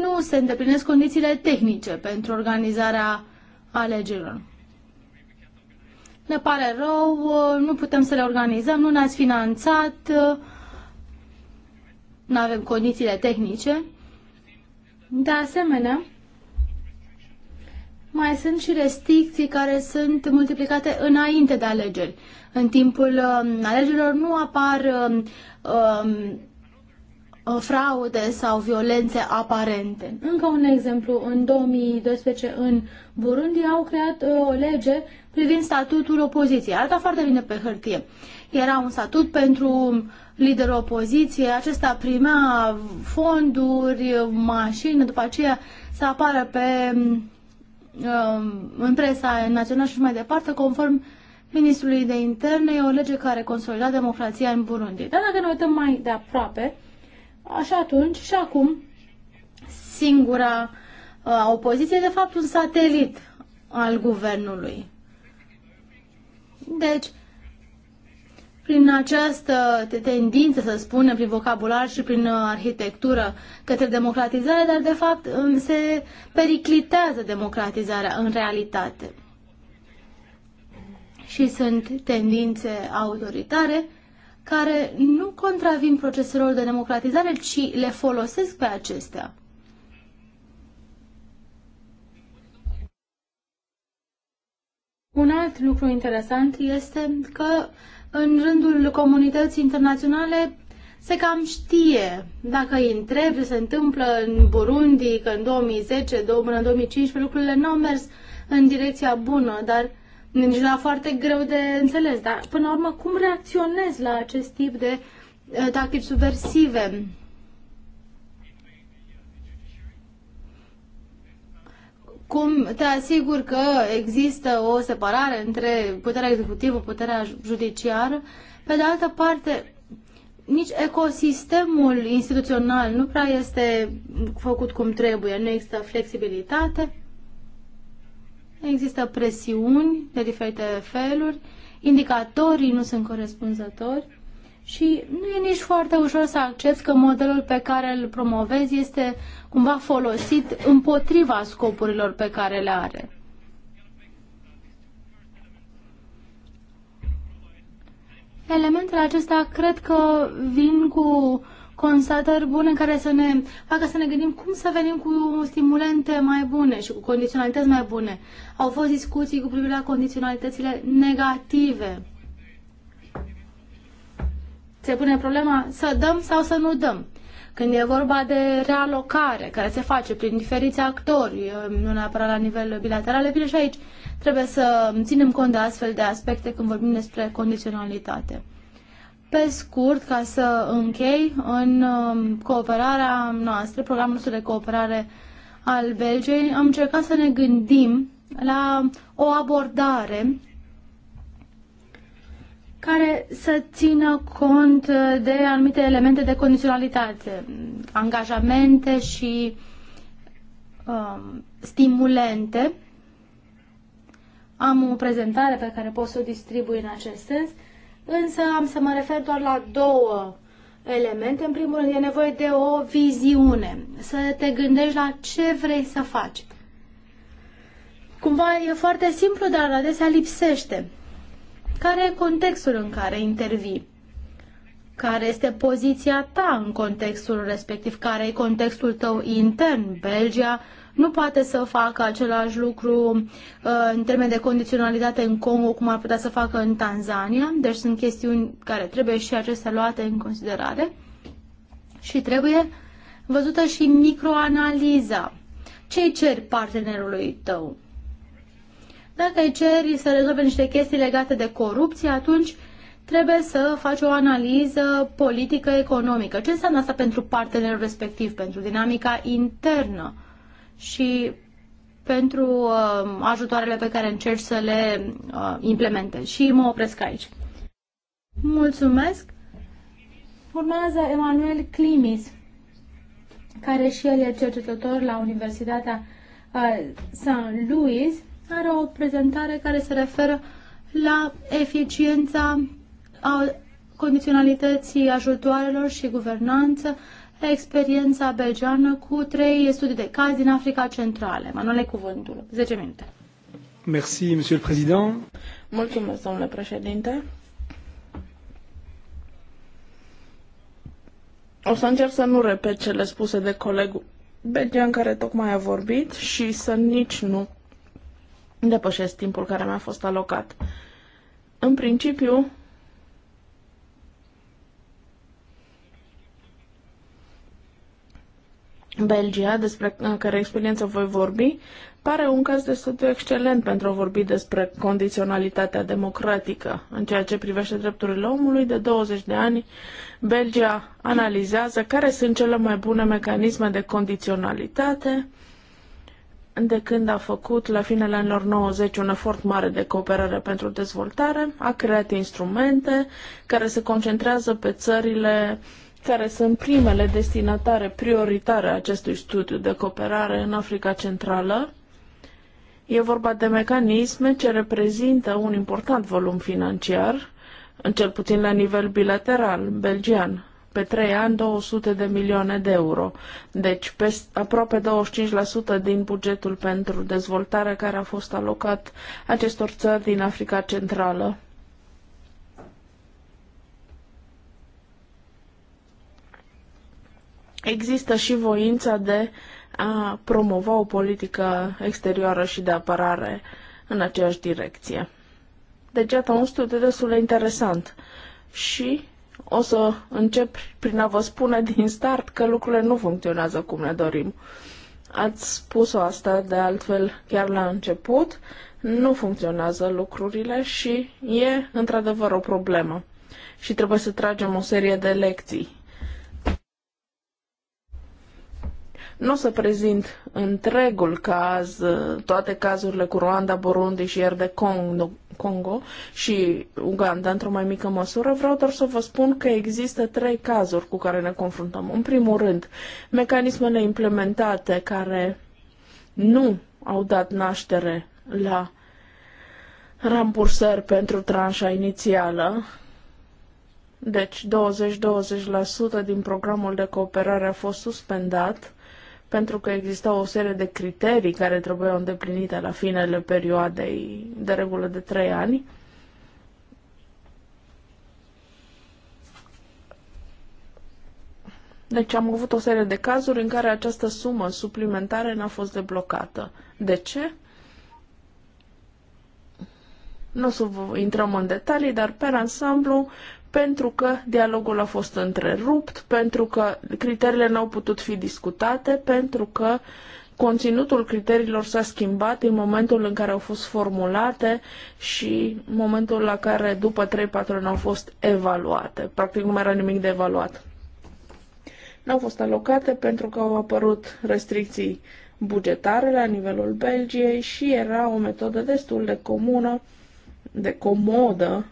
nu se îndeplinesc condițiile tehnice pentru organizarea alegerilor ne pare rău, uh, nu putem să le organizăm, nu ne-ați finanțat, uh, nu avem condițiile tehnice. De asemenea, mai sunt și restricții care sunt multiplicate înainte de alegeri. În timpul um, alegerilor nu apar um, um, fraude sau violențe aparente. Încă un exemplu, în 2012 în Burundi au creat uh, o lege privind statutul opoziției. Arăta foarte bine pe hârtie. Era un statut pentru liderul opoziției, acesta primea fonduri, mașini, după aceea să apară pe, um, în presa națională și mai departe, conform ministrului de interne, e o lege care consolida democrația în Burundi. Dar dacă ne uităm mai de aproape, așa atunci și acum, singura uh, opoziție, de fapt, un satelit al guvernului. Deci, prin această tendință, să spunem, prin vocabular și prin uh, arhitectură către democratizare, dar de fapt um, se periclitează democratizarea în realitate. Și sunt tendințe autoritare care nu contravin proceselor de democratizare, ci le folosesc pe acestea. Un alt lucru interesant este că în rândul comunității internaționale se cam știe. Dacă îi întreb ce se întâmplă în Burundi, că în 2010, până în 2015 lucrurile nu au mers în direcția bună, dar nici la foarte greu de înțeles. Dar până la urmă, cum reacționezi la acest tip de eh, tactici subversive? cum te asigur că există o separare între puterea executivă, puterea judiciară. Pe de altă parte, nici ecosistemul instituțional nu prea este făcut cum trebuie, nu există flexibilitate, există presiuni de diferite feluri, indicatorii nu sunt corespunzători și nu e nici foarte ușor să accepti că modelul pe care îl promovezi este cumva folosit împotriva scopurilor pe care le are. Elementele acestea cred că vin cu constatări bune care să ne facă să ne gândim cum să venim cu stimulente mai bune și cu condiționalități mai bune. Au fost discuții cu privire la condiționalitățile negative. Se pune problema să dăm sau să nu dăm când e vorba de realocare care se face prin diferiți actori, nu neapărat la nivel bilateral, bine și aici trebuie să ținem cont de astfel de aspecte când vorbim despre condiționalitate. Pe scurt, ca să închei, în um, cooperarea noastră, programul nostru de cooperare al Belgiei, am încercat să ne gândim la o abordare care să țină cont uh, de anumite elemente de condiționalitate, angajamente și um, stimulente. Am o prezentare pe care pot să o distribui în acest sens, însă am să mă refer doar la două elemente. În primul rând, e nevoie de o viziune, să te gândești la ce vrei să faci. Cumva e foarte simplu, dar adesea lipsește care e contextul în care intervii, care este poziția ta în contextul respectiv, care e contextul tău intern. Belgia nu poate să facă același lucru uh, în termen de condiționalitate în Congo cum ar putea să facă în Tanzania, deci sunt chestiuni care trebuie și acestea luate în considerare și trebuie văzută și microanaliza. Ce ceri partenerului tău? Dacă îi ceri să rezolve niște chestii legate de corupție, atunci trebuie să faci o analiză politică economică. Ce înseamnă asta pentru partenerul respectiv, pentru dinamica internă și pentru uh, ajutoarele pe care încerci să le uh, implementezi. Și mă opresc aici. Mulțumesc! Urmează Emanuel Climis, care și el e cercetător la Universitatea uh, St. Louis are o prezentare care se referă la eficiența a condiționalității ajutoarelor și guvernanță, experiența belgeană cu trei studii de caz din Africa Centrală. Manole cuvântul. 10 minute. Merci, Monsieur le Président. Mulțumesc, domnule președinte. O să încerc să nu repet cele spuse de colegul belgean care tocmai a vorbit și să nici nu depășesc timpul care mi-a fost alocat. În principiu, Belgia, despre care experiență voi vorbi, pare un caz de studiu excelent pentru a vorbi despre condiționalitatea democratică. În ceea ce privește drepturile omului, de 20 de ani, Belgia analizează care sunt cele mai bune mecanisme de condiționalitate, de când a făcut la finele anilor 90 un efort mare de cooperare pentru dezvoltare, a creat instrumente care se concentrează pe țările care sunt primele destinatare prioritare a acestui studiu de cooperare în Africa Centrală. E vorba de mecanisme ce reprezintă un important volum financiar, în cel puțin la nivel bilateral belgian pe 3 ani 200 de milioane de euro, deci pe, aproape 25% din bugetul pentru dezvoltare care a fost alocat acestor țări din Africa Centrală. Există și voința de a promova o politică exterioară și de apărare în aceeași direcție. Deci, iată, un studiu destul de interesant. Și o să încep prin a vă spune din start că lucrurile nu funcționează cum ne dorim. Ați spus-o asta de altfel chiar la început. Nu funcționează lucrurile și e într-adevăr o problemă. Și trebuie să tragem o serie de lecții Nu o să prezint întregul caz, toate cazurile cu Rwanda, Burundi și ieri de Congo, Congo și Uganda într-o mai mică măsură, vreau doar să vă spun că există trei cazuri cu care ne confruntăm. În primul rând, mecanismele implementate care nu au dat naștere la rambursări pentru tranșa inițială, deci 20-20% din programul de cooperare a fost suspendat pentru că exista o serie de criterii care trebuiau îndeplinite la finele perioadei de regulă de trei ani. Deci am avut o serie de cazuri în care această sumă suplimentară n-a fost deblocată. De ce? Nu o să intrăm în detalii, dar pe ansamblu pentru că dialogul a fost întrerupt, pentru că criteriile n-au putut fi discutate, pentru că conținutul criteriilor s-a schimbat în momentul în care au fost formulate și momentul la care după 3-4 ani au fost evaluate. Practic nu mai era nimic de evaluat. N-au fost alocate pentru că au apărut restricții bugetare la nivelul Belgiei și era o metodă destul de comună, de comodă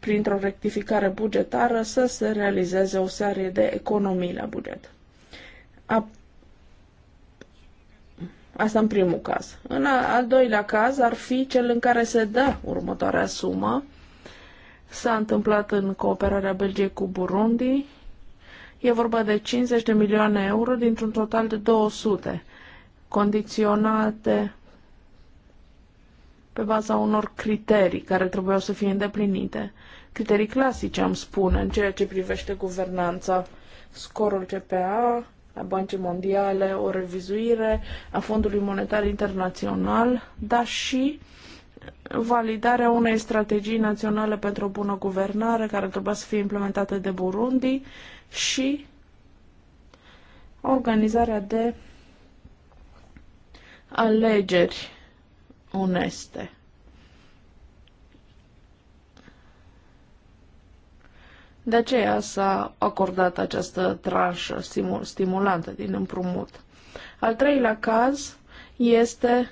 printr-o rectificare bugetară, să se realizeze o serie de economii la buget. A... Asta în primul caz. În al doilea caz ar fi cel în care se dă următoarea sumă. S-a întâmplat în cooperarea Belgiei cu Burundi. E vorba de 50 de milioane euro dintr-un total de 200, condiționate pe baza unor criterii care trebuiau să fie îndeplinite. Criterii clasice, am spune, în ceea ce privește guvernanța, scorul CPA, a Băncii Mondiale, o revizuire a Fondului Monetar Internațional, dar și validarea unei strategii naționale pentru o bună guvernare care trebuia să fie implementată de Burundi și organizarea de alegeri oneste. De aceea s-a acordat această tranșă stimulantă din împrumut. Al treilea caz este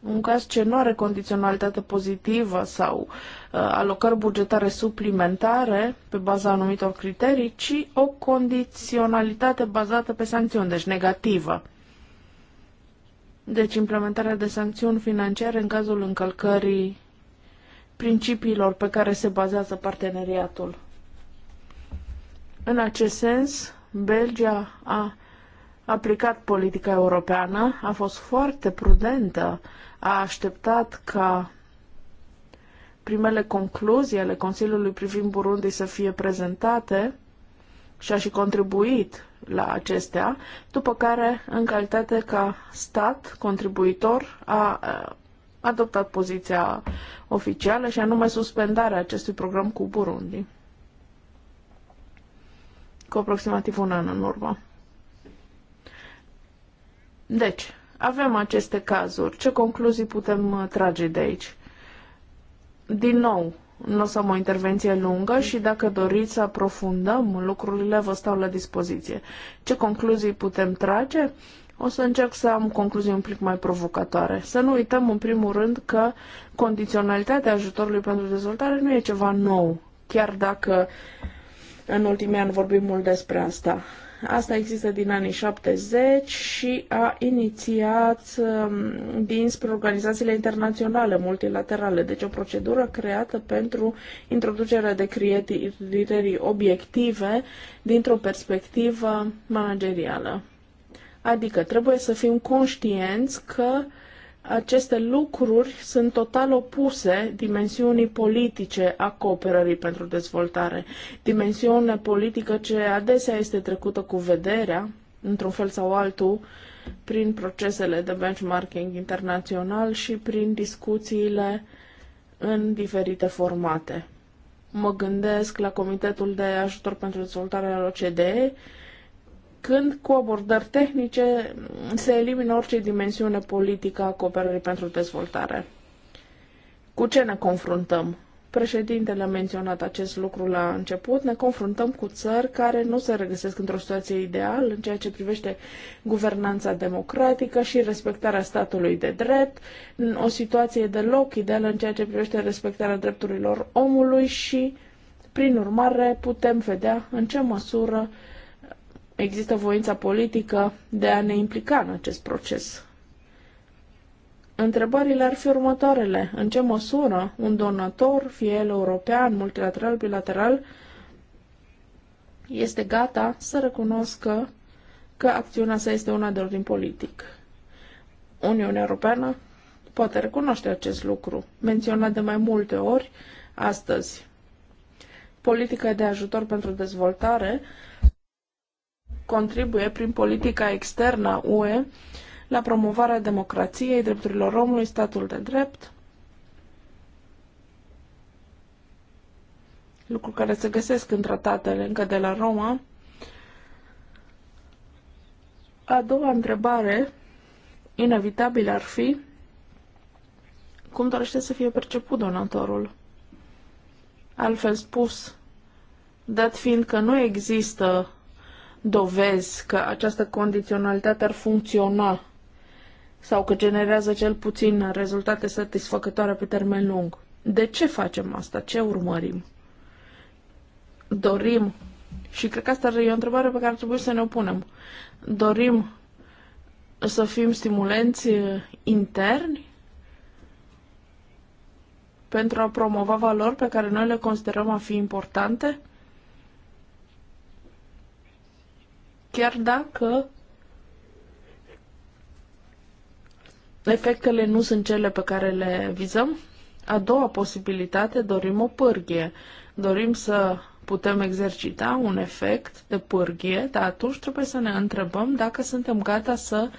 un caz ce nu are condiționalitate pozitivă sau uh, alocări bugetare suplimentare pe baza anumitor criterii, ci o condiționalitate bazată pe sancțiuni, deci negativă. Deci implementarea de sancțiuni financiare în cazul încălcării principiilor pe care se bazează parteneriatul. În acest sens, Belgia a aplicat politica europeană, a fost foarte prudentă, a așteptat ca primele concluzii ale Consiliului privind Burundi să fie prezentate și a și contribuit la acestea, după care, în calitate ca stat contribuitor, a adoptat poziția oficială și anume suspendarea acestui program cu Burundi cu aproximativ un an în urmă. Deci, avem aceste cazuri. Ce concluzii putem uh, trage de aici? Din nou, nu o să am o intervenție lungă și dacă doriți să aprofundăm lucrurile, vă stau la dispoziție. Ce concluzii putem trage? O să încerc să am concluzii un pic mai provocatoare. Să nu uităm, în primul rând, că condiționalitatea ajutorului pentru dezvoltare nu e ceva nou, chiar dacă în ultimii ani vorbim mult despre asta. Asta există din anii 70 și a inițiat um, dinspre organizațiile internaționale multilaterale, deci o procedură creată pentru introducerea de criterii obiective dintr-o perspectivă managerială. Adică trebuie să fim conștienți că uh, aceste lucruri sunt total opuse dimensiunii politice a cooperării pentru dezvoltare. Dimensiunea politică ce adesea este trecută cu vederea, într-un fel sau altul, prin procesele de benchmarking internațional și prin discuțiile în diferite formate. Mă gândesc la Comitetul de Ajutor pentru Dezvoltare al OCDE, când cu abordări tehnice se elimină orice dimensiune politică a cooperării pentru dezvoltare. Cu ce ne confruntăm? Președintele a menționat acest lucru la început. Ne confruntăm cu țări care nu se regăsesc într-o situație ideală în ceea ce privește guvernanța democratică și respectarea statului de drept, în o situație deloc ideală în ceea ce privește respectarea drepturilor omului și, prin urmare, putem vedea în ce măsură uh, există voința politică de a ne implica în acest proces. Întrebările ar fi următoarele. În ce măsură un donator, fie el european, multilateral, bilateral, este gata să recunoască că acțiunea sa este una de ordin politic? Uniunea Europeană poate recunoaște acest lucru, menționat de mai multe ori astăzi. Politica de ajutor pentru dezvoltare contribuie prin politica externă UE la promovarea democrației, drepturilor omului, statul de drept, lucruri care se găsesc în tratatele încă de la Roma. A doua întrebare, inevitabil ar fi, cum dorește să fie perceput donatorul? Altfel spus, dat fiind că nu există dovezi că această condiționalitate ar funcționa sau că generează cel puțin rezultate satisfăcătoare pe termen lung. De ce facem asta? Ce urmărim? Dorim, și cred că asta e o întrebare pe care ar trebui să ne o punem, dorim să fim stimulenți interni pentru a promova valori pe care noi le considerăm a fi importante? chiar dacă efectele nu sunt cele pe care le vizăm. A doua posibilitate, dorim o pârghie. Dorim să putem exercita un efect de pârghie, dar atunci trebuie să ne întrebăm dacă suntem gata să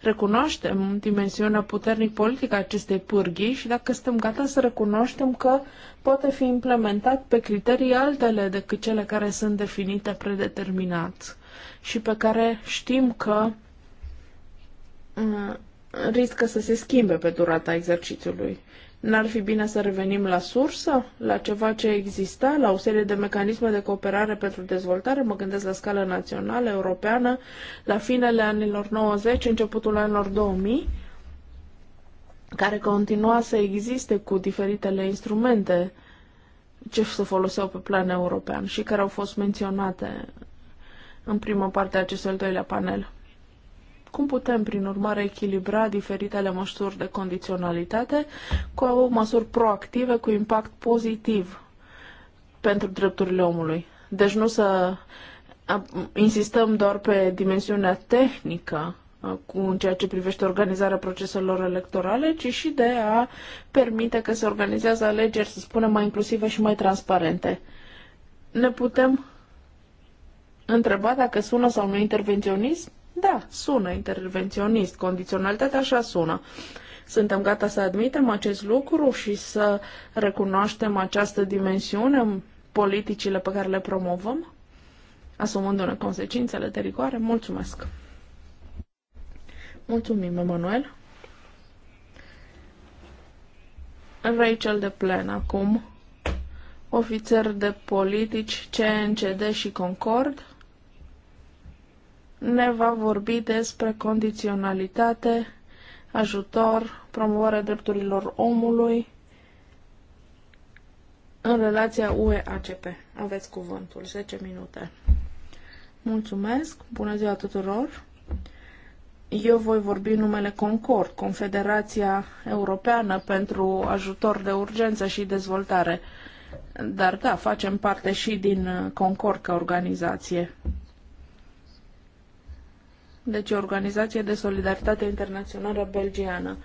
recunoaștem dimensiunea puternic politică a acestei pârghii și dacă suntem gata să recunoaștem că poate fi implementat pe criterii altele decât cele care sunt definite predeterminat și pe care știm că uh, riscă să se schimbe pe durata exercițiului. N-ar fi bine să revenim la sursă, la ceva ce exista, la o serie de mecanisme de cooperare pentru dezvoltare, mă gândesc la scală națională, europeană, la finele anilor 90, începutul anilor 2000, care continua să existe cu diferitele instrumente ce se foloseau pe plan european și care au fost menționate în prima parte a acestui al doilea panel. Cum putem, prin urmare, echilibra diferitele măsuri de condiționalitate cu măsuri proactive cu impact pozitiv pentru drepturile omului? Deci nu să insistăm doar pe dimensiunea tehnică uh, cu în ceea ce privește organizarea proceselor electorale, ci și de a permite că se organizează alegeri, să spunem, mai inclusive și mai transparente. Ne putem Întreba dacă sună sau nu intervenționist? Da, sună intervenționist. Condiționalitatea așa sună. Suntem gata să admitem acest lucru și să recunoaștem această dimensiune în politicile pe care le promovăm, asumându-ne consecințele de rigoare? Mulțumesc! Mulțumim, Emanuel! Rachel de Plen acum, ofițer de politici CNCD și Concord ne va vorbi despre condiționalitate, ajutor, promovarea drepturilor omului în relația UE-ACP. Aveți cuvântul, 10 minute. Mulțumesc, bună ziua tuturor! Eu voi vorbi numele Concord, Confederația Europeană pentru Ajutor de Urgență și Dezvoltare. Dar da, facem parte și din Concord ca organizație deci Organizația de Solidaritate Internațională Belgiană.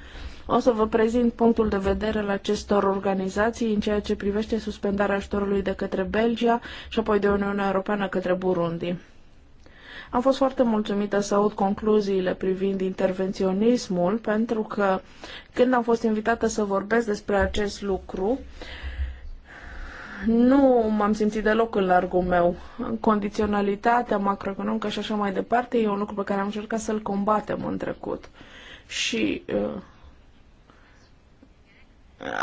O să vă prezint punctul de vedere al acestor organizații în ceea ce privește suspendarea ajutorului de către Belgia și apoi de Uniunea Europeană către Burundi. Am fost foarte mulțumită să aud concluziile privind intervenționismul, pentru că când am fost invitată să vorbesc despre acest lucru, uh, nu m-am simțit deloc în largul meu. Condiționalitatea macroeconomică și așa mai departe e un lucru pe care am încercat să-l combatem în trecut. Și uh,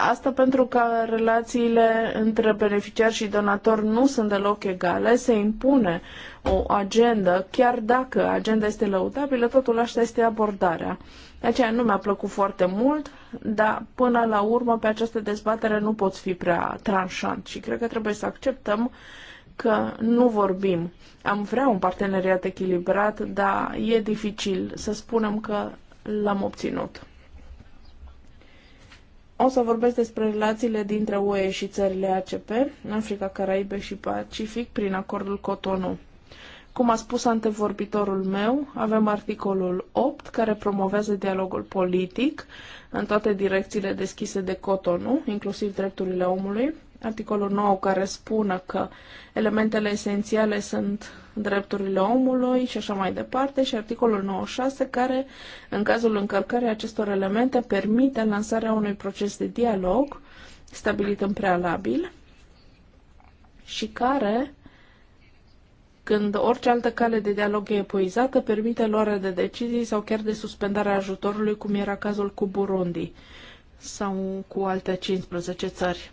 Asta pentru că relațiile între beneficiar și donator nu sunt deloc egale, se impune o agendă, chiar dacă agenda este lăudabilă, totul asta este abordarea aceea nu mi-a plăcut foarte mult, dar până la urmă pe această dezbatere nu pot fi prea tranșant și cred că trebuie să acceptăm că nu vorbim. Am vrea un parteneriat echilibrat, dar e dificil să spunem că l-am obținut. O să vorbesc despre relațiile dintre UE și țările ACP, Africa, Caraibe și Pacific, prin acordul Cotonou. Cum a spus antevorbitorul meu, avem articolul 8 care promovează dialogul politic în toate direcțiile deschise de Cotonou, inclusiv drepturile omului. Articolul 9 care spune că elementele esențiale sunt drepturile omului și așa mai departe și articolul 96 care, în cazul încărcării acestor elemente, permite lansarea unui proces de dialog stabilit în prealabil și care când orice altă cale de dialog e epuizată, permite luarea de decizii sau chiar de suspendarea ajutorului, cum era cazul cu Burundi sau cu alte 15 țări.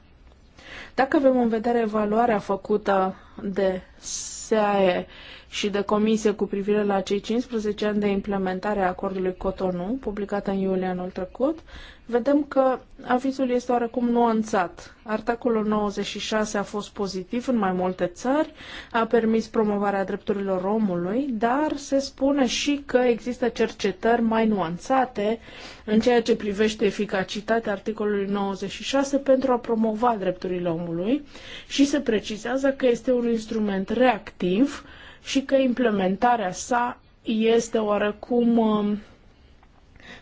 Dacă avem în vedere evaluarea făcută de SAE și de comisie cu privire la cei 15 ani de implementare a acordului Cotonou, publicată în iulie anul trecut, vedem că avizul este oarecum nuanțat. Articolul 96 a fost pozitiv în mai multe țări, a permis promovarea drepturilor omului, dar se spune și că există cercetări mai nuanțate în ceea ce privește eficacitatea articolului 96 pentru a promova drepturile omului și se precizează că este un un instrument reactiv și că implementarea sa este oarecum um,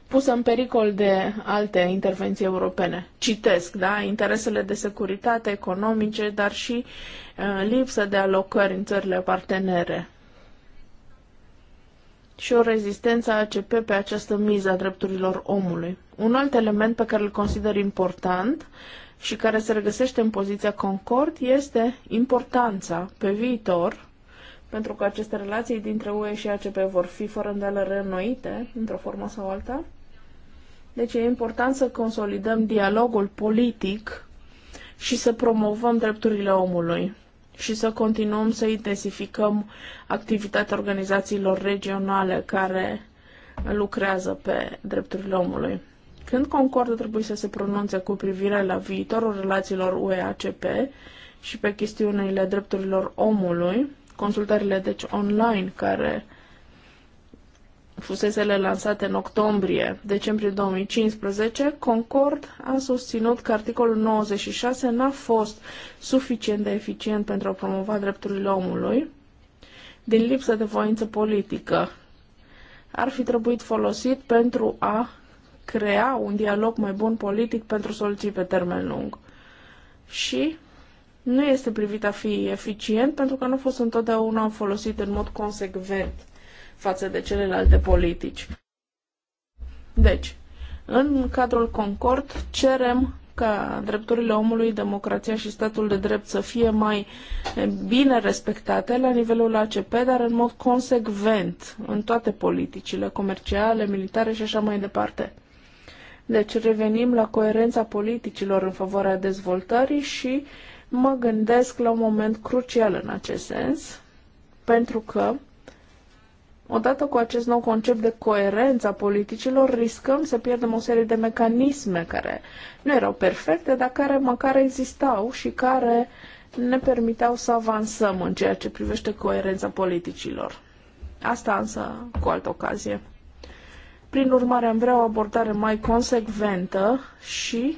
pusă în pericol de alte intervenții europene. Citesc, da, interesele de securitate economice, dar și uh, lipsă de alocări în țările partenere și o rezistență a ACP pe această miză a drepturilor omului. Un alt element pe care îl consider important și care se regăsește în poziția Concord este importanța pe viitor, pentru că aceste relații dintre UE și ACP vor fi fără îndeală reînnoite, într-o formă sau alta. Deci e important să consolidăm dialogul politic și să promovăm drepturile omului și să continuăm să intensificăm activitatea organizațiilor regionale care lucrează pe drepturile omului. Când concordul trebuie să se pronunțe cu privire la viitorul relațiilor UEACP și pe chestiunile drepturilor omului, consultările deci online care fusesele lansate în octombrie, decembrie 2015, Concord a susținut că articolul 96 n-a fost suficient de eficient pentru a promova drepturile omului, din lipsă de voință politică. Ar fi trebuit folosit pentru a crea un dialog mai bun politic pentru soluții pe termen lung. Și nu este privit a fi eficient pentru că nu a fost întotdeauna folosit în mod consecvent față de celelalte politici. Deci, în cadrul Concord cerem ca drepturile omului, democrația și statul de drept să fie mai bine respectate la nivelul ACP, dar în mod consecvent în toate politicile comerciale, militare și așa mai departe. Deci revenim la coerența politicilor în favoarea dezvoltării și mă gândesc la un moment crucial în acest sens, pentru că Odată cu acest nou concept de coerență a politicilor, riscăm să pierdem o serie de mecanisme care nu erau perfecte, dar care măcar existau și care ne permiteau să avansăm în ceea ce privește coerența politicilor. Asta însă cu altă ocazie. Prin urmare, am vrea o abordare mai consecventă și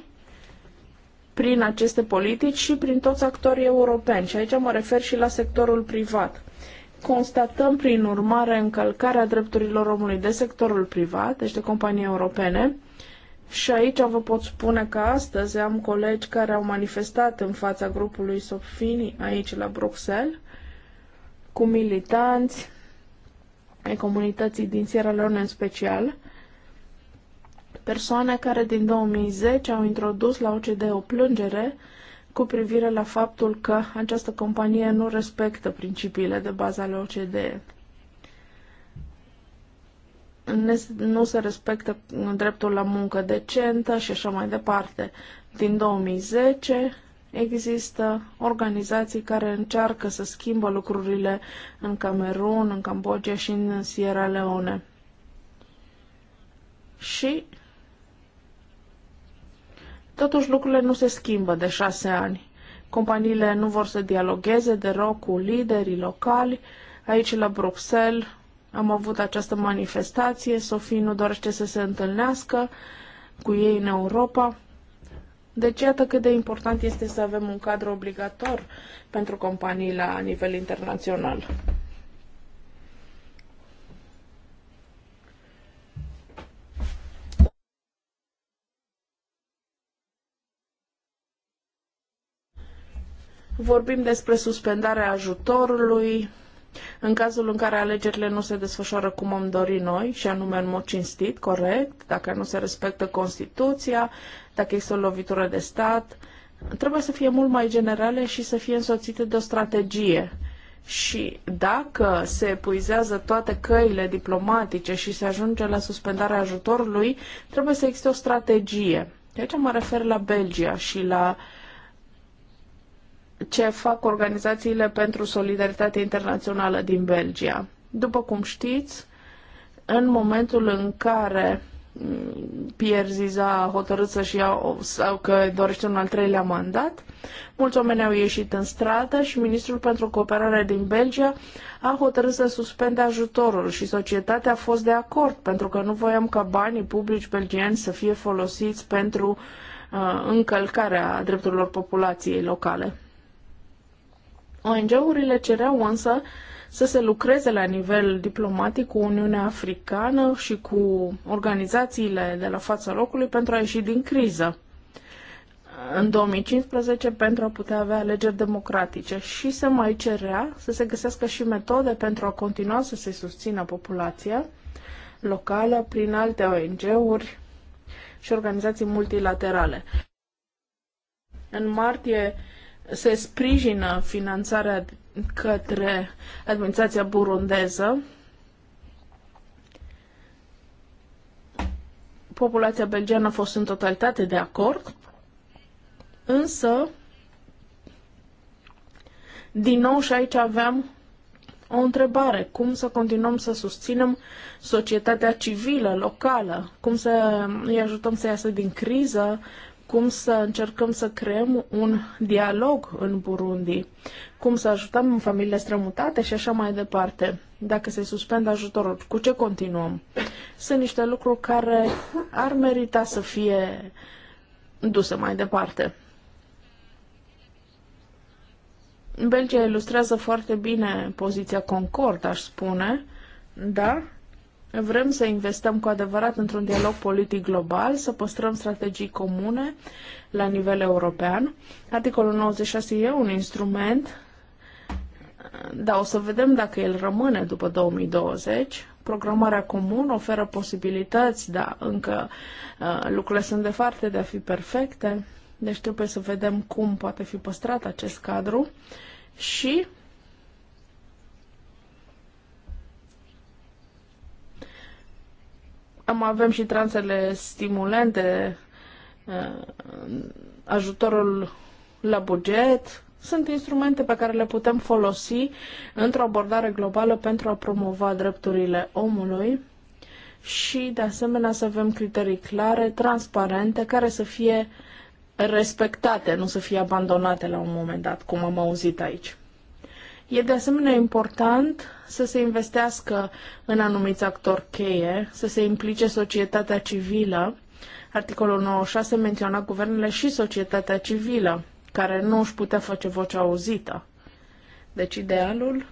prin aceste politici și prin toți actorii europeni. Și aici mă refer și la sectorul privat. Constatăm, prin urmare, încălcarea drepturilor omului de sectorul privat, deci de companii europene, și aici vă pot spune că astăzi am colegi care au manifestat în fața grupului Sofini aici la Bruxelles cu militanți ai comunității din Sierra Leone în special persoane care din 2010 au introdus la OCD o plângere cu privire la faptul că această companie nu respectă principiile de bază ale OCD. Nu se respectă dreptul la muncă decentă și așa mai departe. Din 2010 există organizații care încearcă să schimbă lucrurile în Camerun, în Cambodgia și în Sierra Leone. Și Totuși lucrurile nu se schimbă de șase ani. Companiile nu vor să dialogueze deloc cu liderii locali. Aici, la Bruxelles, am avut această manifestație. Sofie nu dorește să se întâlnească cu ei în Europa. Deci, iată cât de important este să avem un cadru obligator pentru companii la nivel internațional. Vorbim despre suspendarea ajutorului în cazul în care alegerile nu se desfășoară cum am dorit noi, și anume în mod cinstit, corect, dacă nu se respectă Constituția, dacă este o lovitură de stat, trebuie să fie mult mai generale și să fie însoțite de o strategie și dacă se epuizează toate căile diplomatice și se ajunge la suspendarea ajutorului, trebuie să existe o strategie. De aici mă refer la Belgia și la ce fac organizațiile pentru solidaritate internațională din Belgia. După cum știți, în momentul în care Pierre Ziza a hotărât să-și ia, sau că dorește un al treilea mandat. Mulți oameni au ieșit în stradă și ministrul pentru cooperare din Belgia a hotărât să suspende ajutorul și societatea a fost de acord pentru că nu voiam ca banii publici belgieni să fie folosiți pentru uh, încălcarea drepturilor populației locale. ONG-urile cereau însă să se lucreze la nivel diplomatic cu Uniunea Africană și cu organizațiile de la fața locului pentru a ieși din criză în 2015 pentru a putea avea alegeri democratice și se mai cerea să se găsească și metode pentru a continua să se susțină populația locală prin alte ONG-uri și organizații multilaterale. În martie se sprijină finanțarea către administrația burundeză. Populația belgeană a fost în totalitate de acord, însă, din nou și aici aveam o întrebare. Cum să continuăm să susținem societatea civilă, locală? Cum să îi ajutăm să iasă din criză cum să încercăm să creăm un dialog în Burundi, cum să ajutăm familiile strămutate și așa mai departe. Dacă se suspendă ajutorul, cu ce continuăm? Sunt niște lucruri care ar merita să fie duse mai departe. Belgia ilustrează foarte bine poziția Concord, aș spune, dar Vrem să investăm cu adevărat într-un dialog politic global, să păstrăm strategii comune la nivel european. Articolul 96 e un instrument, dar o să vedem dacă el rămâne după 2020. Programarea comună oferă posibilități, dar încă uh, lucrurile sunt departe de a fi perfecte, deci trebuie să vedem cum poate fi păstrat acest cadru și Am avem și transele stimulente, uh, ajutorul la buget. Sunt instrumente pe care le putem folosi într-o abordare globală pentru a promova drepturile omului și, de asemenea, să avem criterii clare, transparente, care să fie respectate, nu să fie abandonate la un moment dat, cum am auzit aici. E de asemenea important să se investească în anumiți actori cheie, să se implice societatea civilă. Articolul 96 menționa guvernele și societatea civilă, care nu își putea face vocea auzită. Deci idealul,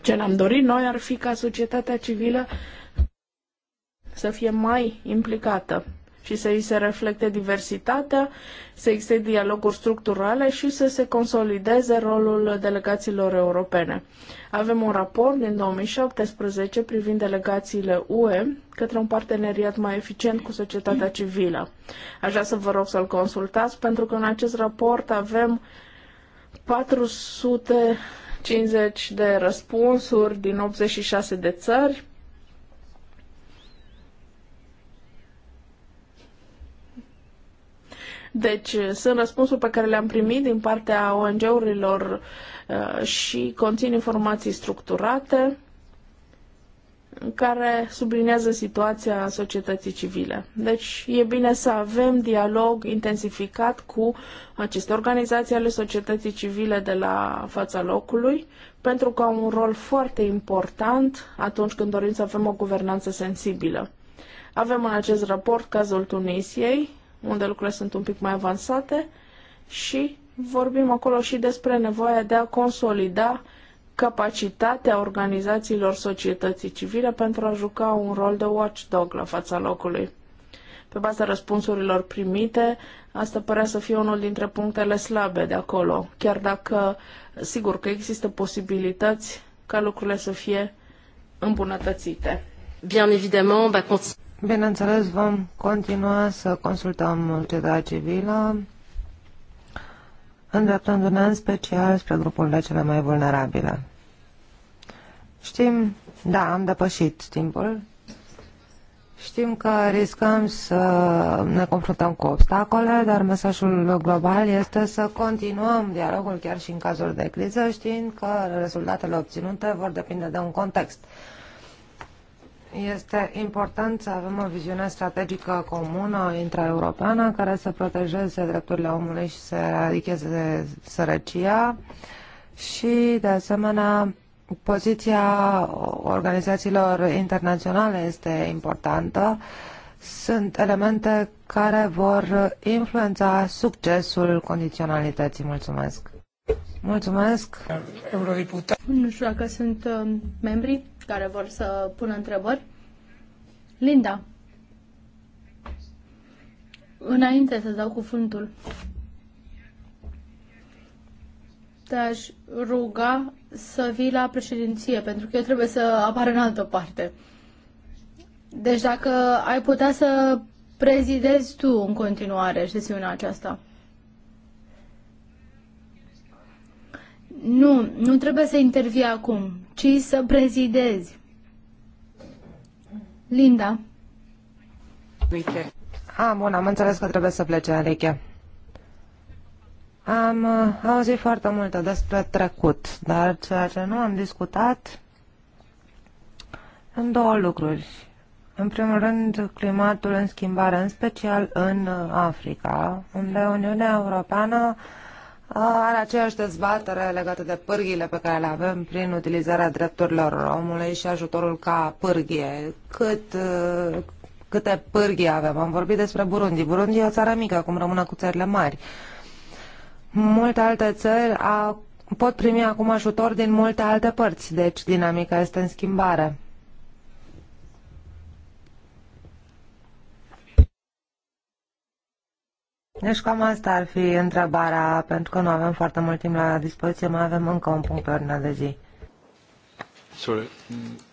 ce ne-am dorit noi, ar fi ca societatea civilă să fie mai implicată și să îi se reflecte diversitatea, să existe dialoguri structurale și să se consolideze rolul delegațiilor europene. Avem un raport din 2017 privind delegațiile UE către un parteneriat mai eficient cu societatea civilă. Aș vrea să vă rog să-l consultați pentru că în acest raport avem 400 50 de răspunsuri din 86 de țări Deci eh, sunt răspunsuri pe care le-am primit din partea ONG-urilor eh, și conțin informații structurate care sublinează situația societății civile. Deci e bine să avem dialog intensificat cu aceste organizații ale societății civile de la fața locului, pentru că au un rol foarte important atunci când dorim să avem o guvernanță sensibilă. Avem în acest raport cazul Tunisiei, unde lucrurile sunt un pic mai avansate și vorbim acolo și despre nevoia de a consolida capacitatea organizațiilor societății civile pentru a juca un rol de watchdog la fața locului. Pe baza răspunsurilor primite, asta părea să fie unul dintre punctele slabe de acolo, chiar dacă sigur că există posibilități ca lucrurile să fie îmbunătățite. Bien évidemment, Bineînțeles, vom continua să consultăm societatea civilă, îndreptându-ne în special spre grupurile cele mai vulnerabile. Știm, da, am depășit timpul. Știm că riscăm să ne confruntăm cu obstacole, dar mesajul global este să continuăm dialogul chiar și în cazul de criză, știind că rezultatele obținute vor depinde de un context. Este important să avem o viziune strategică comună intraeuropeană care să protejeze drepturile omului și să eradicheze sărăcia și, de asemenea, poziția organizațiilor internaționale este importantă. Sunt elemente care vor influența succesul condiționalității. Mulțumesc! Mulțumesc! Eurodiputat. Nu știu dacă sunt uh, membri care vor să pună întrebări. Linda, înainte să dau cuvântul, te-aș ruga să vii la președinție, pentru că eu trebuie să apar în altă parte. Deci dacă ai putea să prezidezi tu în continuare sesiunea aceasta. Nu, nu trebuie să intervii acum, ci să prezidezi. Linda. Uite. Ah, bun, am înțeles că trebuie să plece, Aleche. Am uh, auzit foarte multe despre trecut, dar ceea ce nu am discutat în două lucruri. În primul rând, climatul în schimbare, în special în uh, Africa, unde Uniunea Europeană uh, are aceeași dezbatere legată de pârghile pe care le avem prin utilizarea drepturilor omului și ajutorul ca pârghie. Cât, câte pârghii avem? Am vorbit despre Burundi. Burundi e o țară mică, cum rămână cu țările mari. Multe alte țări a, pot primi acum ajutor din multe alte părți, deci dinamica este în schimbare. Deci cam asta ar fi întrebarea, pentru că nu avem foarte mult timp la dispoziție, mai avem încă un punct pe ordinea de zi. Sorry,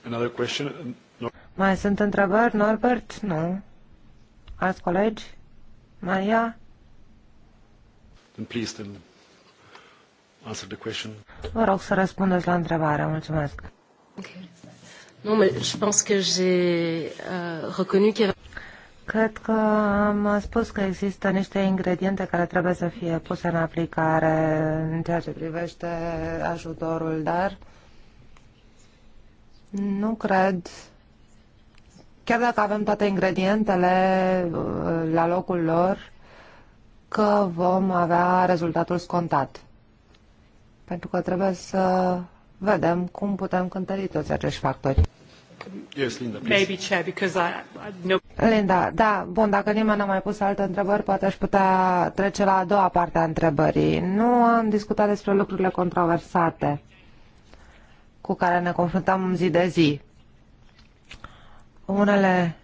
another question? No. Mai sunt întrebări, Norbert? Nu. Alți colegi? Maria? Then please then answer the question. Vă rog să răspundeți la întrebare. Mulțumesc. Okay. Non, mais je pense que j'ai euh, reconnu qu'il y avait... Cred că am spus că există niște ingrediente care trebuie să fie puse în aplicare în ceea ce privește ajutorul, dar nu cred chiar dacă avem toate ingredientele uh, la locul lor, că vom avea rezultatul scontat. Pentru că trebuie să vedem cum putem cântări toți acești factori. Yes, Linda, please. Maybe, Chair, because I, I no... Linda, da, bun, dacă nimeni n-a mai pus alte întrebări, poate aș putea trece la a doua parte a întrebării. Nu am discutat despre lucrurile controversate cu care ne confruntăm zi de zi. Unele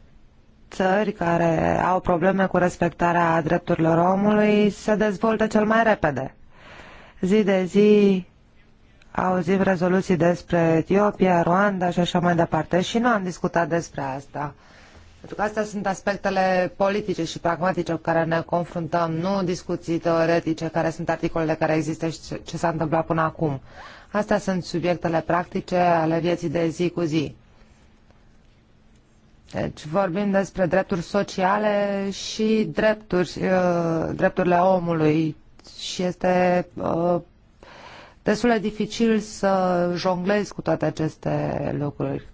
țări care au probleme cu respectarea drepturilor omului se dezvoltă cel mai repede. Zi de zi auzim rezoluții despre Etiopia, Rwanda și așa mai departe și nu am discutat despre asta. Pentru că astea sunt aspectele politice și pragmatice cu care ne confruntăm, nu discuții teoretice care sunt articolele care există și ce s-a întâmplat până acum. Astea sunt subiectele practice ale vieții de zi cu zi. Deci vorbim despre drepturi sociale și drepturi, uh, drepturile omului și este uh, destul de dificil să jonglezi cu toate aceste lucruri.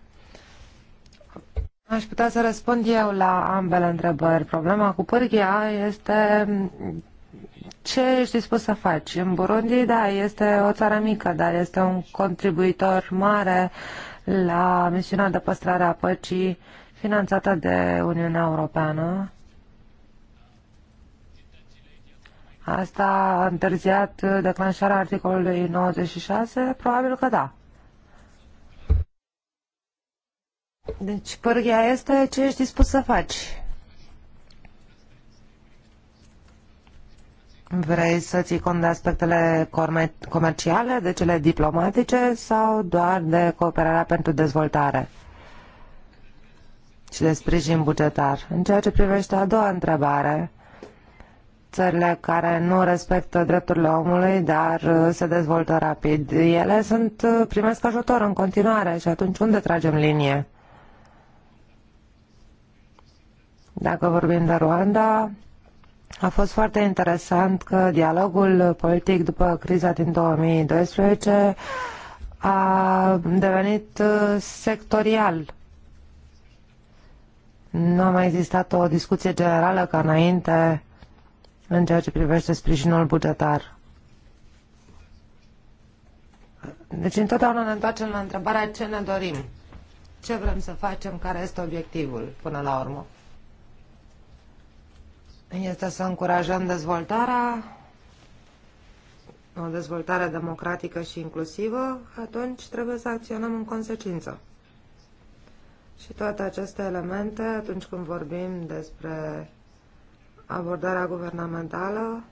Aș putea să răspund eu la ambele întrebări. Problema cu pârghia este ce ești dispus să faci. În Burundi, da, este o țară mică, dar este un contribuitor mare la misiunea de păstrare a păcii finanțată de Uniunea Europeană Asta a întârziat uh, declanșarea articolului 96? Probabil că da. Deci pârghia este ce ești dispus să faci. Vrei să ții cont de aspectele comerciale, de cele diplomatice sau doar de cooperarea pentru dezvoltare și de sprijin bugetar? În ceea ce privește a doua întrebare, țările care nu respectă drepturile omului, dar uh, se dezvoltă rapid, ele sunt, uh, primesc ajutor în continuare și atunci unde tragem linie? Dacă vorbim de Rwanda, a fost foarte interesant că dialogul politic după criza din 2012 a devenit uh, sectorial. Nu a mai existat o discuție generală ca înainte în ceea ce privește sprijinul bugetar. Deci întotdeauna ne întoarcem la întrebarea ce ne dorim, ce vrem să facem, care este obiectivul până la urmă. Este să încurajăm dezvoltarea, o dezvoltare democratică și inclusivă, atunci trebuie să acționăm în consecință. Și toate aceste elemente, atunci când vorbim despre abordarea guvernamentală,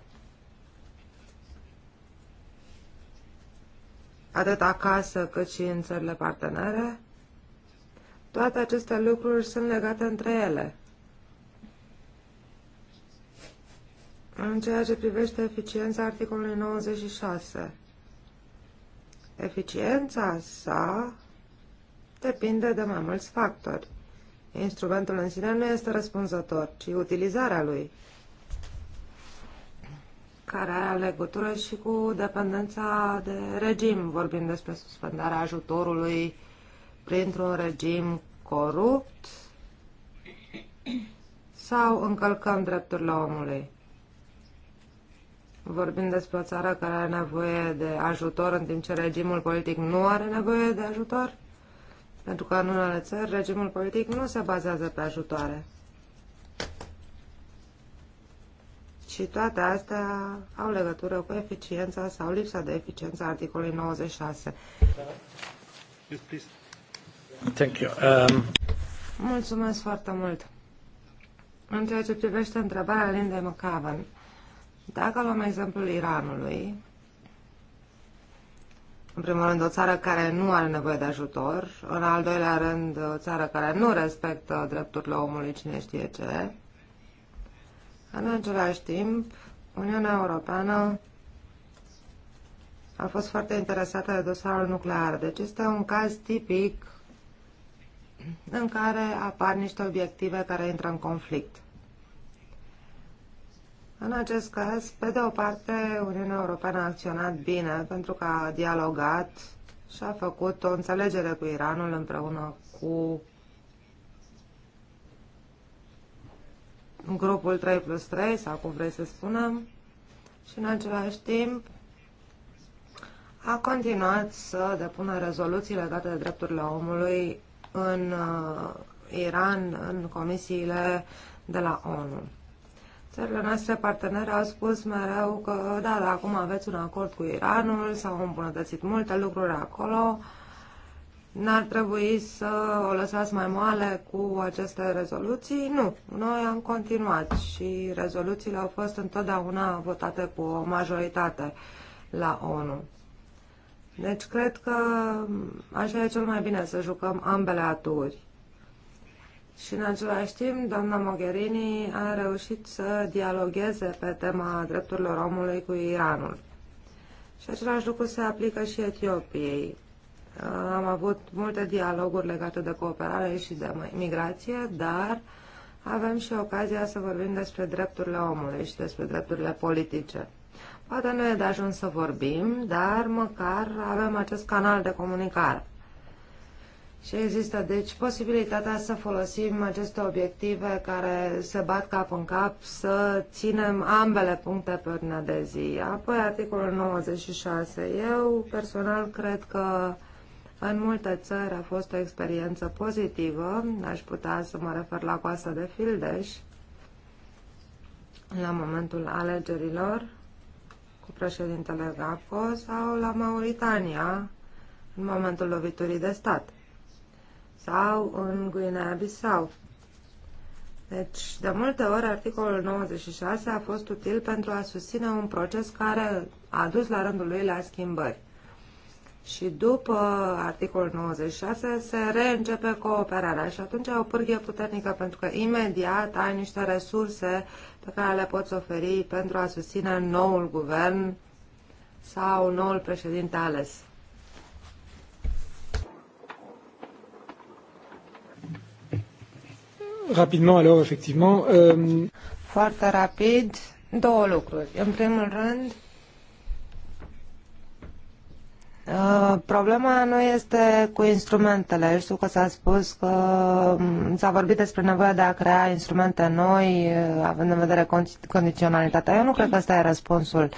atât acasă cât și în țările partenere, toate aceste lucruri sunt legate între ele. În ceea ce privește eficiența articolului 96, eficiența sa depinde de mai mulți factori. Instrumentul în sine nu este răspunzător, ci utilizarea lui care are legătură și cu dependența de regim, vorbind despre suspendarea ajutorului printr-un regim corupt sau încălcăm drepturile omului. Vorbim despre o țară care are nevoie de ajutor, în timp ce regimul politic nu are nevoie de ajutor? Pentru că în unele țări regimul politic nu se bazează pe ajutoare. Și toate astea au legătură cu eficiența sau lipsa de eficiență a articolului 96. Thank you. Um... Mulțumesc foarte mult. În ceea ce privește întrebarea Lindei McCavan, dacă luăm exemplul Iranului, în primul rând o țară care nu are nevoie de ajutor, în al doilea rând o țară care nu respectă drepturile omului cine știe ce, în același timp, Uniunea Europeană a fost foarte interesată de dosarul nuclear. Deci este un caz tipic în care apar niște obiective care intră în conflict. În acest caz, pe de o parte, Uniunea Europeană a acționat bine pentru că a dialogat și a făcut o înțelegere cu Iranul împreună cu grupul 3 plus 3, sau cum vrei să spunem, și în același timp a continuat să depună rezoluții legate de drepturile omului în uh, Iran, în comisiile de la ONU. Țările noastre partenere au spus mereu că, da, da, acum aveți un acord cu Iranul, s-au îmbunătățit multe lucruri acolo, uh, N-ar trebui să o lăsați mai moale cu aceste rezoluții? Nu. Noi am continuat și rezoluțiile au fost întotdeauna votate cu o majoritate la ONU. Deci cred că așa e cel mai bine să jucăm ambele aturi. Și în același timp, doamna Mogherini a reușit să dialogueze pe tema drepturilor omului cu Iranul. Și același lucru se aplică și Etiopiei. Uh, am avut multe dialoguri legate de cooperare și de migrație, dar avem și ocazia să vorbim despre drepturile omului și despre drepturile politice. Poate nu e de ajuns să vorbim, dar măcar avem acest canal de comunicare. Și există, deci, posibilitatea să folosim aceste obiective care se bat cap în cap, să ținem ambele puncte pe ordinea de zi. Apoi, articolul 96. Eu, personal, cred că în multe țări a fost o experiență pozitivă, aș putea să mă refer la coasa de Fildeș, la momentul alegerilor cu președintele GAPCO sau la Mauritania în momentul loviturii de stat sau în Guinea-Bissau. Deci, de multe ori, articolul 96 a fost util pentru a susține un proces care a dus la rândul lui la schimbări și după articolul 96 se reîncepe cooperarea și atunci e o pârghie puternică pentru că imediat ai niște resurse pe care le poți oferi pentru a susține noul guvern sau noul președinte ales. Rapidement, alors, effectivement. Euh... Foarte rapid, două lucruri. În primul rând, Uh, problema nu este cu instrumentele. Eu Știu că s-a spus că um, s-a vorbit despre nevoia de a crea instrumente noi, uh, având în vedere condiționalitatea. Eu nu cred că asta e răspunsul.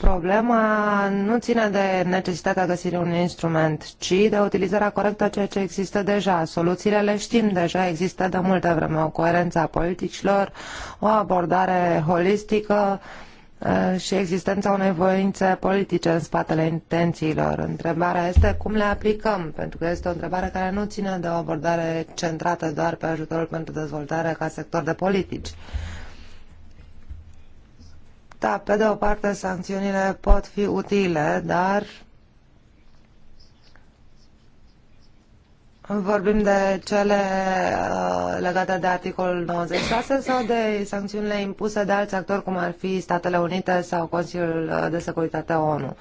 Problema nu ține de necesitatea găsirii unui instrument, ci de utilizarea corectă a ceea ce există deja. Soluțiile le știm deja, există de multă vreme o coerență a politicilor, o abordare holistică, Uh, și existența unei voințe politice în spatele intențiilor. Întrebarea este cum le aplicăm, pentru că este o întrebare care nu ține de o abordare centrată doar pe ajutorul pentru dezvoltare ca sector de politici. Da, pe de o parte, sancțiunile pot fi utile, dar Vorbim de cele uh, legate de articolul 96 sau de sancțiunile impuse de alți actori, cum ar fi Statele Unite sau Consiliul uh, de Securitate ONU.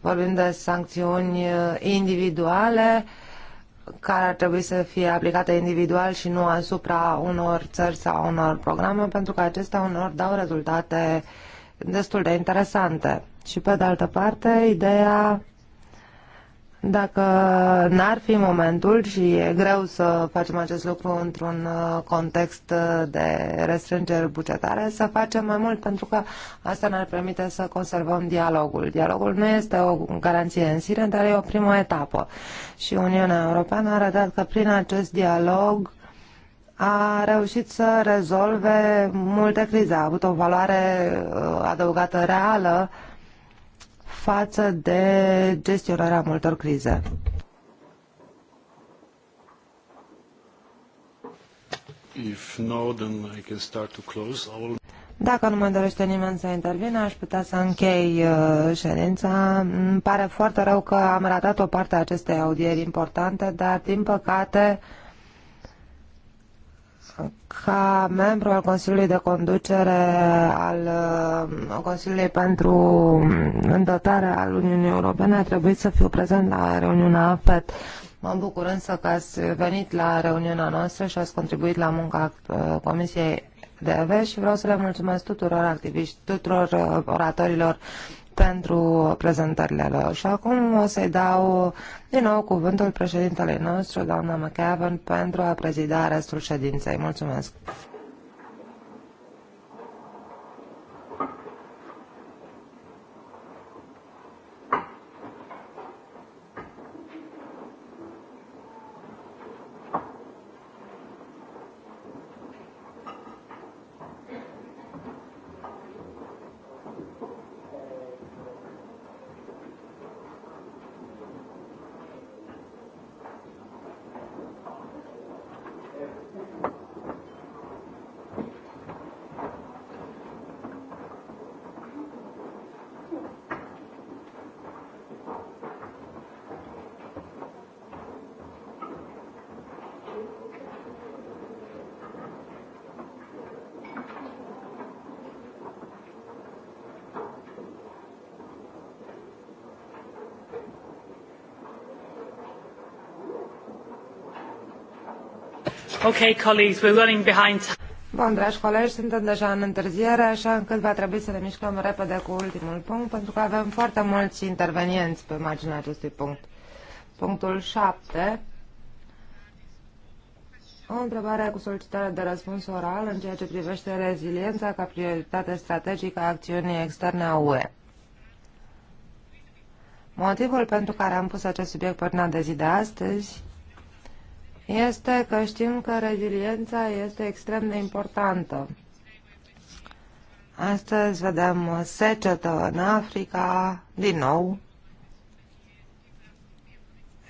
Vorbim de sancțiuni uh, individuale care ar trebui să fie aplicate individual și nu asupra unor țări sau unor programe, pentru că acestea unor dau rezultate destul de interesante. Și pe de altă parte, ideea dacă n-ar fi momentul și e greu să facem acest lucru într-un uh, context uh, de restrângeri bugetare, să facem mai mult pentru că asta ne-ar permite să conservăm dialogul. Dialogul nu este o garanție în sine, dar e o primă etapă. Și Uniunea Europeană a arătat că prin acest dialog a reușit să rezolve multe crize, a avut o valoare uh, adăugată reală față de gestionarea multor crize. If no, then I can start to close Dacă nu mai dorește nimeni să intervină, aș putea să închei uh, ședința. Îmi pare foarte rău că am ratat o parte a acestei audieri importante, dar, din păcate, uh, ca membru al Consiliului de Conducere al uh, Consiliului pentru Îndătare al Uniunii Europene a trebuit să fiu prezent la reuniunea APET. Mă bucur însă că ați venit la reuniunea noastră și ați contribuit la munca uh, Comisiei de AVE și vreau să le mulțumesc tuturor activiști, tuturor uh, oratorilor pentru prezentările lor. Și acum o să-i dau din nou cuvântul președintelui nostru, doamna McEvan, pentru a prezida restul ședinței. Mulțumesc! Okay, colleagues, we're running behind. Bun, dragi colegi, suntem deja în întârziere, așa încât va trebui să ne mișcăm repede cu ultimul punct, pentru că avem foarte mulți intervenienți pe marginea acestui punct. Punctul 7. O întrebare cu solicitare de răspuns oral în ceea ce privește reziliența ca prioritate strategică a acțiunii externe a UE. Motivul pentru care am pus acest subiect pe de zi de astăzi este că știm că reziliența este extrem de importantă. Astăzi vedem secetă în Africa, din nou,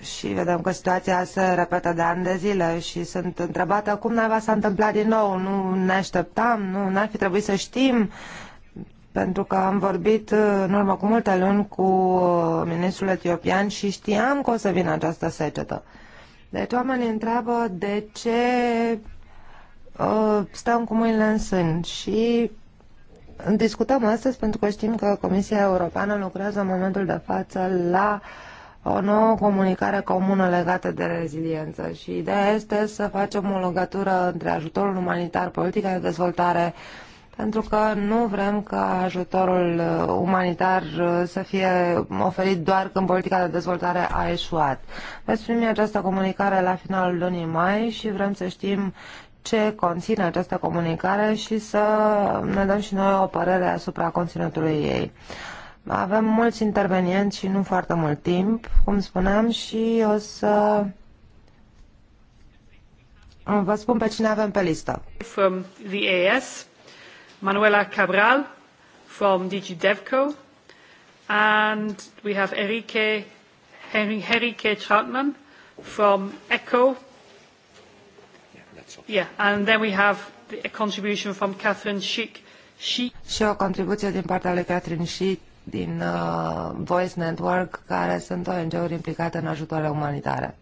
și vedem că situația se repetă de ani de zile și sunt întrebată cum naiba s-a întâmplat din nou, nu ne așteptam, nu n-ar fi trebuit să știm, pentru că am vorbit în urmă cu multe luni cu ministrul etiopian și știam că o să vină această secetă. Deci oamenii întreabă de ce uh, stăm cu mâinile în sân și discutăm astăzi pentru că știm că Comisia Europeană lucrează în momentul de față la o nouă comunicare comună legată de reziliență și ideea este să facem o legătură între ajutorul umanitar, politica de dezvoltare uh, pentru că nu vrem ca ajutorul uh, umanitar uh, să fie oferit doar când politica de dezvoltare a eșuat. Veți primi această comunicare la finalul lunii mai și vrem să știm ce conține această comunicare și să ne dăm și noi o părere asupra conținutului ei. Avem mulți intervenienți și nu foarte mult timp, cum spuneam, și o să vă spun pe cine avem pe listă. From the AS. Manuela Cabral from DG DevCo, and we have Enrique, Enrique Troutman from ECHO. Yeah, that's all. yeah, and then we have a contribution from Catherine Schick. She... Și o contribuție din partea lui Catherine Schick din uh, Voice Network, care sunt ONG-uri implicate în ajutoare umanitare.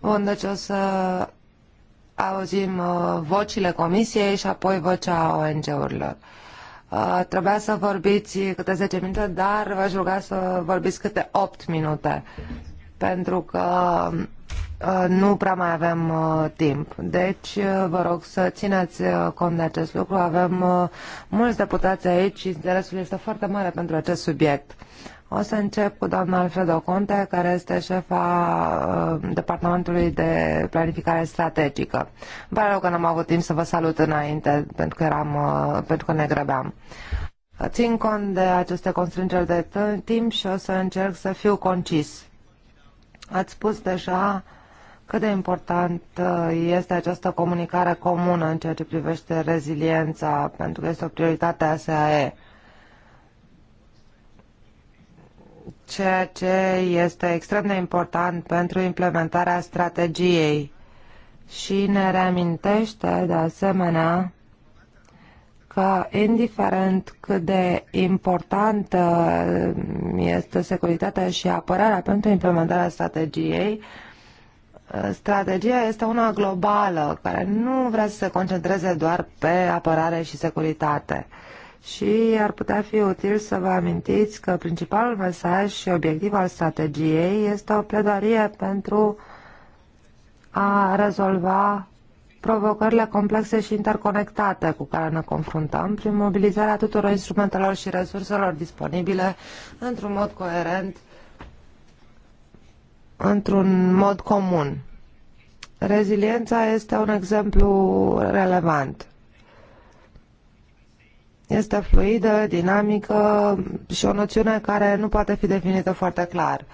Bun, deci o să auzim uh, vocile comisiei și apoi vocea ONG-urilor. Uh, trebuia să vorbiți câte 10 minute, dar v-aș ruga să vorbiți câte 8 minute, pentru că uh, nu prea mai avem timp. Deci, vă rog să țineți cont de acest lucru. Avem mulți deputați aici și interesul este foarte mare pentru acest subiect. O să încep cu doamna Alfredo Conte, care este șefa uh, Departamentului de Planificare Strategică. Vă rog că n-am avut timp să vă salut înainte, pentru că, eram, uh, pentru că ne grăbeam. Țin cont de aceste constrângeri de timp și o să încerc să fiu concis. Ați spus deja cât de important uh, este această comunicare comună în ceea ce privește reziliența, pentru că este o prioritate a SAE ceea ce este extrem de important pentru implementarea strategiei și ne reamintește de asemenea că indiferent cât de importantă este securitatea și apărarea pentru implementarea strategiei, strategia este una globală care nu vrea să se concentreze doar pe apărare și securitate și ar putea fi util să vă amintiți că principalul mesaj și obiectiv al strategiei este o pledoarie pentru a rezolva provocările complexe și interconectate cu care ne confruntăm prin mobilizarea tuturor instrumentelor și resurselor disponibile într-un mod coerent, într-un mod comun. Reziliența este un exemplu relevant este fluidă, dinamică și o noțiune care nu poate fi definită foarte clar.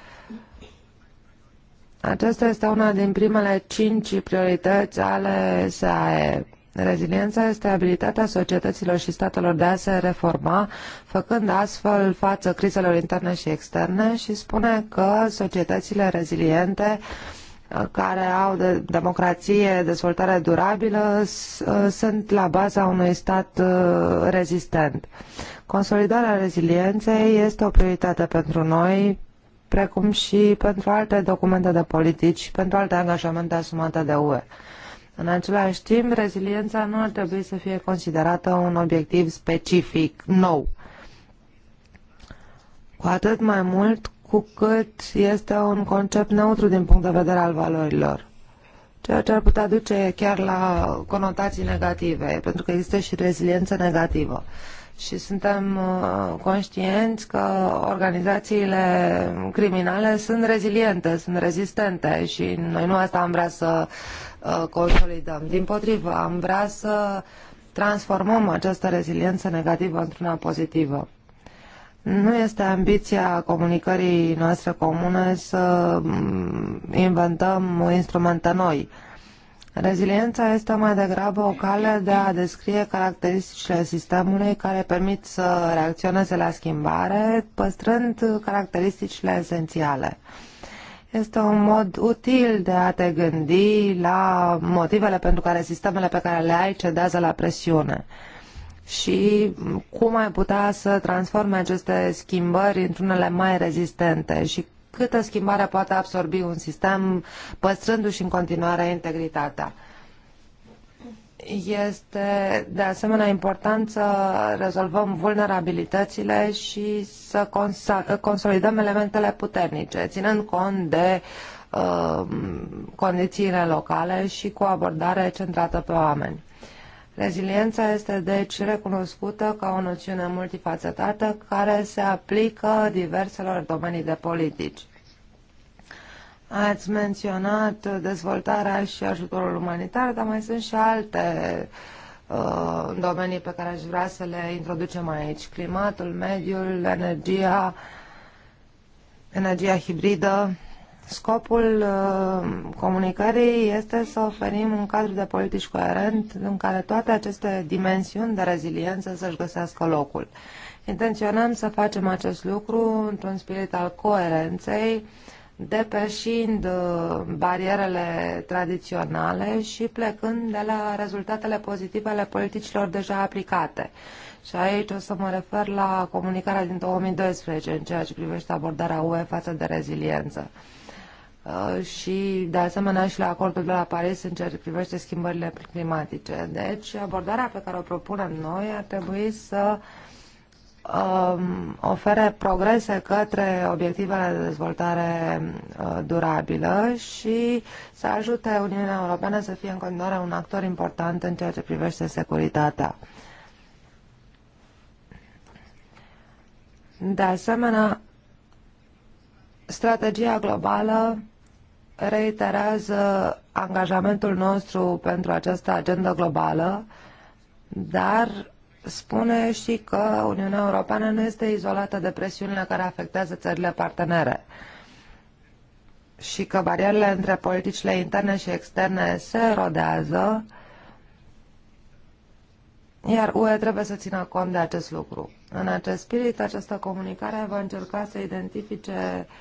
Aceasta este una din primele cinci priorități ale SAE. Reziliența este abilitatea societăților și statelor de a se reforma, făcând astfel față crizelor interne și externe și spune că societățile reziliente uh, care au de democrație, dezvoltare durabilă, uh, sunt la baza unui stat uh, rezistent. Consolidarea rezilienței este o prioritate pentru noi, precum și pentru alte documente de politici pentru alte angajamente asumate de UE. În același timp, reziliența nu ar trebui să fie considerată un obiectiv specific nou. Cu atât mai mult cu cât este un concept neutru din punct de vedere al valorilor. Ceea ce ar putea duce chiar la conotații negative, pentru că există și reziliență negativă. Și suntem uh, conștienți că organizațiile criminale sunt reziliente, sunt rezistente și noi nu asta am vrea să uh, consolidăm. Din potrivă, am vrea să transformăm această reziliență negativă într-una pozitivă. Nu este ambiția comunicării noastre comune să mm, inventăm instrumente noi. Reziliența este mai degrabă o cale de a descrie caracteristicile sistemului care permit să reacționeze la schimbare, păstrând caracteristicile esențiale. Este un mod util de a te gândi la motivele pentru care sistemele pe care le ai cedează la presiune și cum ai putea să transforme aceste schimbări într-unele mai rezistente și câtă schimbare poate absorbi un sistem păstrându-și în continuare integritatea. Este de asemenea important să rezolvăm vulnerabilitățile și să consolidăm elementele puternice, ținând cont de uh, condițiile locale și cu abordare centrată pe oameni. Reziliența este deci recunoscută ca o noțiune multifacetată care se aplică diverselor domenii de politici. Ați menționat dezvoltarea și ajutorul umanitar, dar mai sunt și alte uh, domenii pe care aș vrea să le introducem aici. Climatul, mediul, energia, energia hibridă, Scopul uh, comunicării este să oferim un cadru de politici coerent în care toate aceste dimensiuni de reziliență să-și găsească locul. Intenționăm să facem acest lucru într-un spirit al coerenței, depășind uh, barierele tradiționale și plecând de la rezultatele pozitive ale politicilor deja aplicate. Și aici o să mă refer la comunicarea din 2012 în ceea ce privește abordarea UE față de reziliență. Uh, și, de asemenea, și la acordul de la Paris în ceea ce privește schimbările climatice. Deci, abordarea pe care o propunem noi ar trebui să um, ofere progrese către obiectivele de dezvoltare uh, durabilă și să ajute Uniunea Europeană să fie în continuare un actor important în ceea ce privește securitatea. De asemenea, strategia globală reiterează angajamentul nostru pentru această agendă globală, dar spune și că Uniunea Europeană nu este izolată de presiunile care afectează țările partenere și că barierele între politicile interne și externe se erodează, iar UE trebuie să țină cont de acest lucru. În acest spirit, această comunicare va încerca să identifice uh,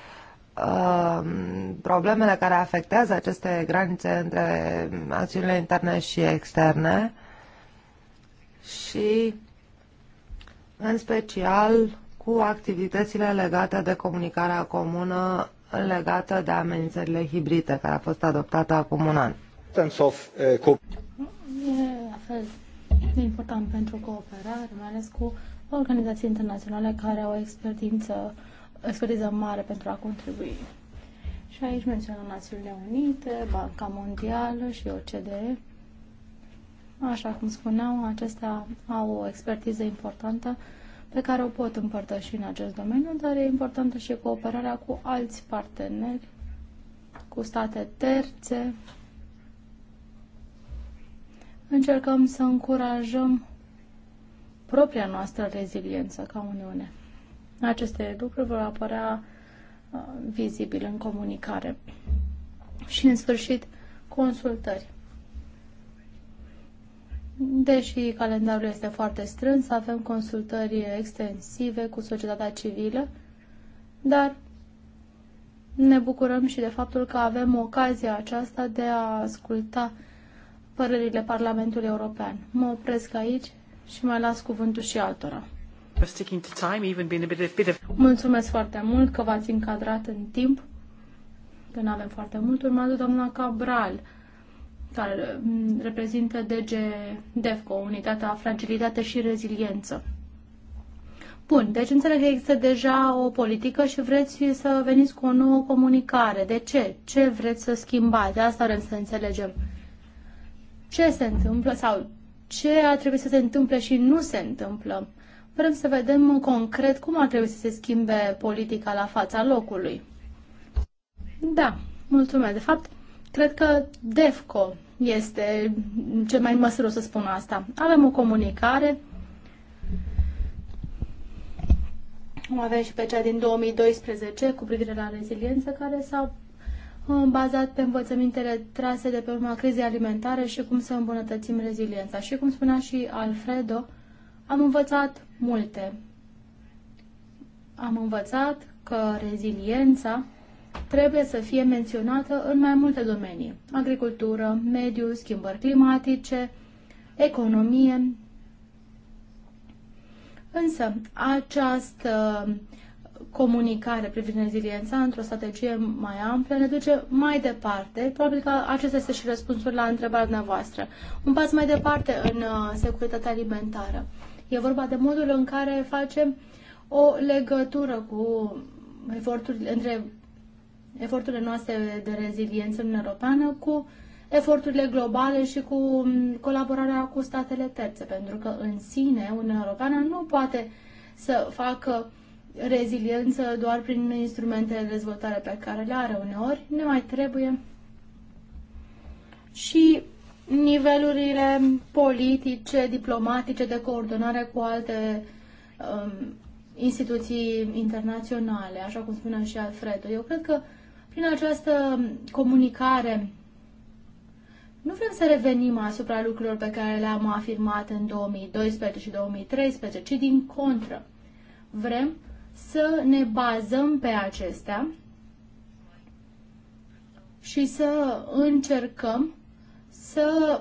Um, problemele care afectează aceste granițe între acțiunile interne și externe și în special cu activitățile legate de comunicarea comună legată de amenințările hibride, care a fost adoptată acum un an. Eh, e la fel de important pentru cooperare, mai ales cu organizații internaționale care au expertință uh, expertiză mare pentru a contribui. Și aici menționăm Națiunile Unite, Banca Mondială și OCDE. Așa cum spuneam, acestea au o expertiză importantă pe care o pot împărtăși în acest domeniu, dar e importantă și cooperarea cu alți parteneri, cu state terțe. Încercăm să încurajăm propria noastră reziliență ca Uniune. Aceste lucruri vor apărea uh, vizibil în comunicare. Și, în sfârșit, consultări. Deși calendarul este foarte strâns, avem consultări extensive cu societatea civilă, dar ne bucurăm și de faptul că avem ocazia aceasta de a asculta părerile Parlamentului European. Mă opresc aici și mai las cuvântul și altora. Mulțumesc foarte mult că v-ați încadrat în timp, că nu avem foarte mult. Urmează doamna Cabral, care mm, reprezintă DG DEFCO, Unitatea Fragilitate și Reziliență. Bun, deci înțeleg că există deja o politică și vreți să veniți cu o nouă comunicare. De ce? Ce vreți să schimbați? asta vrem să înțelegem. Ce se întâmplă sau ce ar trebui să se întâmple și nu se întâmplă? Vrem să vedem concret cum ar trebui să se schimbe politica la fața locului. Da, mulțumesc. De fapt, cred că DEFCO este cel mai măsură să spun asta. Avem o comunicare, o avem și pe cea din 2012 cu privire la reziliență, care s-a uh, bazat pe învățămintele trase de pe urma crizei alimentare și cum să îmbunătățim reziliența. Și cum spunea și Alfredo, am învățat multe. Am învățat că reziliența trebuie să fie menționată în mai multe domenii. Agricultură, mediu, schimbări climatice, economie. Însă, această comunicare privind reziliența într-o strategie mai amplă ne duce mai departe. Probabil că acesta este și răspunsul la întrebarea noastră. Un pas mai departe în uh, securitatea alimentară. E vorba de modul în care facem o legătură cu eforturile, între eforturile noastre de reziliență în Europeană cu eforturile globale și cu mm, colaborarea cu statele terțe, pentru că în sine Uniunea Europeană nu poate să facă reziliență doar prin instrumentele de dezvoltare pe care le are uneori, ne mai trebuie și nivelurile politice, diplomatice, de coordonare cu alte um, instituții internaționale, așa cum spunea și Alfredo. Eu cred că prin această comunicare nu vrem să revenim asupra lucrurilor pe care le-am afirmat în 2012 și 2013, ci din contră. Vrem să ne bazăm pe acestea și să încercăm să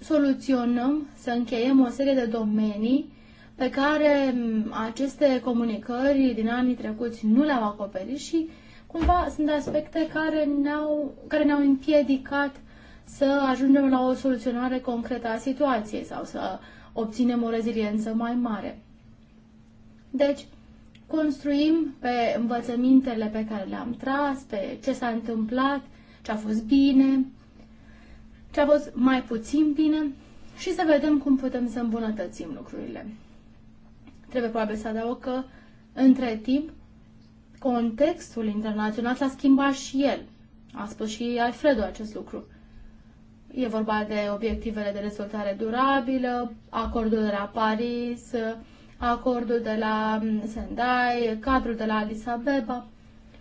soluționăm, să încheiem o serie de domenii pe care mm, aceste comunicări din anii trecuți nu le-au acoperit și cumva sunt aspecte care ne-au, care ne-au împiedicat să ajungem la o soluționare concretă a situației sau să obținem o reziliență mai mare. Deci, construim pe învățămintele pe care le-am tras, pe ce s-a întâmplat, ce a fost bine, ce a fost mai puțin bine și să vedem cum putem să îmbunătățim lucrurile. Trebuie probabil să adaug că, între timp, contextul internațional s-a schimbat și el. A spus și Alfredo acest lucru. E vorba de obiectivele de dezvoltare durabilă, acordul de la Paris, acordul de la Sendai, cadrul de la Addis Abeba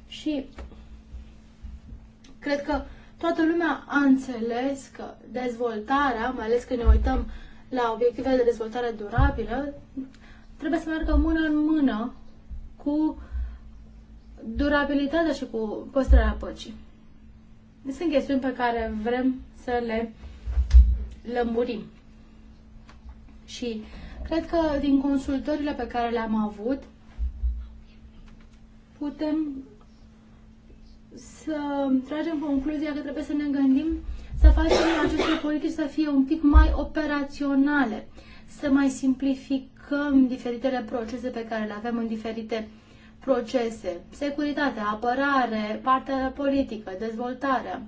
și cred că Toată lumea a înțeles că dezvoltarea, mai ales când ne uităm la obiectivele de dezvoltare durabilă, trebuie să meargă mână în mână cu durabilitatea și cu păstrarea păcii. Sunt chestiuni pe care vrem să le lămurim. Și cred că din consultările pe care le-am avut, putem să tragem concluzia că trebuie să ne gândim să facem aceste politici să fie un pic mai operaționale, să mai simplificăm diferitele procese pe care le avem în diferite procese, securitate, apărare, partea politică, dezvoltarea.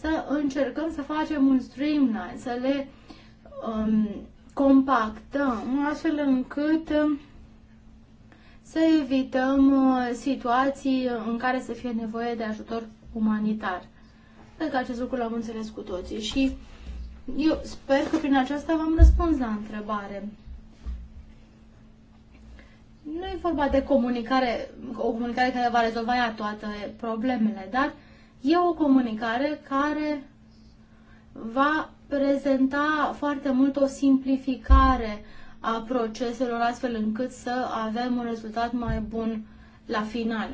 Să încercăm să facem un streamline, să le um, compactăm, astfel încât um, să evităm uh, situații în care să fie nevoie de ajutor umanitar. Cred că acest lucru l-am înțeles cu toții și eu sper că prin aceasta v-am răspuns la întrebare. Nu e vorba de comunicare, o comunicare care va rezolva ea toate problemele, dar e o comunicare care va prezenta foarte mult o simplificare a proceselor, astfel încât să avem un rezultat mai bun la final.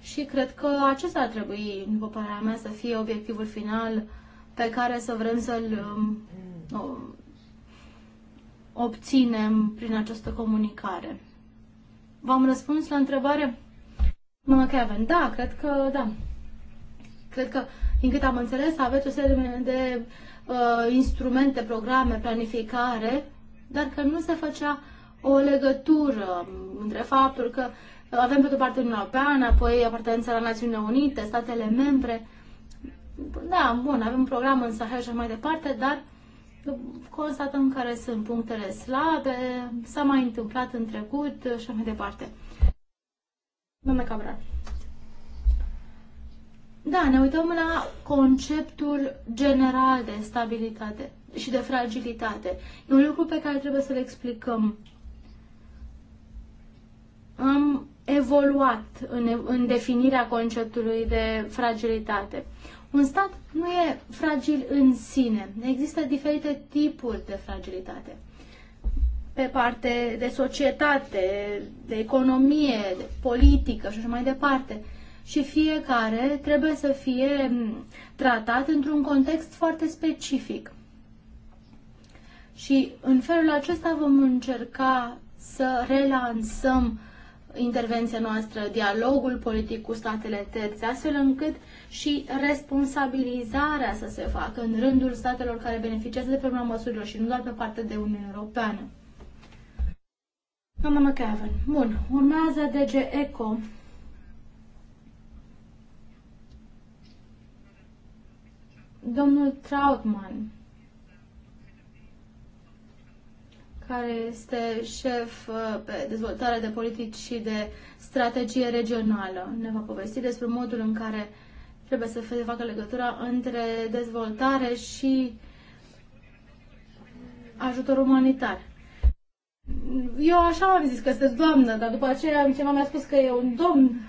Și cred că acesta ar trebui, după părerea mea, să fie obiectivul final pe care să vrem să-l um, obținem prin această comunicare. V-am răspuns la întrebare? Mama Kevin, da, cred că da. Cred că, din cât am înțeles, aveți o serie de uh, instrumente, programe, planificare dar că nu se făcea o legătură între faptul că avem pe de-o parte Uniunea Europeană, apoi apartenența la Națiunile Unite, statele membre. Da, bun, avem un program în Sahel și mai departe, dar constatăm care sunt punctele slabe, s-a mai întâmplat în trecut și mai departe. Doamne Cabral. Da, ne uităm la conceptul general de stabilitate și de fragilitate. E un lucru pe care trebuie să-l explicăm. Am evoluat în, în definirea conceptului de fragilitate. Un stat nu e fragil în sine. Există diferite tipuri de fragilitate. Pe parte de societate, de economie, de politică și așa mai departe. Și fiecare trebuie să fie mm, tratat într-un context foarte specific. Și în felul acesta vom încerca să relansăm intervenția noastră, dialogul politic cu statele terțe, astfel încât și responsabilizarea să se facă în rândul statelor care beneficiază de pe urma măsurilor și nu doar pe partea de Uniunea Europeană. Doamna McAvan, bun, urmează DG ECO. Domnul Trautmann, care este șef uh, pe dezvoltare de politici și de strategie regională. Ne va povesti despre modul în care trebuie să se facă legătura între dezvoltare și ajutor umanitar. Eu așa am zis că este doamnă, dar după aceea cineva mi-a spus că e un domn.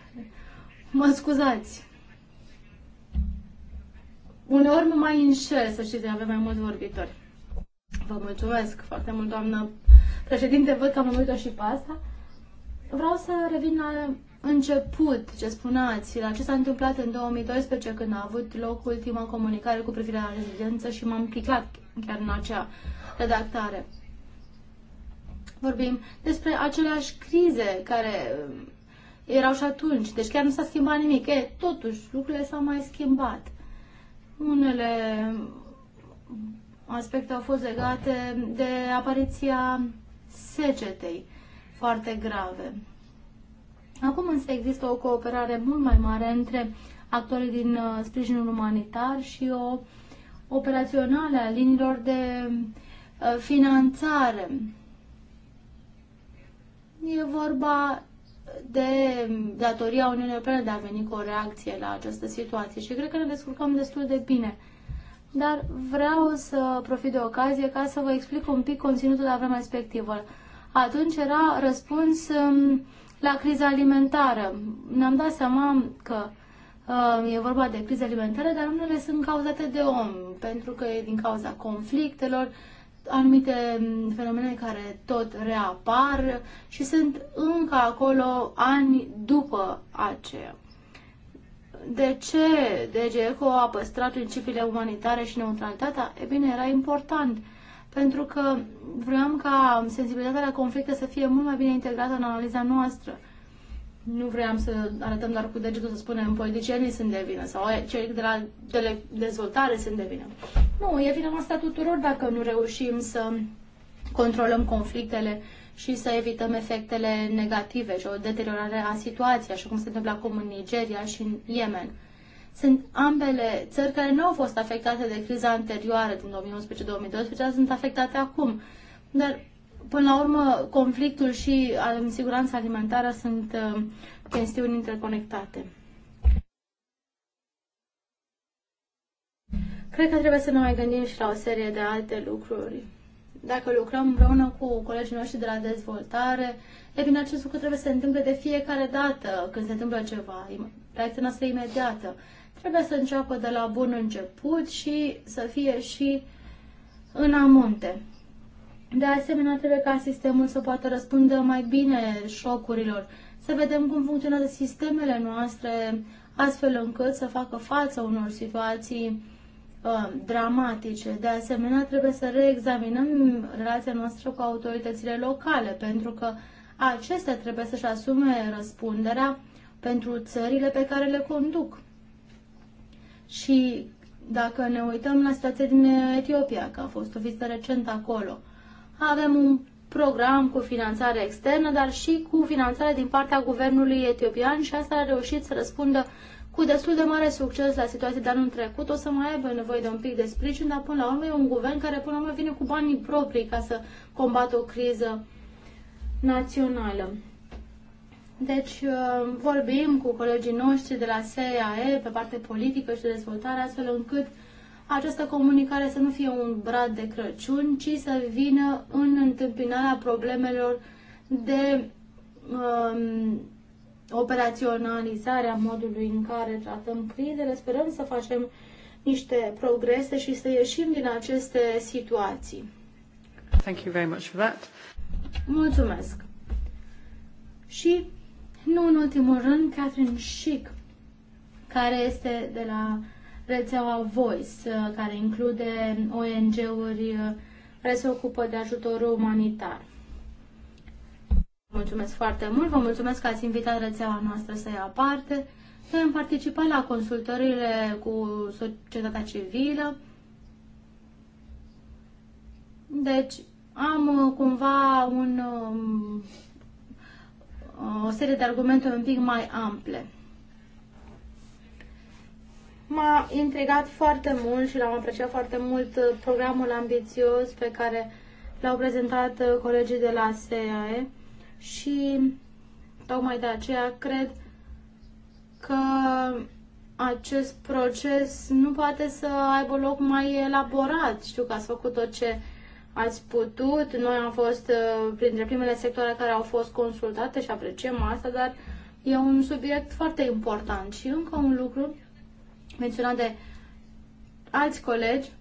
Mă scuzați. Uneori mă mai înșel, să știți, avem mai mulți vorbitori. Vă mulțumesc foarte mult, doamnă președinte. Văd că am numit-o și pe asta. Vreau să revin la început, ce spuneați, la ce s-a întâmplat în 2012 când a avut loc ultima comunicare cu privire la rezidență și m-am clicat chiar în acea redactare. Vorbim despre aceleași crize care um, erau și atunci, deci chiar nu s-a schimbat nimic. E, totuși, lucrurile s-au mai schimbat. Unele aspecte au fost legate de apariția secetei foarte grave. Acum însă există o cooperare mult mai mare între actorii din uh, sprijinul umanitar și o operațională a liniilor de uh, finanțare. E vorba de datoria Uniunii Europene de a veni cu o reacție la această situație și cred că ne descurcăm destul de bine dar vreau să profit de ocazie ca să vă explic un pic conținutul la vremea respectivă. Atunci era răspuns um, la criza alimentară. Ne-am dat seama că um, e vorba de criza alimentară, dar unele sunt cauzate de om, pentru că e din cauza conflictelor, anumite um, fenomene care tot reapar și sunt încă acolo ani după aceea de ce DGECO a păstrat principiile umanitare și neutralitatea? E bine, era important, pentru că vreau ca sensibilitatea la conflicte să fie mult mai bine integrată în analiza noastră. Nu vreau să arătăm doar cu degetul să spunem politicienii sunt de vină sau cei de la de dezvoltare sunt de vină. Nu, e vina asta tuturor dacă nu reușim să controlăm conflictele și să evităm efectele negative și o deteriorare a situației, așa cum se întâmplă acum în Nigeria și în Yemen. Sunt ambele țări care nu au fost afectate de criza anterioară din 2011-2012, dar sunt afectate acum. Dar, până la urmă, conflictul și um, siguranța alimentară sunt um, chestiuni interconectate. Cred că trebuie să ne mai gândim și la o serie de alte lucruri dacă lucrăm împreună cu colegii noștri de la dezvoltare, e bine, acest lucru trebuie să se întâmple de fiecare dată când se întâmplă ceva, reacția noastră imediată. Trebuie să înceapă de la bun început și să fie și în amonte. De asemenea, trebuie ca sistemul să poată răspunde mai bine șocurilor, să vedem cum funcționează sistemele noastre, astfel încât să facă față unor situații Um, dramatice. De asemenea, trebuie să reexaminăm relația noastră cu autoritățile locale, pentru că acestea trebuie să-și asume răspunderea pentru țările pe care le conduc. Și dacă ne uităm la situația din Etiopia, că a fost o vizită recent acolo, avem un program cu finanțare externă, dar și cu finanțare din partea guvernului etiopian și asta a reușit să răspundă cu destul de mare succes la situații de anul trecut, o să mai aibă nevoie de un pic de sprijin, dar până la urmă e un guvern care până la urmă vine cu banii proprii ca să combată o criză națională. Deci uh, vorbim cu colegii noștri de la SEAE pe parte politică și de dezvoltare, astfel încât această comunicare să nu fie un brad de Crăciun, ci să vină în întâmpinarea problemelor de um, operaționalizarea modului în care tratăm crizele. Sperăm să facem niște progrese și să ieșim din aceste situații. Thank you very much for that. Mulțumesc. Și, nu în ultimul rând, Catherine Schick, care este de la rețeaua Voice, care include ONG-uri care se ocupă de ajutorul umanitar. Mulțumesc foarte mult, vă mulțumesc că ați invitat rețeaua noastră să ia parte, că am participat la consultările cu societatea civilă. Deci, am uh, cumva un, um, o serie de argumente un pic mai ample. M-a intrigat foarte mult și l-am apreciat foarte mult uh, programul ambițios pe care l-au prezentat uh, colegii de la SEAE și tocmai de aceea cred că acest proces nu poate să aibă loc mai elaborat. Știu că ați făcut tot ce ați putut. Noi am fost uh, printre primele sectoare care au fost consultate și apreciem asta, dar e un subiect foarte important. Și încă un lucru menționat de alți colegi,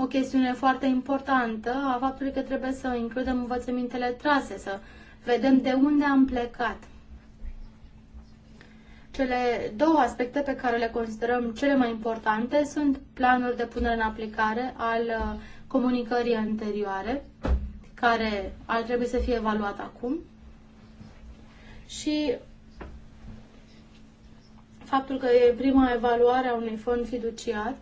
o chestiune foarte importantă a faptului că trebuie să includem învățămintele trase, să vedem de unde am plecat. Cele două aspecte pe care le considerăm cele mai importante sunt planul de punere în aplicare al uh, comunicării anterioare, care ar trebui să fie evaluat acum, și faptul că e prima evaluare a unui fond fiduciar,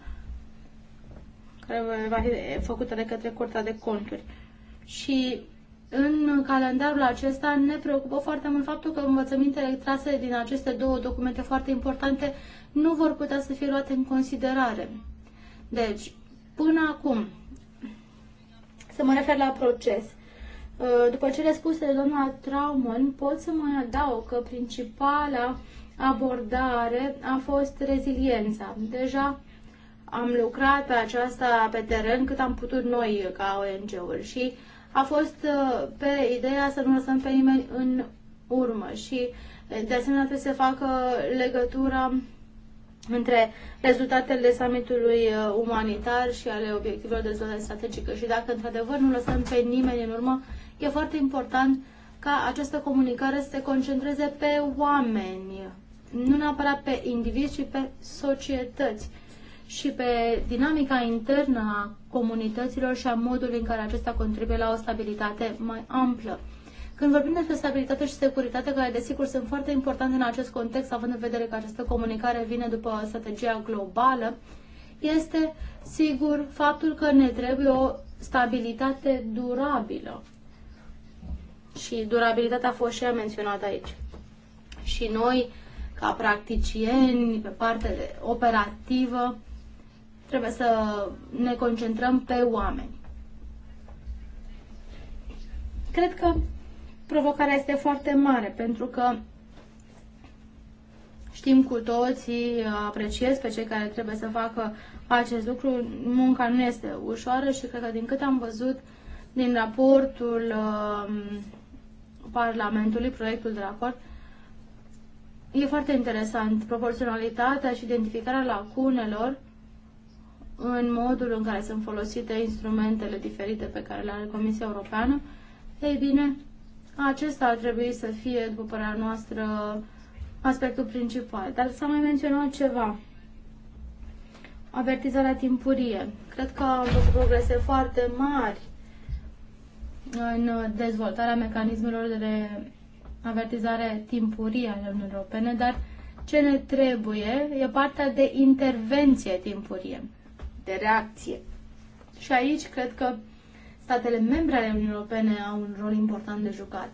care va fi făcută de către Curtea de Conturi. Și în calendarul acesta ne preocupă foarte mult faptul că învățămintele trase din aceste două documente foarte importante nu vor putea să fie luate în considerare. Deci, până acum, să mă refer la proces. Uh, după cele spuse de doamna Trauman, pot să mă adaug că principala abordare a fost reziliența. Deja am lucrat pe aceasta pe teren cât am putut noi ca ONG-uri și a fost uh, pe ideea să nu lăsăm pe nimeni în urmă și eh, de asemenea trebuie să facă legătura între rezultatele summitului uh, umanitar și ale obiectivelor de dezvoltare strategică și dacă într-adevăr nu lăsăm pe nimeni în urmă, e foarte important ca această comunicare să se concentreze pe oameni, nu neapărat pe indivizi, ci pe societăți și pe dinamica internă a comunităților și a modului în care acesta contribuie la o stabilitate mai amplă. Când vorbim despre stabilitate și securitate, care desigur sunt foarte importante în acest context, având în vedere că această comunicare vine după strategia globală, este sigur faptul că ne trebuie o stabilitate durabilă. Și durabilitatea a fost și ea menționată aici. Și noi, ca practicieni, pe partea operativă, Trebuie să ne concentrăm pe oameni. Cred că provocarea este foarte mare pentru că știm cu toții, apreciez pe cei care trebuie să facă acest lucru. Munca nu este ușoară și cred că din cât am văzut din raportul um, Parlamentului, proiectul de raport, e foarte interesant. Proporționalitatea și identificarea lacunelor în modul în care sunt folosite instrumentele diferite pe care le are Comisia Europeană, ei bine, acesta ar trebui să fie, după părerea noastră, aspectul principal. Dar s-a mai menționat ceva. Avertizarea timpurie. Cred că au făcut progrese foarte mari în dezvoltarea mecanismelor de avertizare timpurie ale Uniunii Europene, dar ce ne trebuie e partea de intervenție timpurie de reacție. Și aici cred că statele membre ale Uniunii Europene au un rol important de jucat.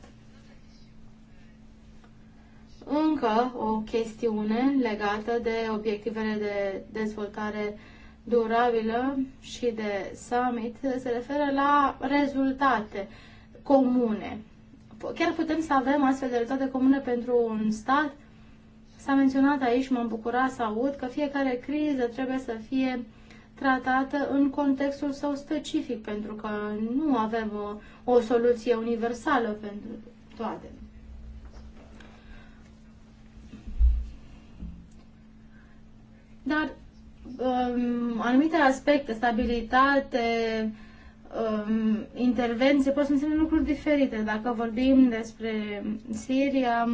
Încă o chestiune legată de obiectivele de dezvoltare durabilă și de summit se referă la rezultate comune. Chiar putem să avem astfel de rezultate comune pentru un stat? S-a menționat aici, m-am bucurat să aud, că fiecare criză trebuie să fie uh, tratată în contextul său specific, pentru că nu avem o, uh, o soluție universală pentru toate. Dar um, anumite aspecte, stabilitate, um, intervenție, pot să însemne lucruri diferite. Dacă vorbim despre Siria,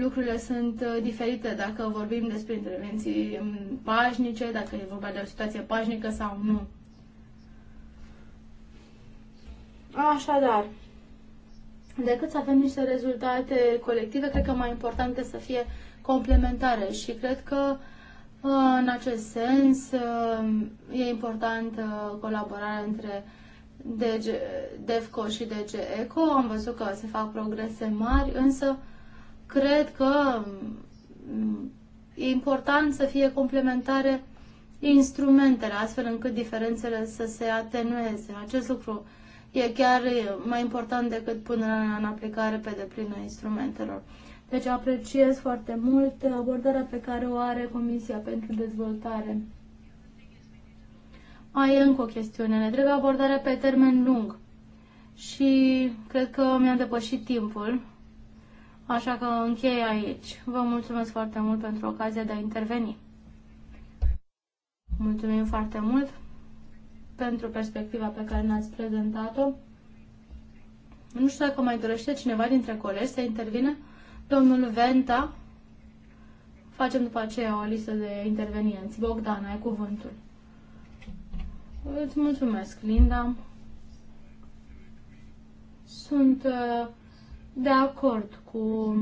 lucrurile sunt uh, diferite dacă vorbim despre intervenții um, pașnice, dacă e vorba de o situație pașnică sau nu. Așadar, decât să avem niște rezultate colective, cred că mai important este să fie complementare și cred că uh, în acest sens uh, e important colaborarea între DG, DEFCO și DGECO. Am văzut că se fac progrese mari, însă cred că mm, e important să fie complementare instrumentele, astfel încât diferențele să se atenueze. Acest lucru e chiar mai important decât punerea în aplicare pe deplină instrumentelor. Deci apreciez foarte mult abordarea pe care o are Comisia pentru Dezvoltare. Mai e încă o chestiune. Ne trebuie abordarea pe termen lung. Și cred că mi-am depășit timpul. Așa că închei aici. Vă mulțumesc foarte mult pentru ocazia de a interveni. Mulțumim foarte mult pentru perspectiva pe care ne-ați prezentat-o. Nu știu dacă mai dorește cineva dintre colegi să intervine. Domnul Venta, facem după aceea o listă de intervenienți. Bogdan, ai cuvântul. Îți mulțumesc, Linda. Sunt uh, de acord cu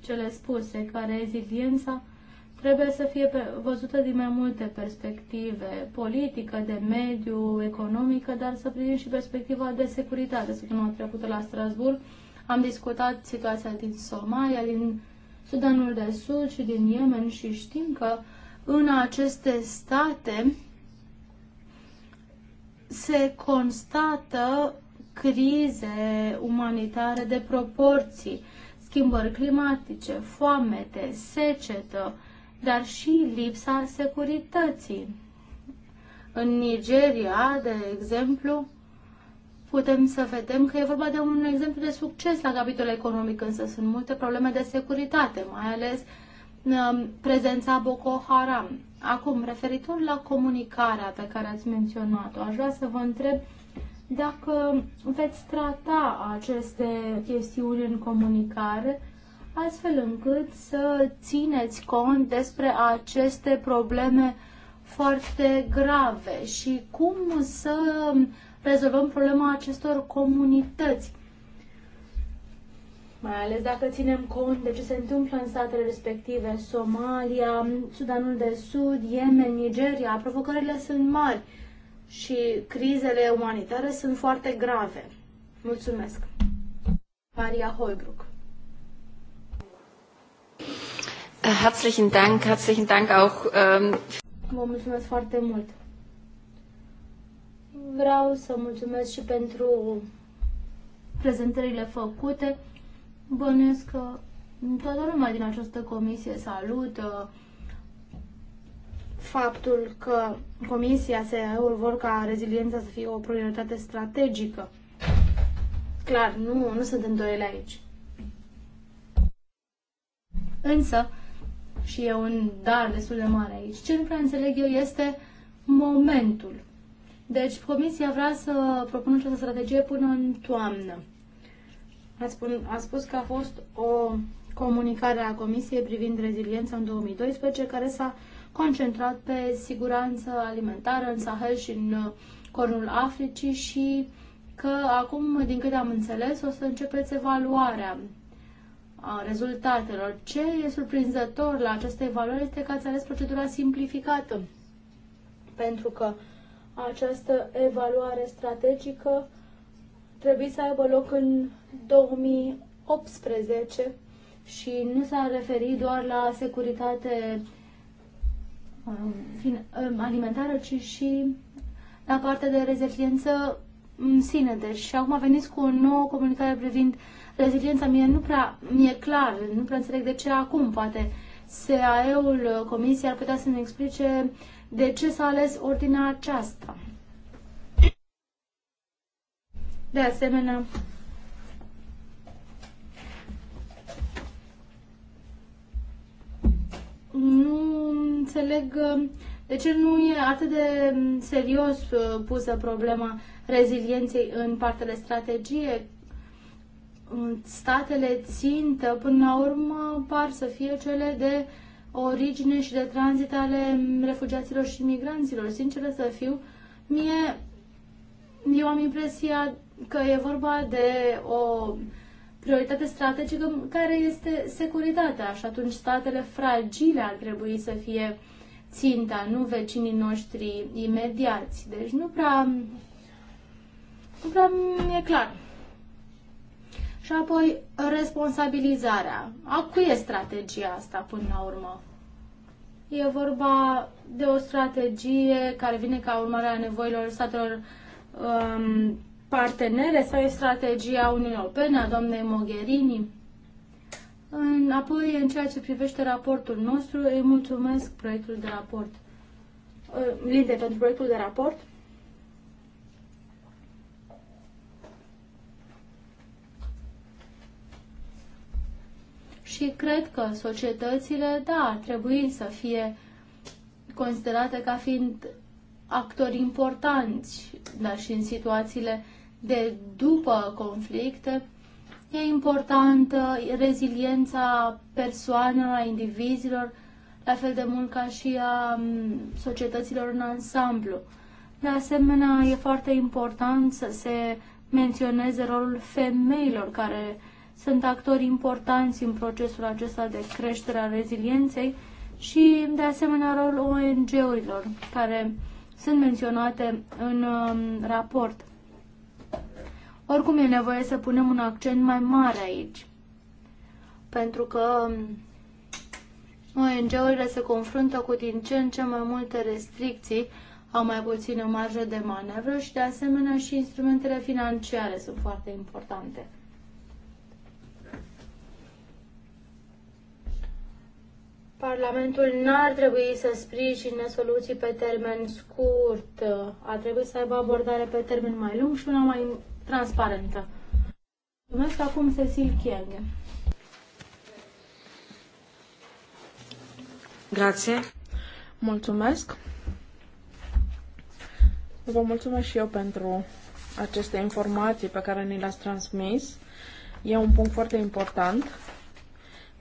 cele spuse, că reziliența trebuie să fie văzută din mai multe perspective, politică, de mediu, economică, dar să privim și perspectiva de securitate. Săptămâna trecută la Strasburg am discutat situația din Somalia, din Sudanul de Sud și din Yemen și știm că în aceste state se constată crize umanitare de proporții, schimbări climatice, foamete, secetă, dar și lipsa securității. În Nigeria, de exemplu, putem să vedem că e vorba de un exemplu de succes la capitolul economic, însă sunt multe probleme de securitate, mai ales um, prezența Boko Haram. Acum, referitor la comunicarea pe care ați menționat-o, aș vrea să vă întreb dacă veți trata aceste chestiuni în comunicare, astfel încât să țineți cont despre aceste probleme foarte grave și cum să rezolvăm problema acestor comunități. Mai ales dacă ținem cont de ce se întâmplă în statele respective, Somalia, Sudanul de Sud, Yemen, Nigeria, provocările sunt mari și crizele umanitare sunt foarte grave. Mulțumesc. Maria Holbruck. Äh, herzlichen Dank, herzlichen Dank auch. Ähm, Vă mulțumesc foarte mult. Vreau să mulțumesc și pentru prezentările făcute. Bănuiesc că toată lumea din această comisie salută uh, faptul că Comisia SEA-ul vor ca reziliența să fie o prioritate strategică. Clar, nu, nu sunt îndoiele aici. Însă, și e un dar destul de mare aici, ce nu prea înțeleg eu este momentul. Deci, Comisia vrea să propună această strategie până în toamnă. A spun, a spus că a fost o comunicare a Comisiei privind reziliența în 2012, care s-a concentrat pe siguranță alimentară în Sahel și în uh, Cornul Africii și că acum, din câte am înțeles, o să începeți evaluarea a rezultatelor. Ce e surprinzător la această evaluare este că ați ales procedura simplificată, pentru că această evaluare strategică trebuie să aibă loc în 2018 și nu s-a referit doar la securitate alimentară, ci și la partea de reziliență în sine. Deci, acum veniți cu o nouă comunicare privind reziliența. Mie nu prea mi-e clar, nu prea înțeleg de ce acum, poate SAE-ul, comisiei ar putea să ne explice de ce s-a ales ordinea aceasta. De asemenea, nu înțeleg uh, de ce nu e atât de mm, serios uh, pusă problema rezilienței în partea de strategie. Statele țintă, până la urmă, par să fie cele de origine și de tranzit ale refugiaților și migranților. Sincer să fiu, mie, eu am impresia că e vorba de o prioritate strategică care este securitatea și atunci statele fragile ar trebui să fie ținta, nu vecinii noștri imediați. Deci nu prea, nu prea e clar. Și apoi responsabilizarea. A cui e strategia asta până la urmă? E vorba de o strategie care vine ca urmare a nevoilor statelor um, partenere sau strategia Uniunii Europene a doamnei Mogherini. În, apoi, în ceea ce privește raportul nostru, îi mulțumesc proiectul de raport. Ă, Linde, pentru proiectul de raport. Și cred că societățile, da, ar trebui să fie considerate ca fiind actori importanți, dar și în situațiile de după conflicte, e importantă reziliența persoanelor, a indivizilor, la fel de mult ca și a societăților în ansamblu. De asemenea, e foarte important să se menționeze rolul femeilor care sunt actori importanți în procesul acesta de creștere a rezilienței și, de asemenea, rolul ONG-urilor care sunt menționate în raport. Oricum e nevoie să punem un accent mai mare aici, pentru că ONG-urile se confruntă cu din ce în ce mai multe restricții, au mai puțină marjă de manevră și de asemenea și instrumentele financiare sunt foarte importante. Parlamentul n-ar trebui să sprijine soluții pe termen scurt, ar trebui să aibă abordare pe termen mai lung și una mai transparentă. Numesc acum Cecil Kienge. Grație. Mulțumesc. Vă mulțumesc și eu pentru aceste informații pe care ni le-ați transmis. E un punct foarte important.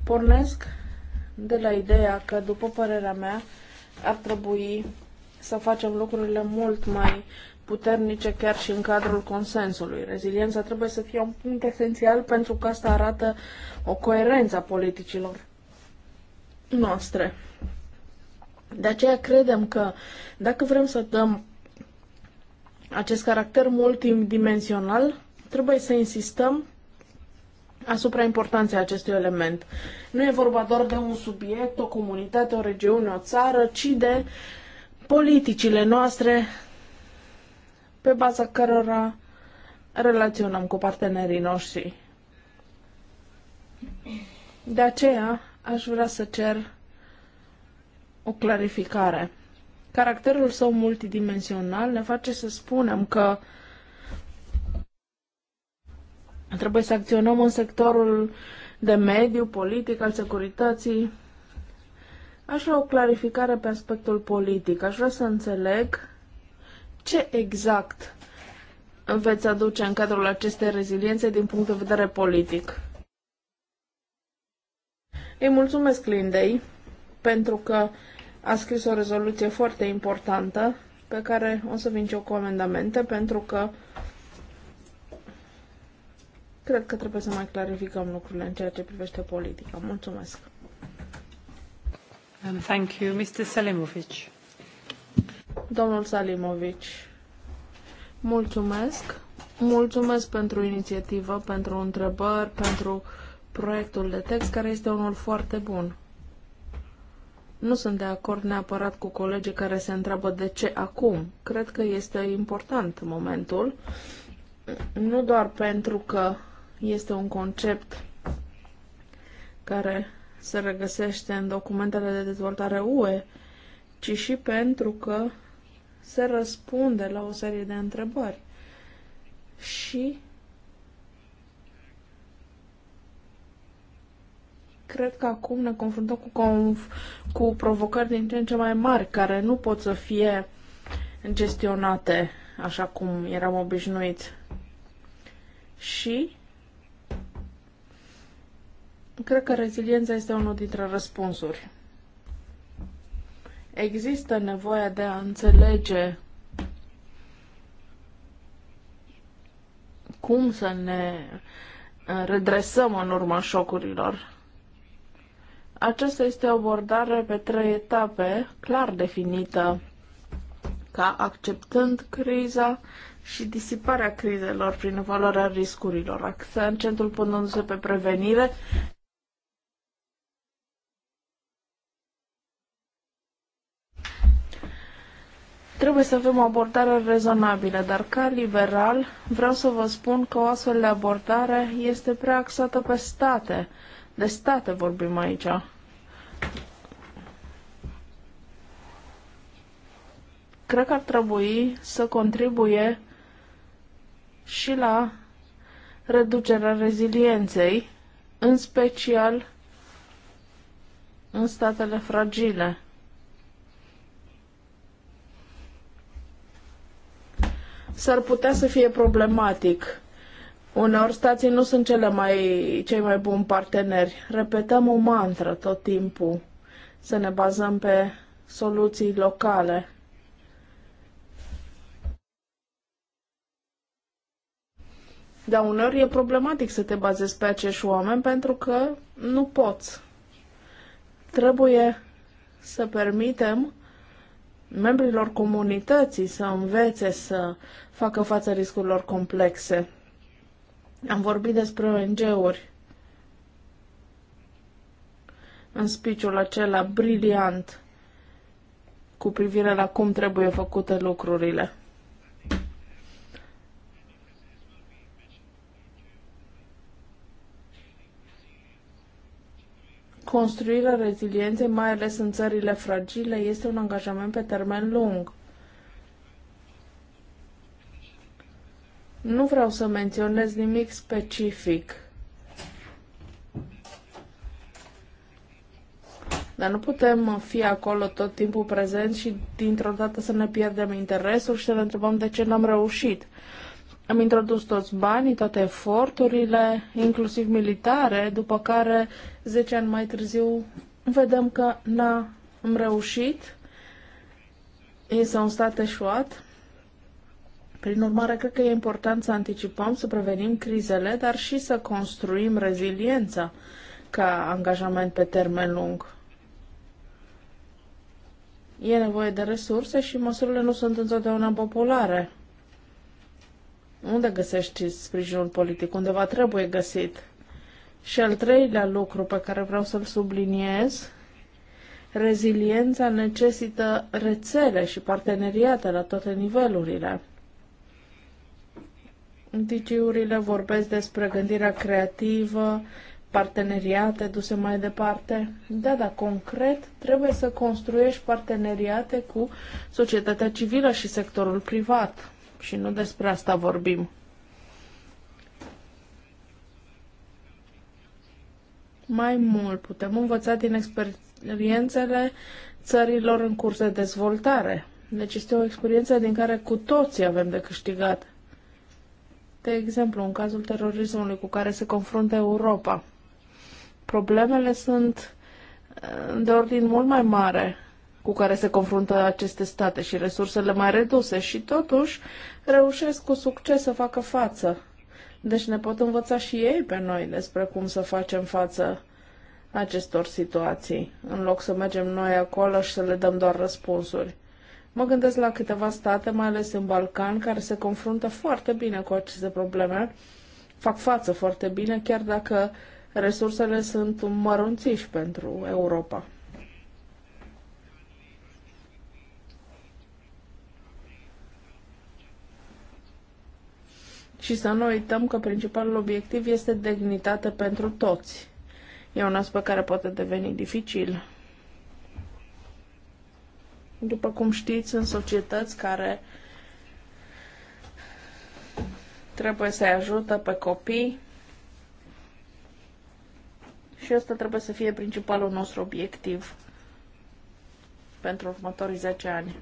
Pornesc de la ideea că, după părerea mea, ar trebui să facem lucrurile mult mai puternice chiar și în cadrul consensului. Reziliența trebuie să fie un punct esențial pentru că asta arată o coerență a politicilor noastre. De aceea credem că dacă vrem să dăm acest caracter multidimensional, trebuie să insistăm asupra importanței acestui element. Nu e vorba doar de un subiect, o comunitate, o regiune, o țară, ci de politicile noastre pe baza cărora relaționăm cu partenerii noștri. De aceea, aș vrea să cer o clarificare. Caracterul său multidimensional ne face să spunem că trebuie să acționăm în sectorul de mediu, politic, al securității. Aș vrea o clarificare pe aspectul politic. Aș vrea să înțeleg ce exact veți aduce în cadrul acestei reziliențe din punct de vedere politic? Îi mulțumesc Lindei pentru că a scris o rezoluție foarte importantă pe care o să vin și eu cu amendamente pentru că cred că trebuie să mai clarificăm lucrurile în ceea ce privește politica. Mulțumesc! Um, thank you, Mr. Selimovic. Domnul Salimovici, mulțumesc. Mulțumesc pentru inițiativă, pentru întrebări, pentru proiectul de text, care este unul foarte bun. Nu sunt de acord neapărat cu colegii care se întreabă de ce acum. Cred că este important momentul, nu doar pentru că este un concept care se regăsește în documentele de dezvoltare UE, ci și pentru că se răspunde la o serie de întrebări. Și cred că acum ne confruntăm cu, conf- cu provocări din ce în ce mai mari, care nu pot să fie gestionate așa cum eram obișnuiți. Și cred că reziliența este unul dintre răspunsuri. Există nevoia de a înțelege cum să ne uh, redresăm în urma șocurilor. Aceasta este o abordare pe trei etape, clar definită ca acceptând criza și disiparea crizelor prin evaluarea riscurilor, accentul punându-se pe prevenire Trebuie să avem o abordare rezonabilă, dar ca liberal vreau să vă spun că o astfel de abordare este prea axată pe state. De state vorbim aici. Cred că ar trebui să contribuie și la reducerea rezilienței, în special în statele fragile. s-ar putea să fie problematic. Uneori stații nu sunt cele mai, cei mai buni parteneri. Repetăm o mantră tot timpul. Să ne bazăm pe soluții locale. Dar uneori e problematic să te bazezi pe acești oameni pentru că nu poți. Trebuie să permitem membrilor comunității să învețe să facă față riscurilor complexe. Am vorbit despre ONG-uri în spiciul acela briliant cu privire la cum trebuie făcute lucrurile. Construirea rezilienței, mai ales în țările fragile, este un angajament pe termen lung. Nu vreau să menționez nimic specific. Dar nu putem fi acolo tot timpul prezent și dintr-o dată să ne pierdem interesul și să ne întrebăm de ce n-am reușit. Am introdus toți banii, toate eforturile, inclusiv militare, după care 10 ani mai târziu vedem că n-am reușit. Este un stat eșuat. Prin urmare, cred că e important să anticipăm, să prevenim crizele, dar și să construim reziliența ca angajament pe termen lung. E nevoie de resurse și măsurile nu sunt întotdeauna populare. Unde găsești sprijinul politic? Undeva trebuie găsit. Și al treilea lucru pe care vreau să-l subliniez, reziliența necesită rețele și parteneriate la toate nivelurile. Digiurile vorbesc despre gândirea creativă, parteneriate duse mai departe. Da, dar concret trebuie să construiești parteneriate cu societatea civilă și sectorul privat și nu despre asta vorbim. Mai mult putem învăța din experiențele țărilor în curs de dezvoltare. Deci este o experiență din care cu toții avem de câștigat. De exemplu, în cazul terorismului cu care se confruntă Europa, problemele sunt eh, de ordin mult mai mare cu care se confruntă aceste state și resursele mai reduse și totuși reușesc cu succes să facă față. Deci ne pot învăța și ei pe noi despre cum să facem față acestor situații, în loc să mergem noi acolo și să le dăm doar răspunsuri. Mă gândesc la câteva state, mai ales în Balcan, care se confruntă foarte bine cu aceste probleme, fac față foarte bine, chiar dacă resursele sunt mărunțiși pentru Europa. și să nu uităm că principalul obiectiv este dignitate pentru toți. E un aspect care poate deveni dificil. După cum știți, în societăți care trebuie să-i ajută pe copii și ăsta trebuie să fie principalul nostru obiectiv pentru următorii 10 ani.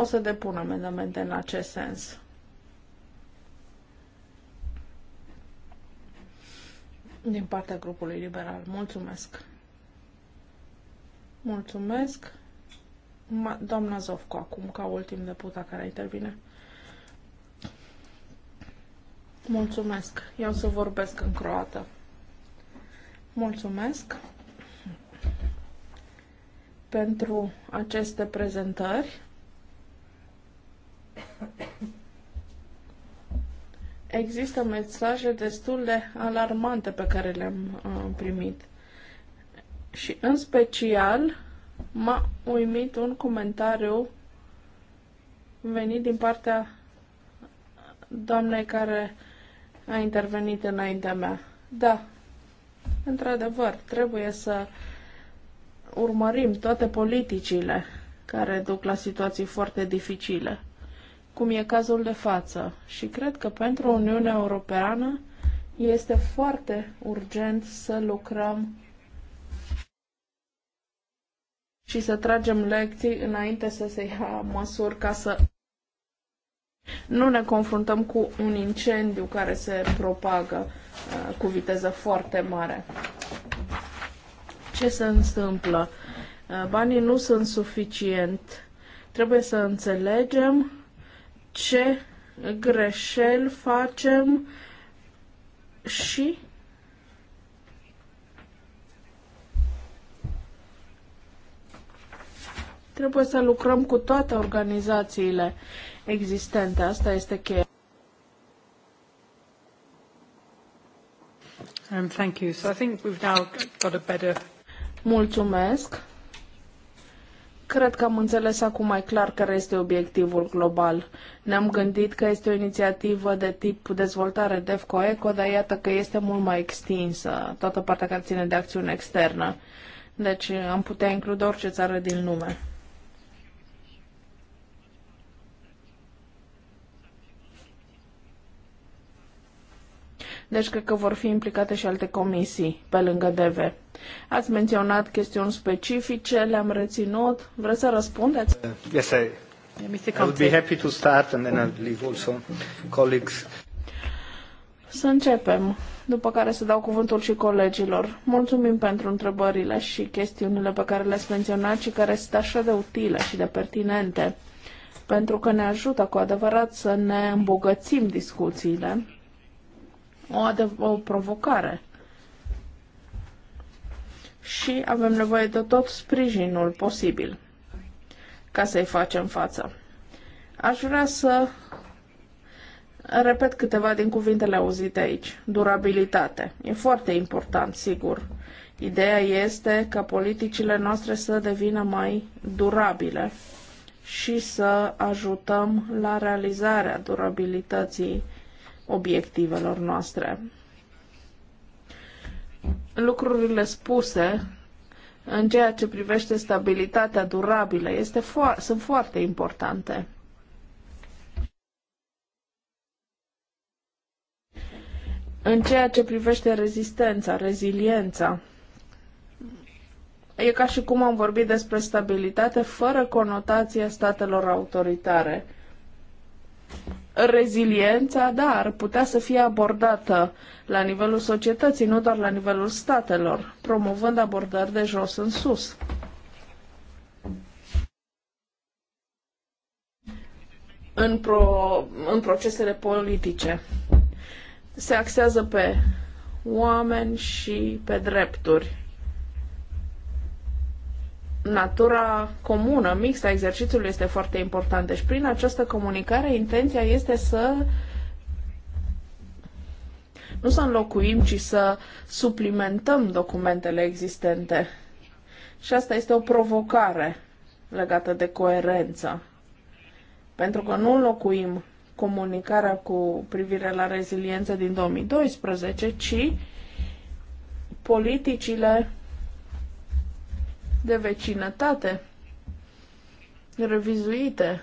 O să depun amendamente în acest sens. Din partea grupului liberal. Mulțumesc. Mulțumesc. Doamna Zofco, acum, ca ultim deputat care intervine. Mulțumesc. Eu să vorbesc în croată. Mulțumesc pentru aceste prezentări. Există mesaje destul de alarmante pe care le-am uh, primit. Și în special m-a uimit un comentariu venit din partea doamnei care a intervenit înaintea mea. Da, într-adevăr, trebuie să urmărim toate politicile care duc la situații foarte dificile cum e cazul de față. Și cred că pentru Uniunea Europeană este foarte urgent să lucrăm și să tragem lecții înainte să se ia măsuri ca să nu ne confruntăm cu un incendiu care se propagă uh, cu viteză foarte mare. Ce se întâmplă? Uh, banii nu sunt suficient. Trebuie să înțelegem ce greșel facem și trebuie să lucrăm cu toate organizațiile existente. Asta este cheia. Um, thank you. So I think we've now got a better... Mulțumesc. Cred că am înțeles acum mai clar care este obiectivul global. Ne-am gândit că este o inițiativă de tip dezvoltare DEFCO-ECO, dar iată că este mult mai extinsă, toată partea care ține de acțiune externă. Deci am putea include orice țară din lume. deci cred că vor fi implicate și alte comisii pe lângă DV. Ați menționat chestiuni specifice, le-am reținut. Vreți să răspundeți? Uh, yes, I, I would be happy to start and then I'll leave also colleagues. Să începem, după care să dau cuvântul și colegilor. Mulțumim pentru întrebările și chestiunile pe care le-ați menționat și care sunt așa de utile și de pertinente, pentru că ne ajută cu adevărat să ne îmbogățim discuțiile o, o provocare. Și avem nevoie de tot sprijinul posibil ca să-i facem față. Aș vrea să repet câteva din cuvintele auzite aici. Durabilitate. E foarte important, sigur. Ideea este ca politicile noastre să devină mai durabile și să ajutăm la realizarea durabilității obiectivelor noastre. Lucrurile spuse în ceea ce privește stabilitatea durabilă este fo- sunt foarte importante. În ceea ce privește rezistența, reziliența, e ca și cum am vorbit despre stabilitate fără conotația statelor autoritare reziliența, da, ar putea să fie abordată la nivelul societății, nu doar la nivelul statelor, promovând abordări de jos în sus. În, pro, în procesele politice se axează pe oameni și pe drepturi natura comună, mixtă a exercițiului este foarte importantă. și deci, prin această comunicare intenția este să nu să înlocuim, ci să suplimentăm documentele existente. Și asta este o provocare legată de coerență. Pentru că nu înlocuim comunicarea cu privire la reziliență din 2012, ci politicile de vecinătate revizuite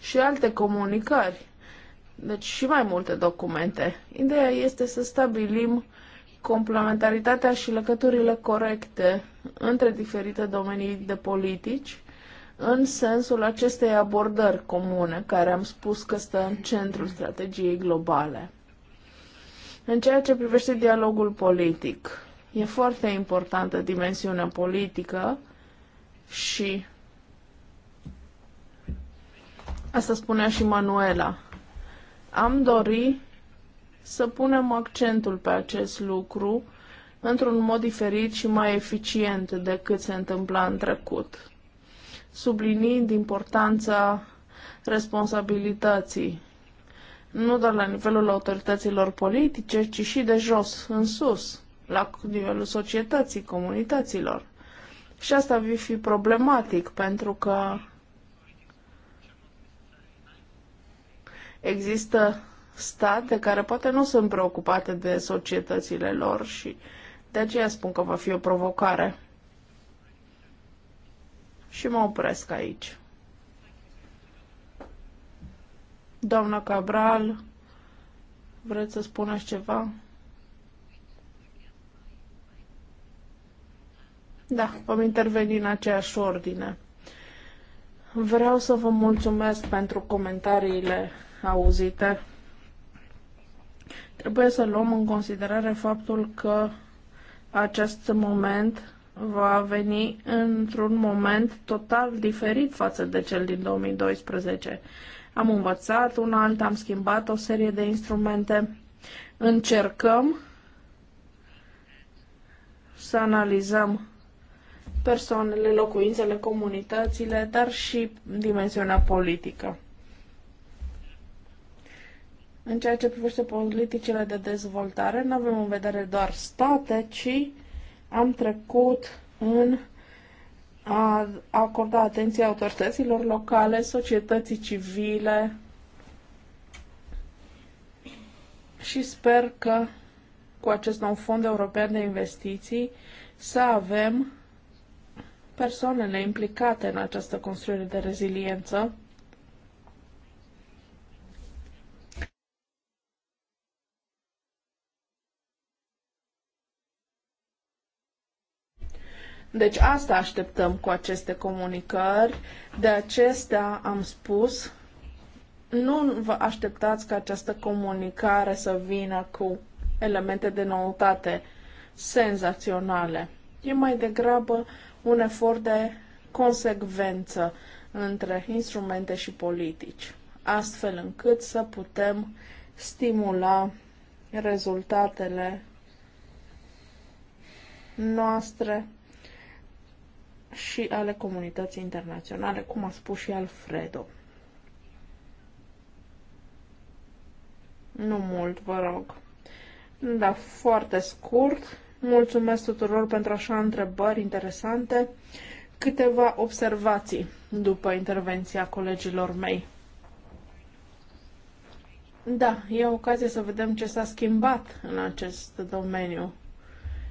și alte comunicări. Deci și mai multe documente. Ideea este să stabilim complementaritatea și legăturile corecte între diferite domenii de politici în sensul acestei abordări comune, care am spus că stă în centrul strategiei globale. În ceea ce privește dialogul politic, E foarte importantă dimensiunea politică și asta spunea și Manuela. Am dori să punem accentul pe acest lucru într-un mod diferit și mai eficient decât se întâmpla în trecut, subliniind importanța responsabilității, nu doar la nivelul autorităților politice, ci și de jos în sus la nivelul societății, comunităților. Și asta va fi problematic pentru că există state care poate nu sunt preocupate de societățile lor și de aceea spun că va fi o provocare. Și mă opresc aici. Doamna Cabral, vreți să spuneți ceva? Da, vom interveni în aceeași ordine. Vreau să vă mulțumesc pentru comentariile auzite. Trebuie să luăm în considerare faptul că acest moment va veni într-un moment total diferit față de cel din 2012. Am învățat un alt, am schimbat o serie de instrumente. Încercăm să analizăm persoanele, locuințele, comunitățile, dar și dimensiunea politică. În ceea ce privește politicile de dezvoltare, nu avem în vedere doar state, ci am trecut în a acorda atenție autorităților locale, societății civile și sper că cu acest nou fond european de investiții să avem persoanele implicate în această construire de reziliență. Deci asta așteptăm cu aceste comunicări, de acestea am spus nu vă așteptați ca această comunicare să vină cu elemente de noutate senzaționale. E mai degrabă un efort de consecvență între instrumente și politici, astfel încât să putem stimula rezultatele noastre și ale comunității internaționale, cum a spus și Alfredo. Nu mult, vă rog. Dar foarte scurt, Mulțumesc tuturor pentru așa întrebări interesante. Câteva observații după intervenția colegilor mei. Da, e ocazie să vedem ce s-a schimbat în acest domeniu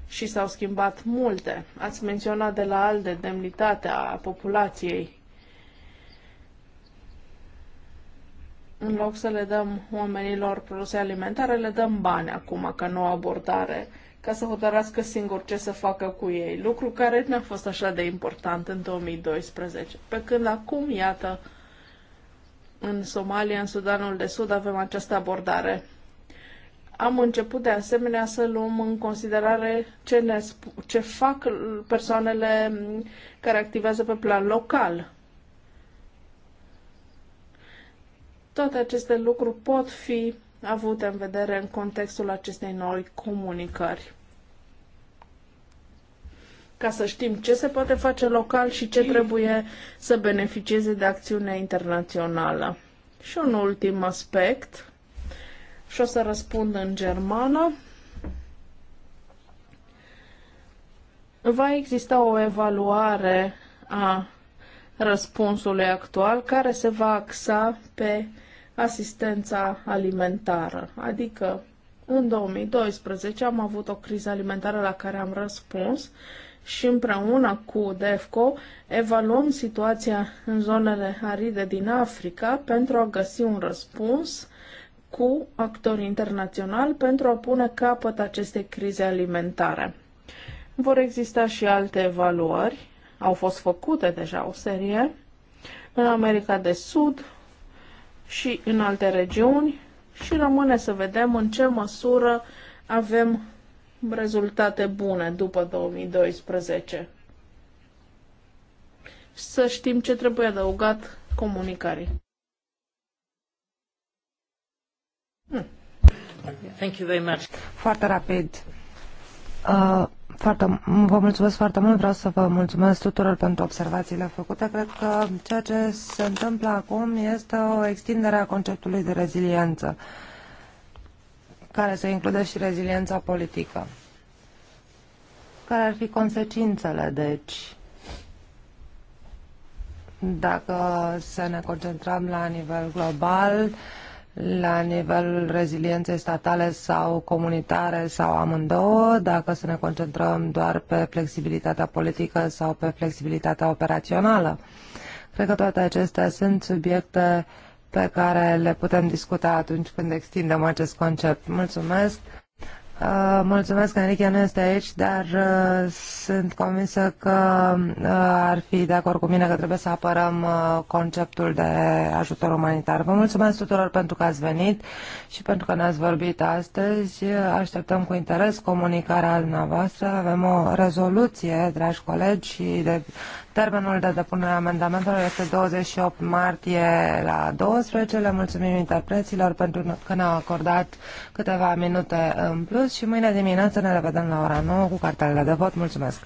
și s-au schimbat multe. Ați menționat de la ALDE demnitatea populației. În loc să le dăm oamenilor produse alimentare, le dăm bani acum, ca nu abordare ca să hotărască singur ce să facă cu ei, lucru care nu a fost așa de important în 2012. Pe când acum, iată, în Somalia, în Sudanul de Sud, avem această abordare. Am început de asemenea să luăm în considerare ce, ne, ce fac persoanele care activează pe plan local. Toate aceste lucruri pot fi avute în vedere în contextul acestei noi comunicări ca să știm ce se poate face local și ce trebuie să beneficieze de acțiunea internațională. Și un ultim aspect, și o să răspund în germană. Va exista o evaluare a răspunsului actual care se va axa pe asistența alimentară. Adică, în 2012 am avut o criză alimentară la care am răspuns și împreună cu DEFCO evaluăm situația în zonele aride din Africa pentru a găsi un răspuns cu actori internaționali pentru a pune capăt acestei crize alimentare. Vor exista și alte evaluări, au fost făcute deja o serie, în America de Sud și în alte regiuni și rămâne să vedem în ce măsură avem rezultate bune după 2012. Să știm ce trebuie adăugat comunicării. Hmm. Thank you very much. Foarte rapid. Uh, foarte, vă mulțumesc foarte mult, vreau să vă mulțumesc tuturor pentru observațiile făcute. Cred că ceea ce se întâmplă acum este o extindere a conceptului de reziliență. Uh, care să includă și reziliența politică. Care ar fi consecințele, deci, dacă să ne concentrăm la nivel global, la nivelul rezilienței statale sau comunitare sau amândouă, dacă să ne concentrăm doar pe flexibilitatea politică sau pe flexibilitatea operațională. Cred că toate acestea sunt subiecte uh, pe care le putem discuta atunci când extindem acest concept. Mulțumesc! Uh, mulțumesc, că Enrique nu este aici, dar uh, sunt convinsă că uh, ar fi de acord cu mine că trebuie să apărăm conceptul de ajutor umanitar. Vă mulțumesc tuturor pentru că ați venit și pentru că ne-ați vorbit astăzi. Așteptăm cu interes comunicarea dumneavoastră. Avem o rezoluție, dragi colegi, și de Termenul de depunere a amendamentelor este 28 martie la 12. Le mulțumim interpreților pentru că ne-au acordat câteva minute în plus și mâine dimineață ne revedem la ora 9 cu cartelele de vot. Mulțumesc!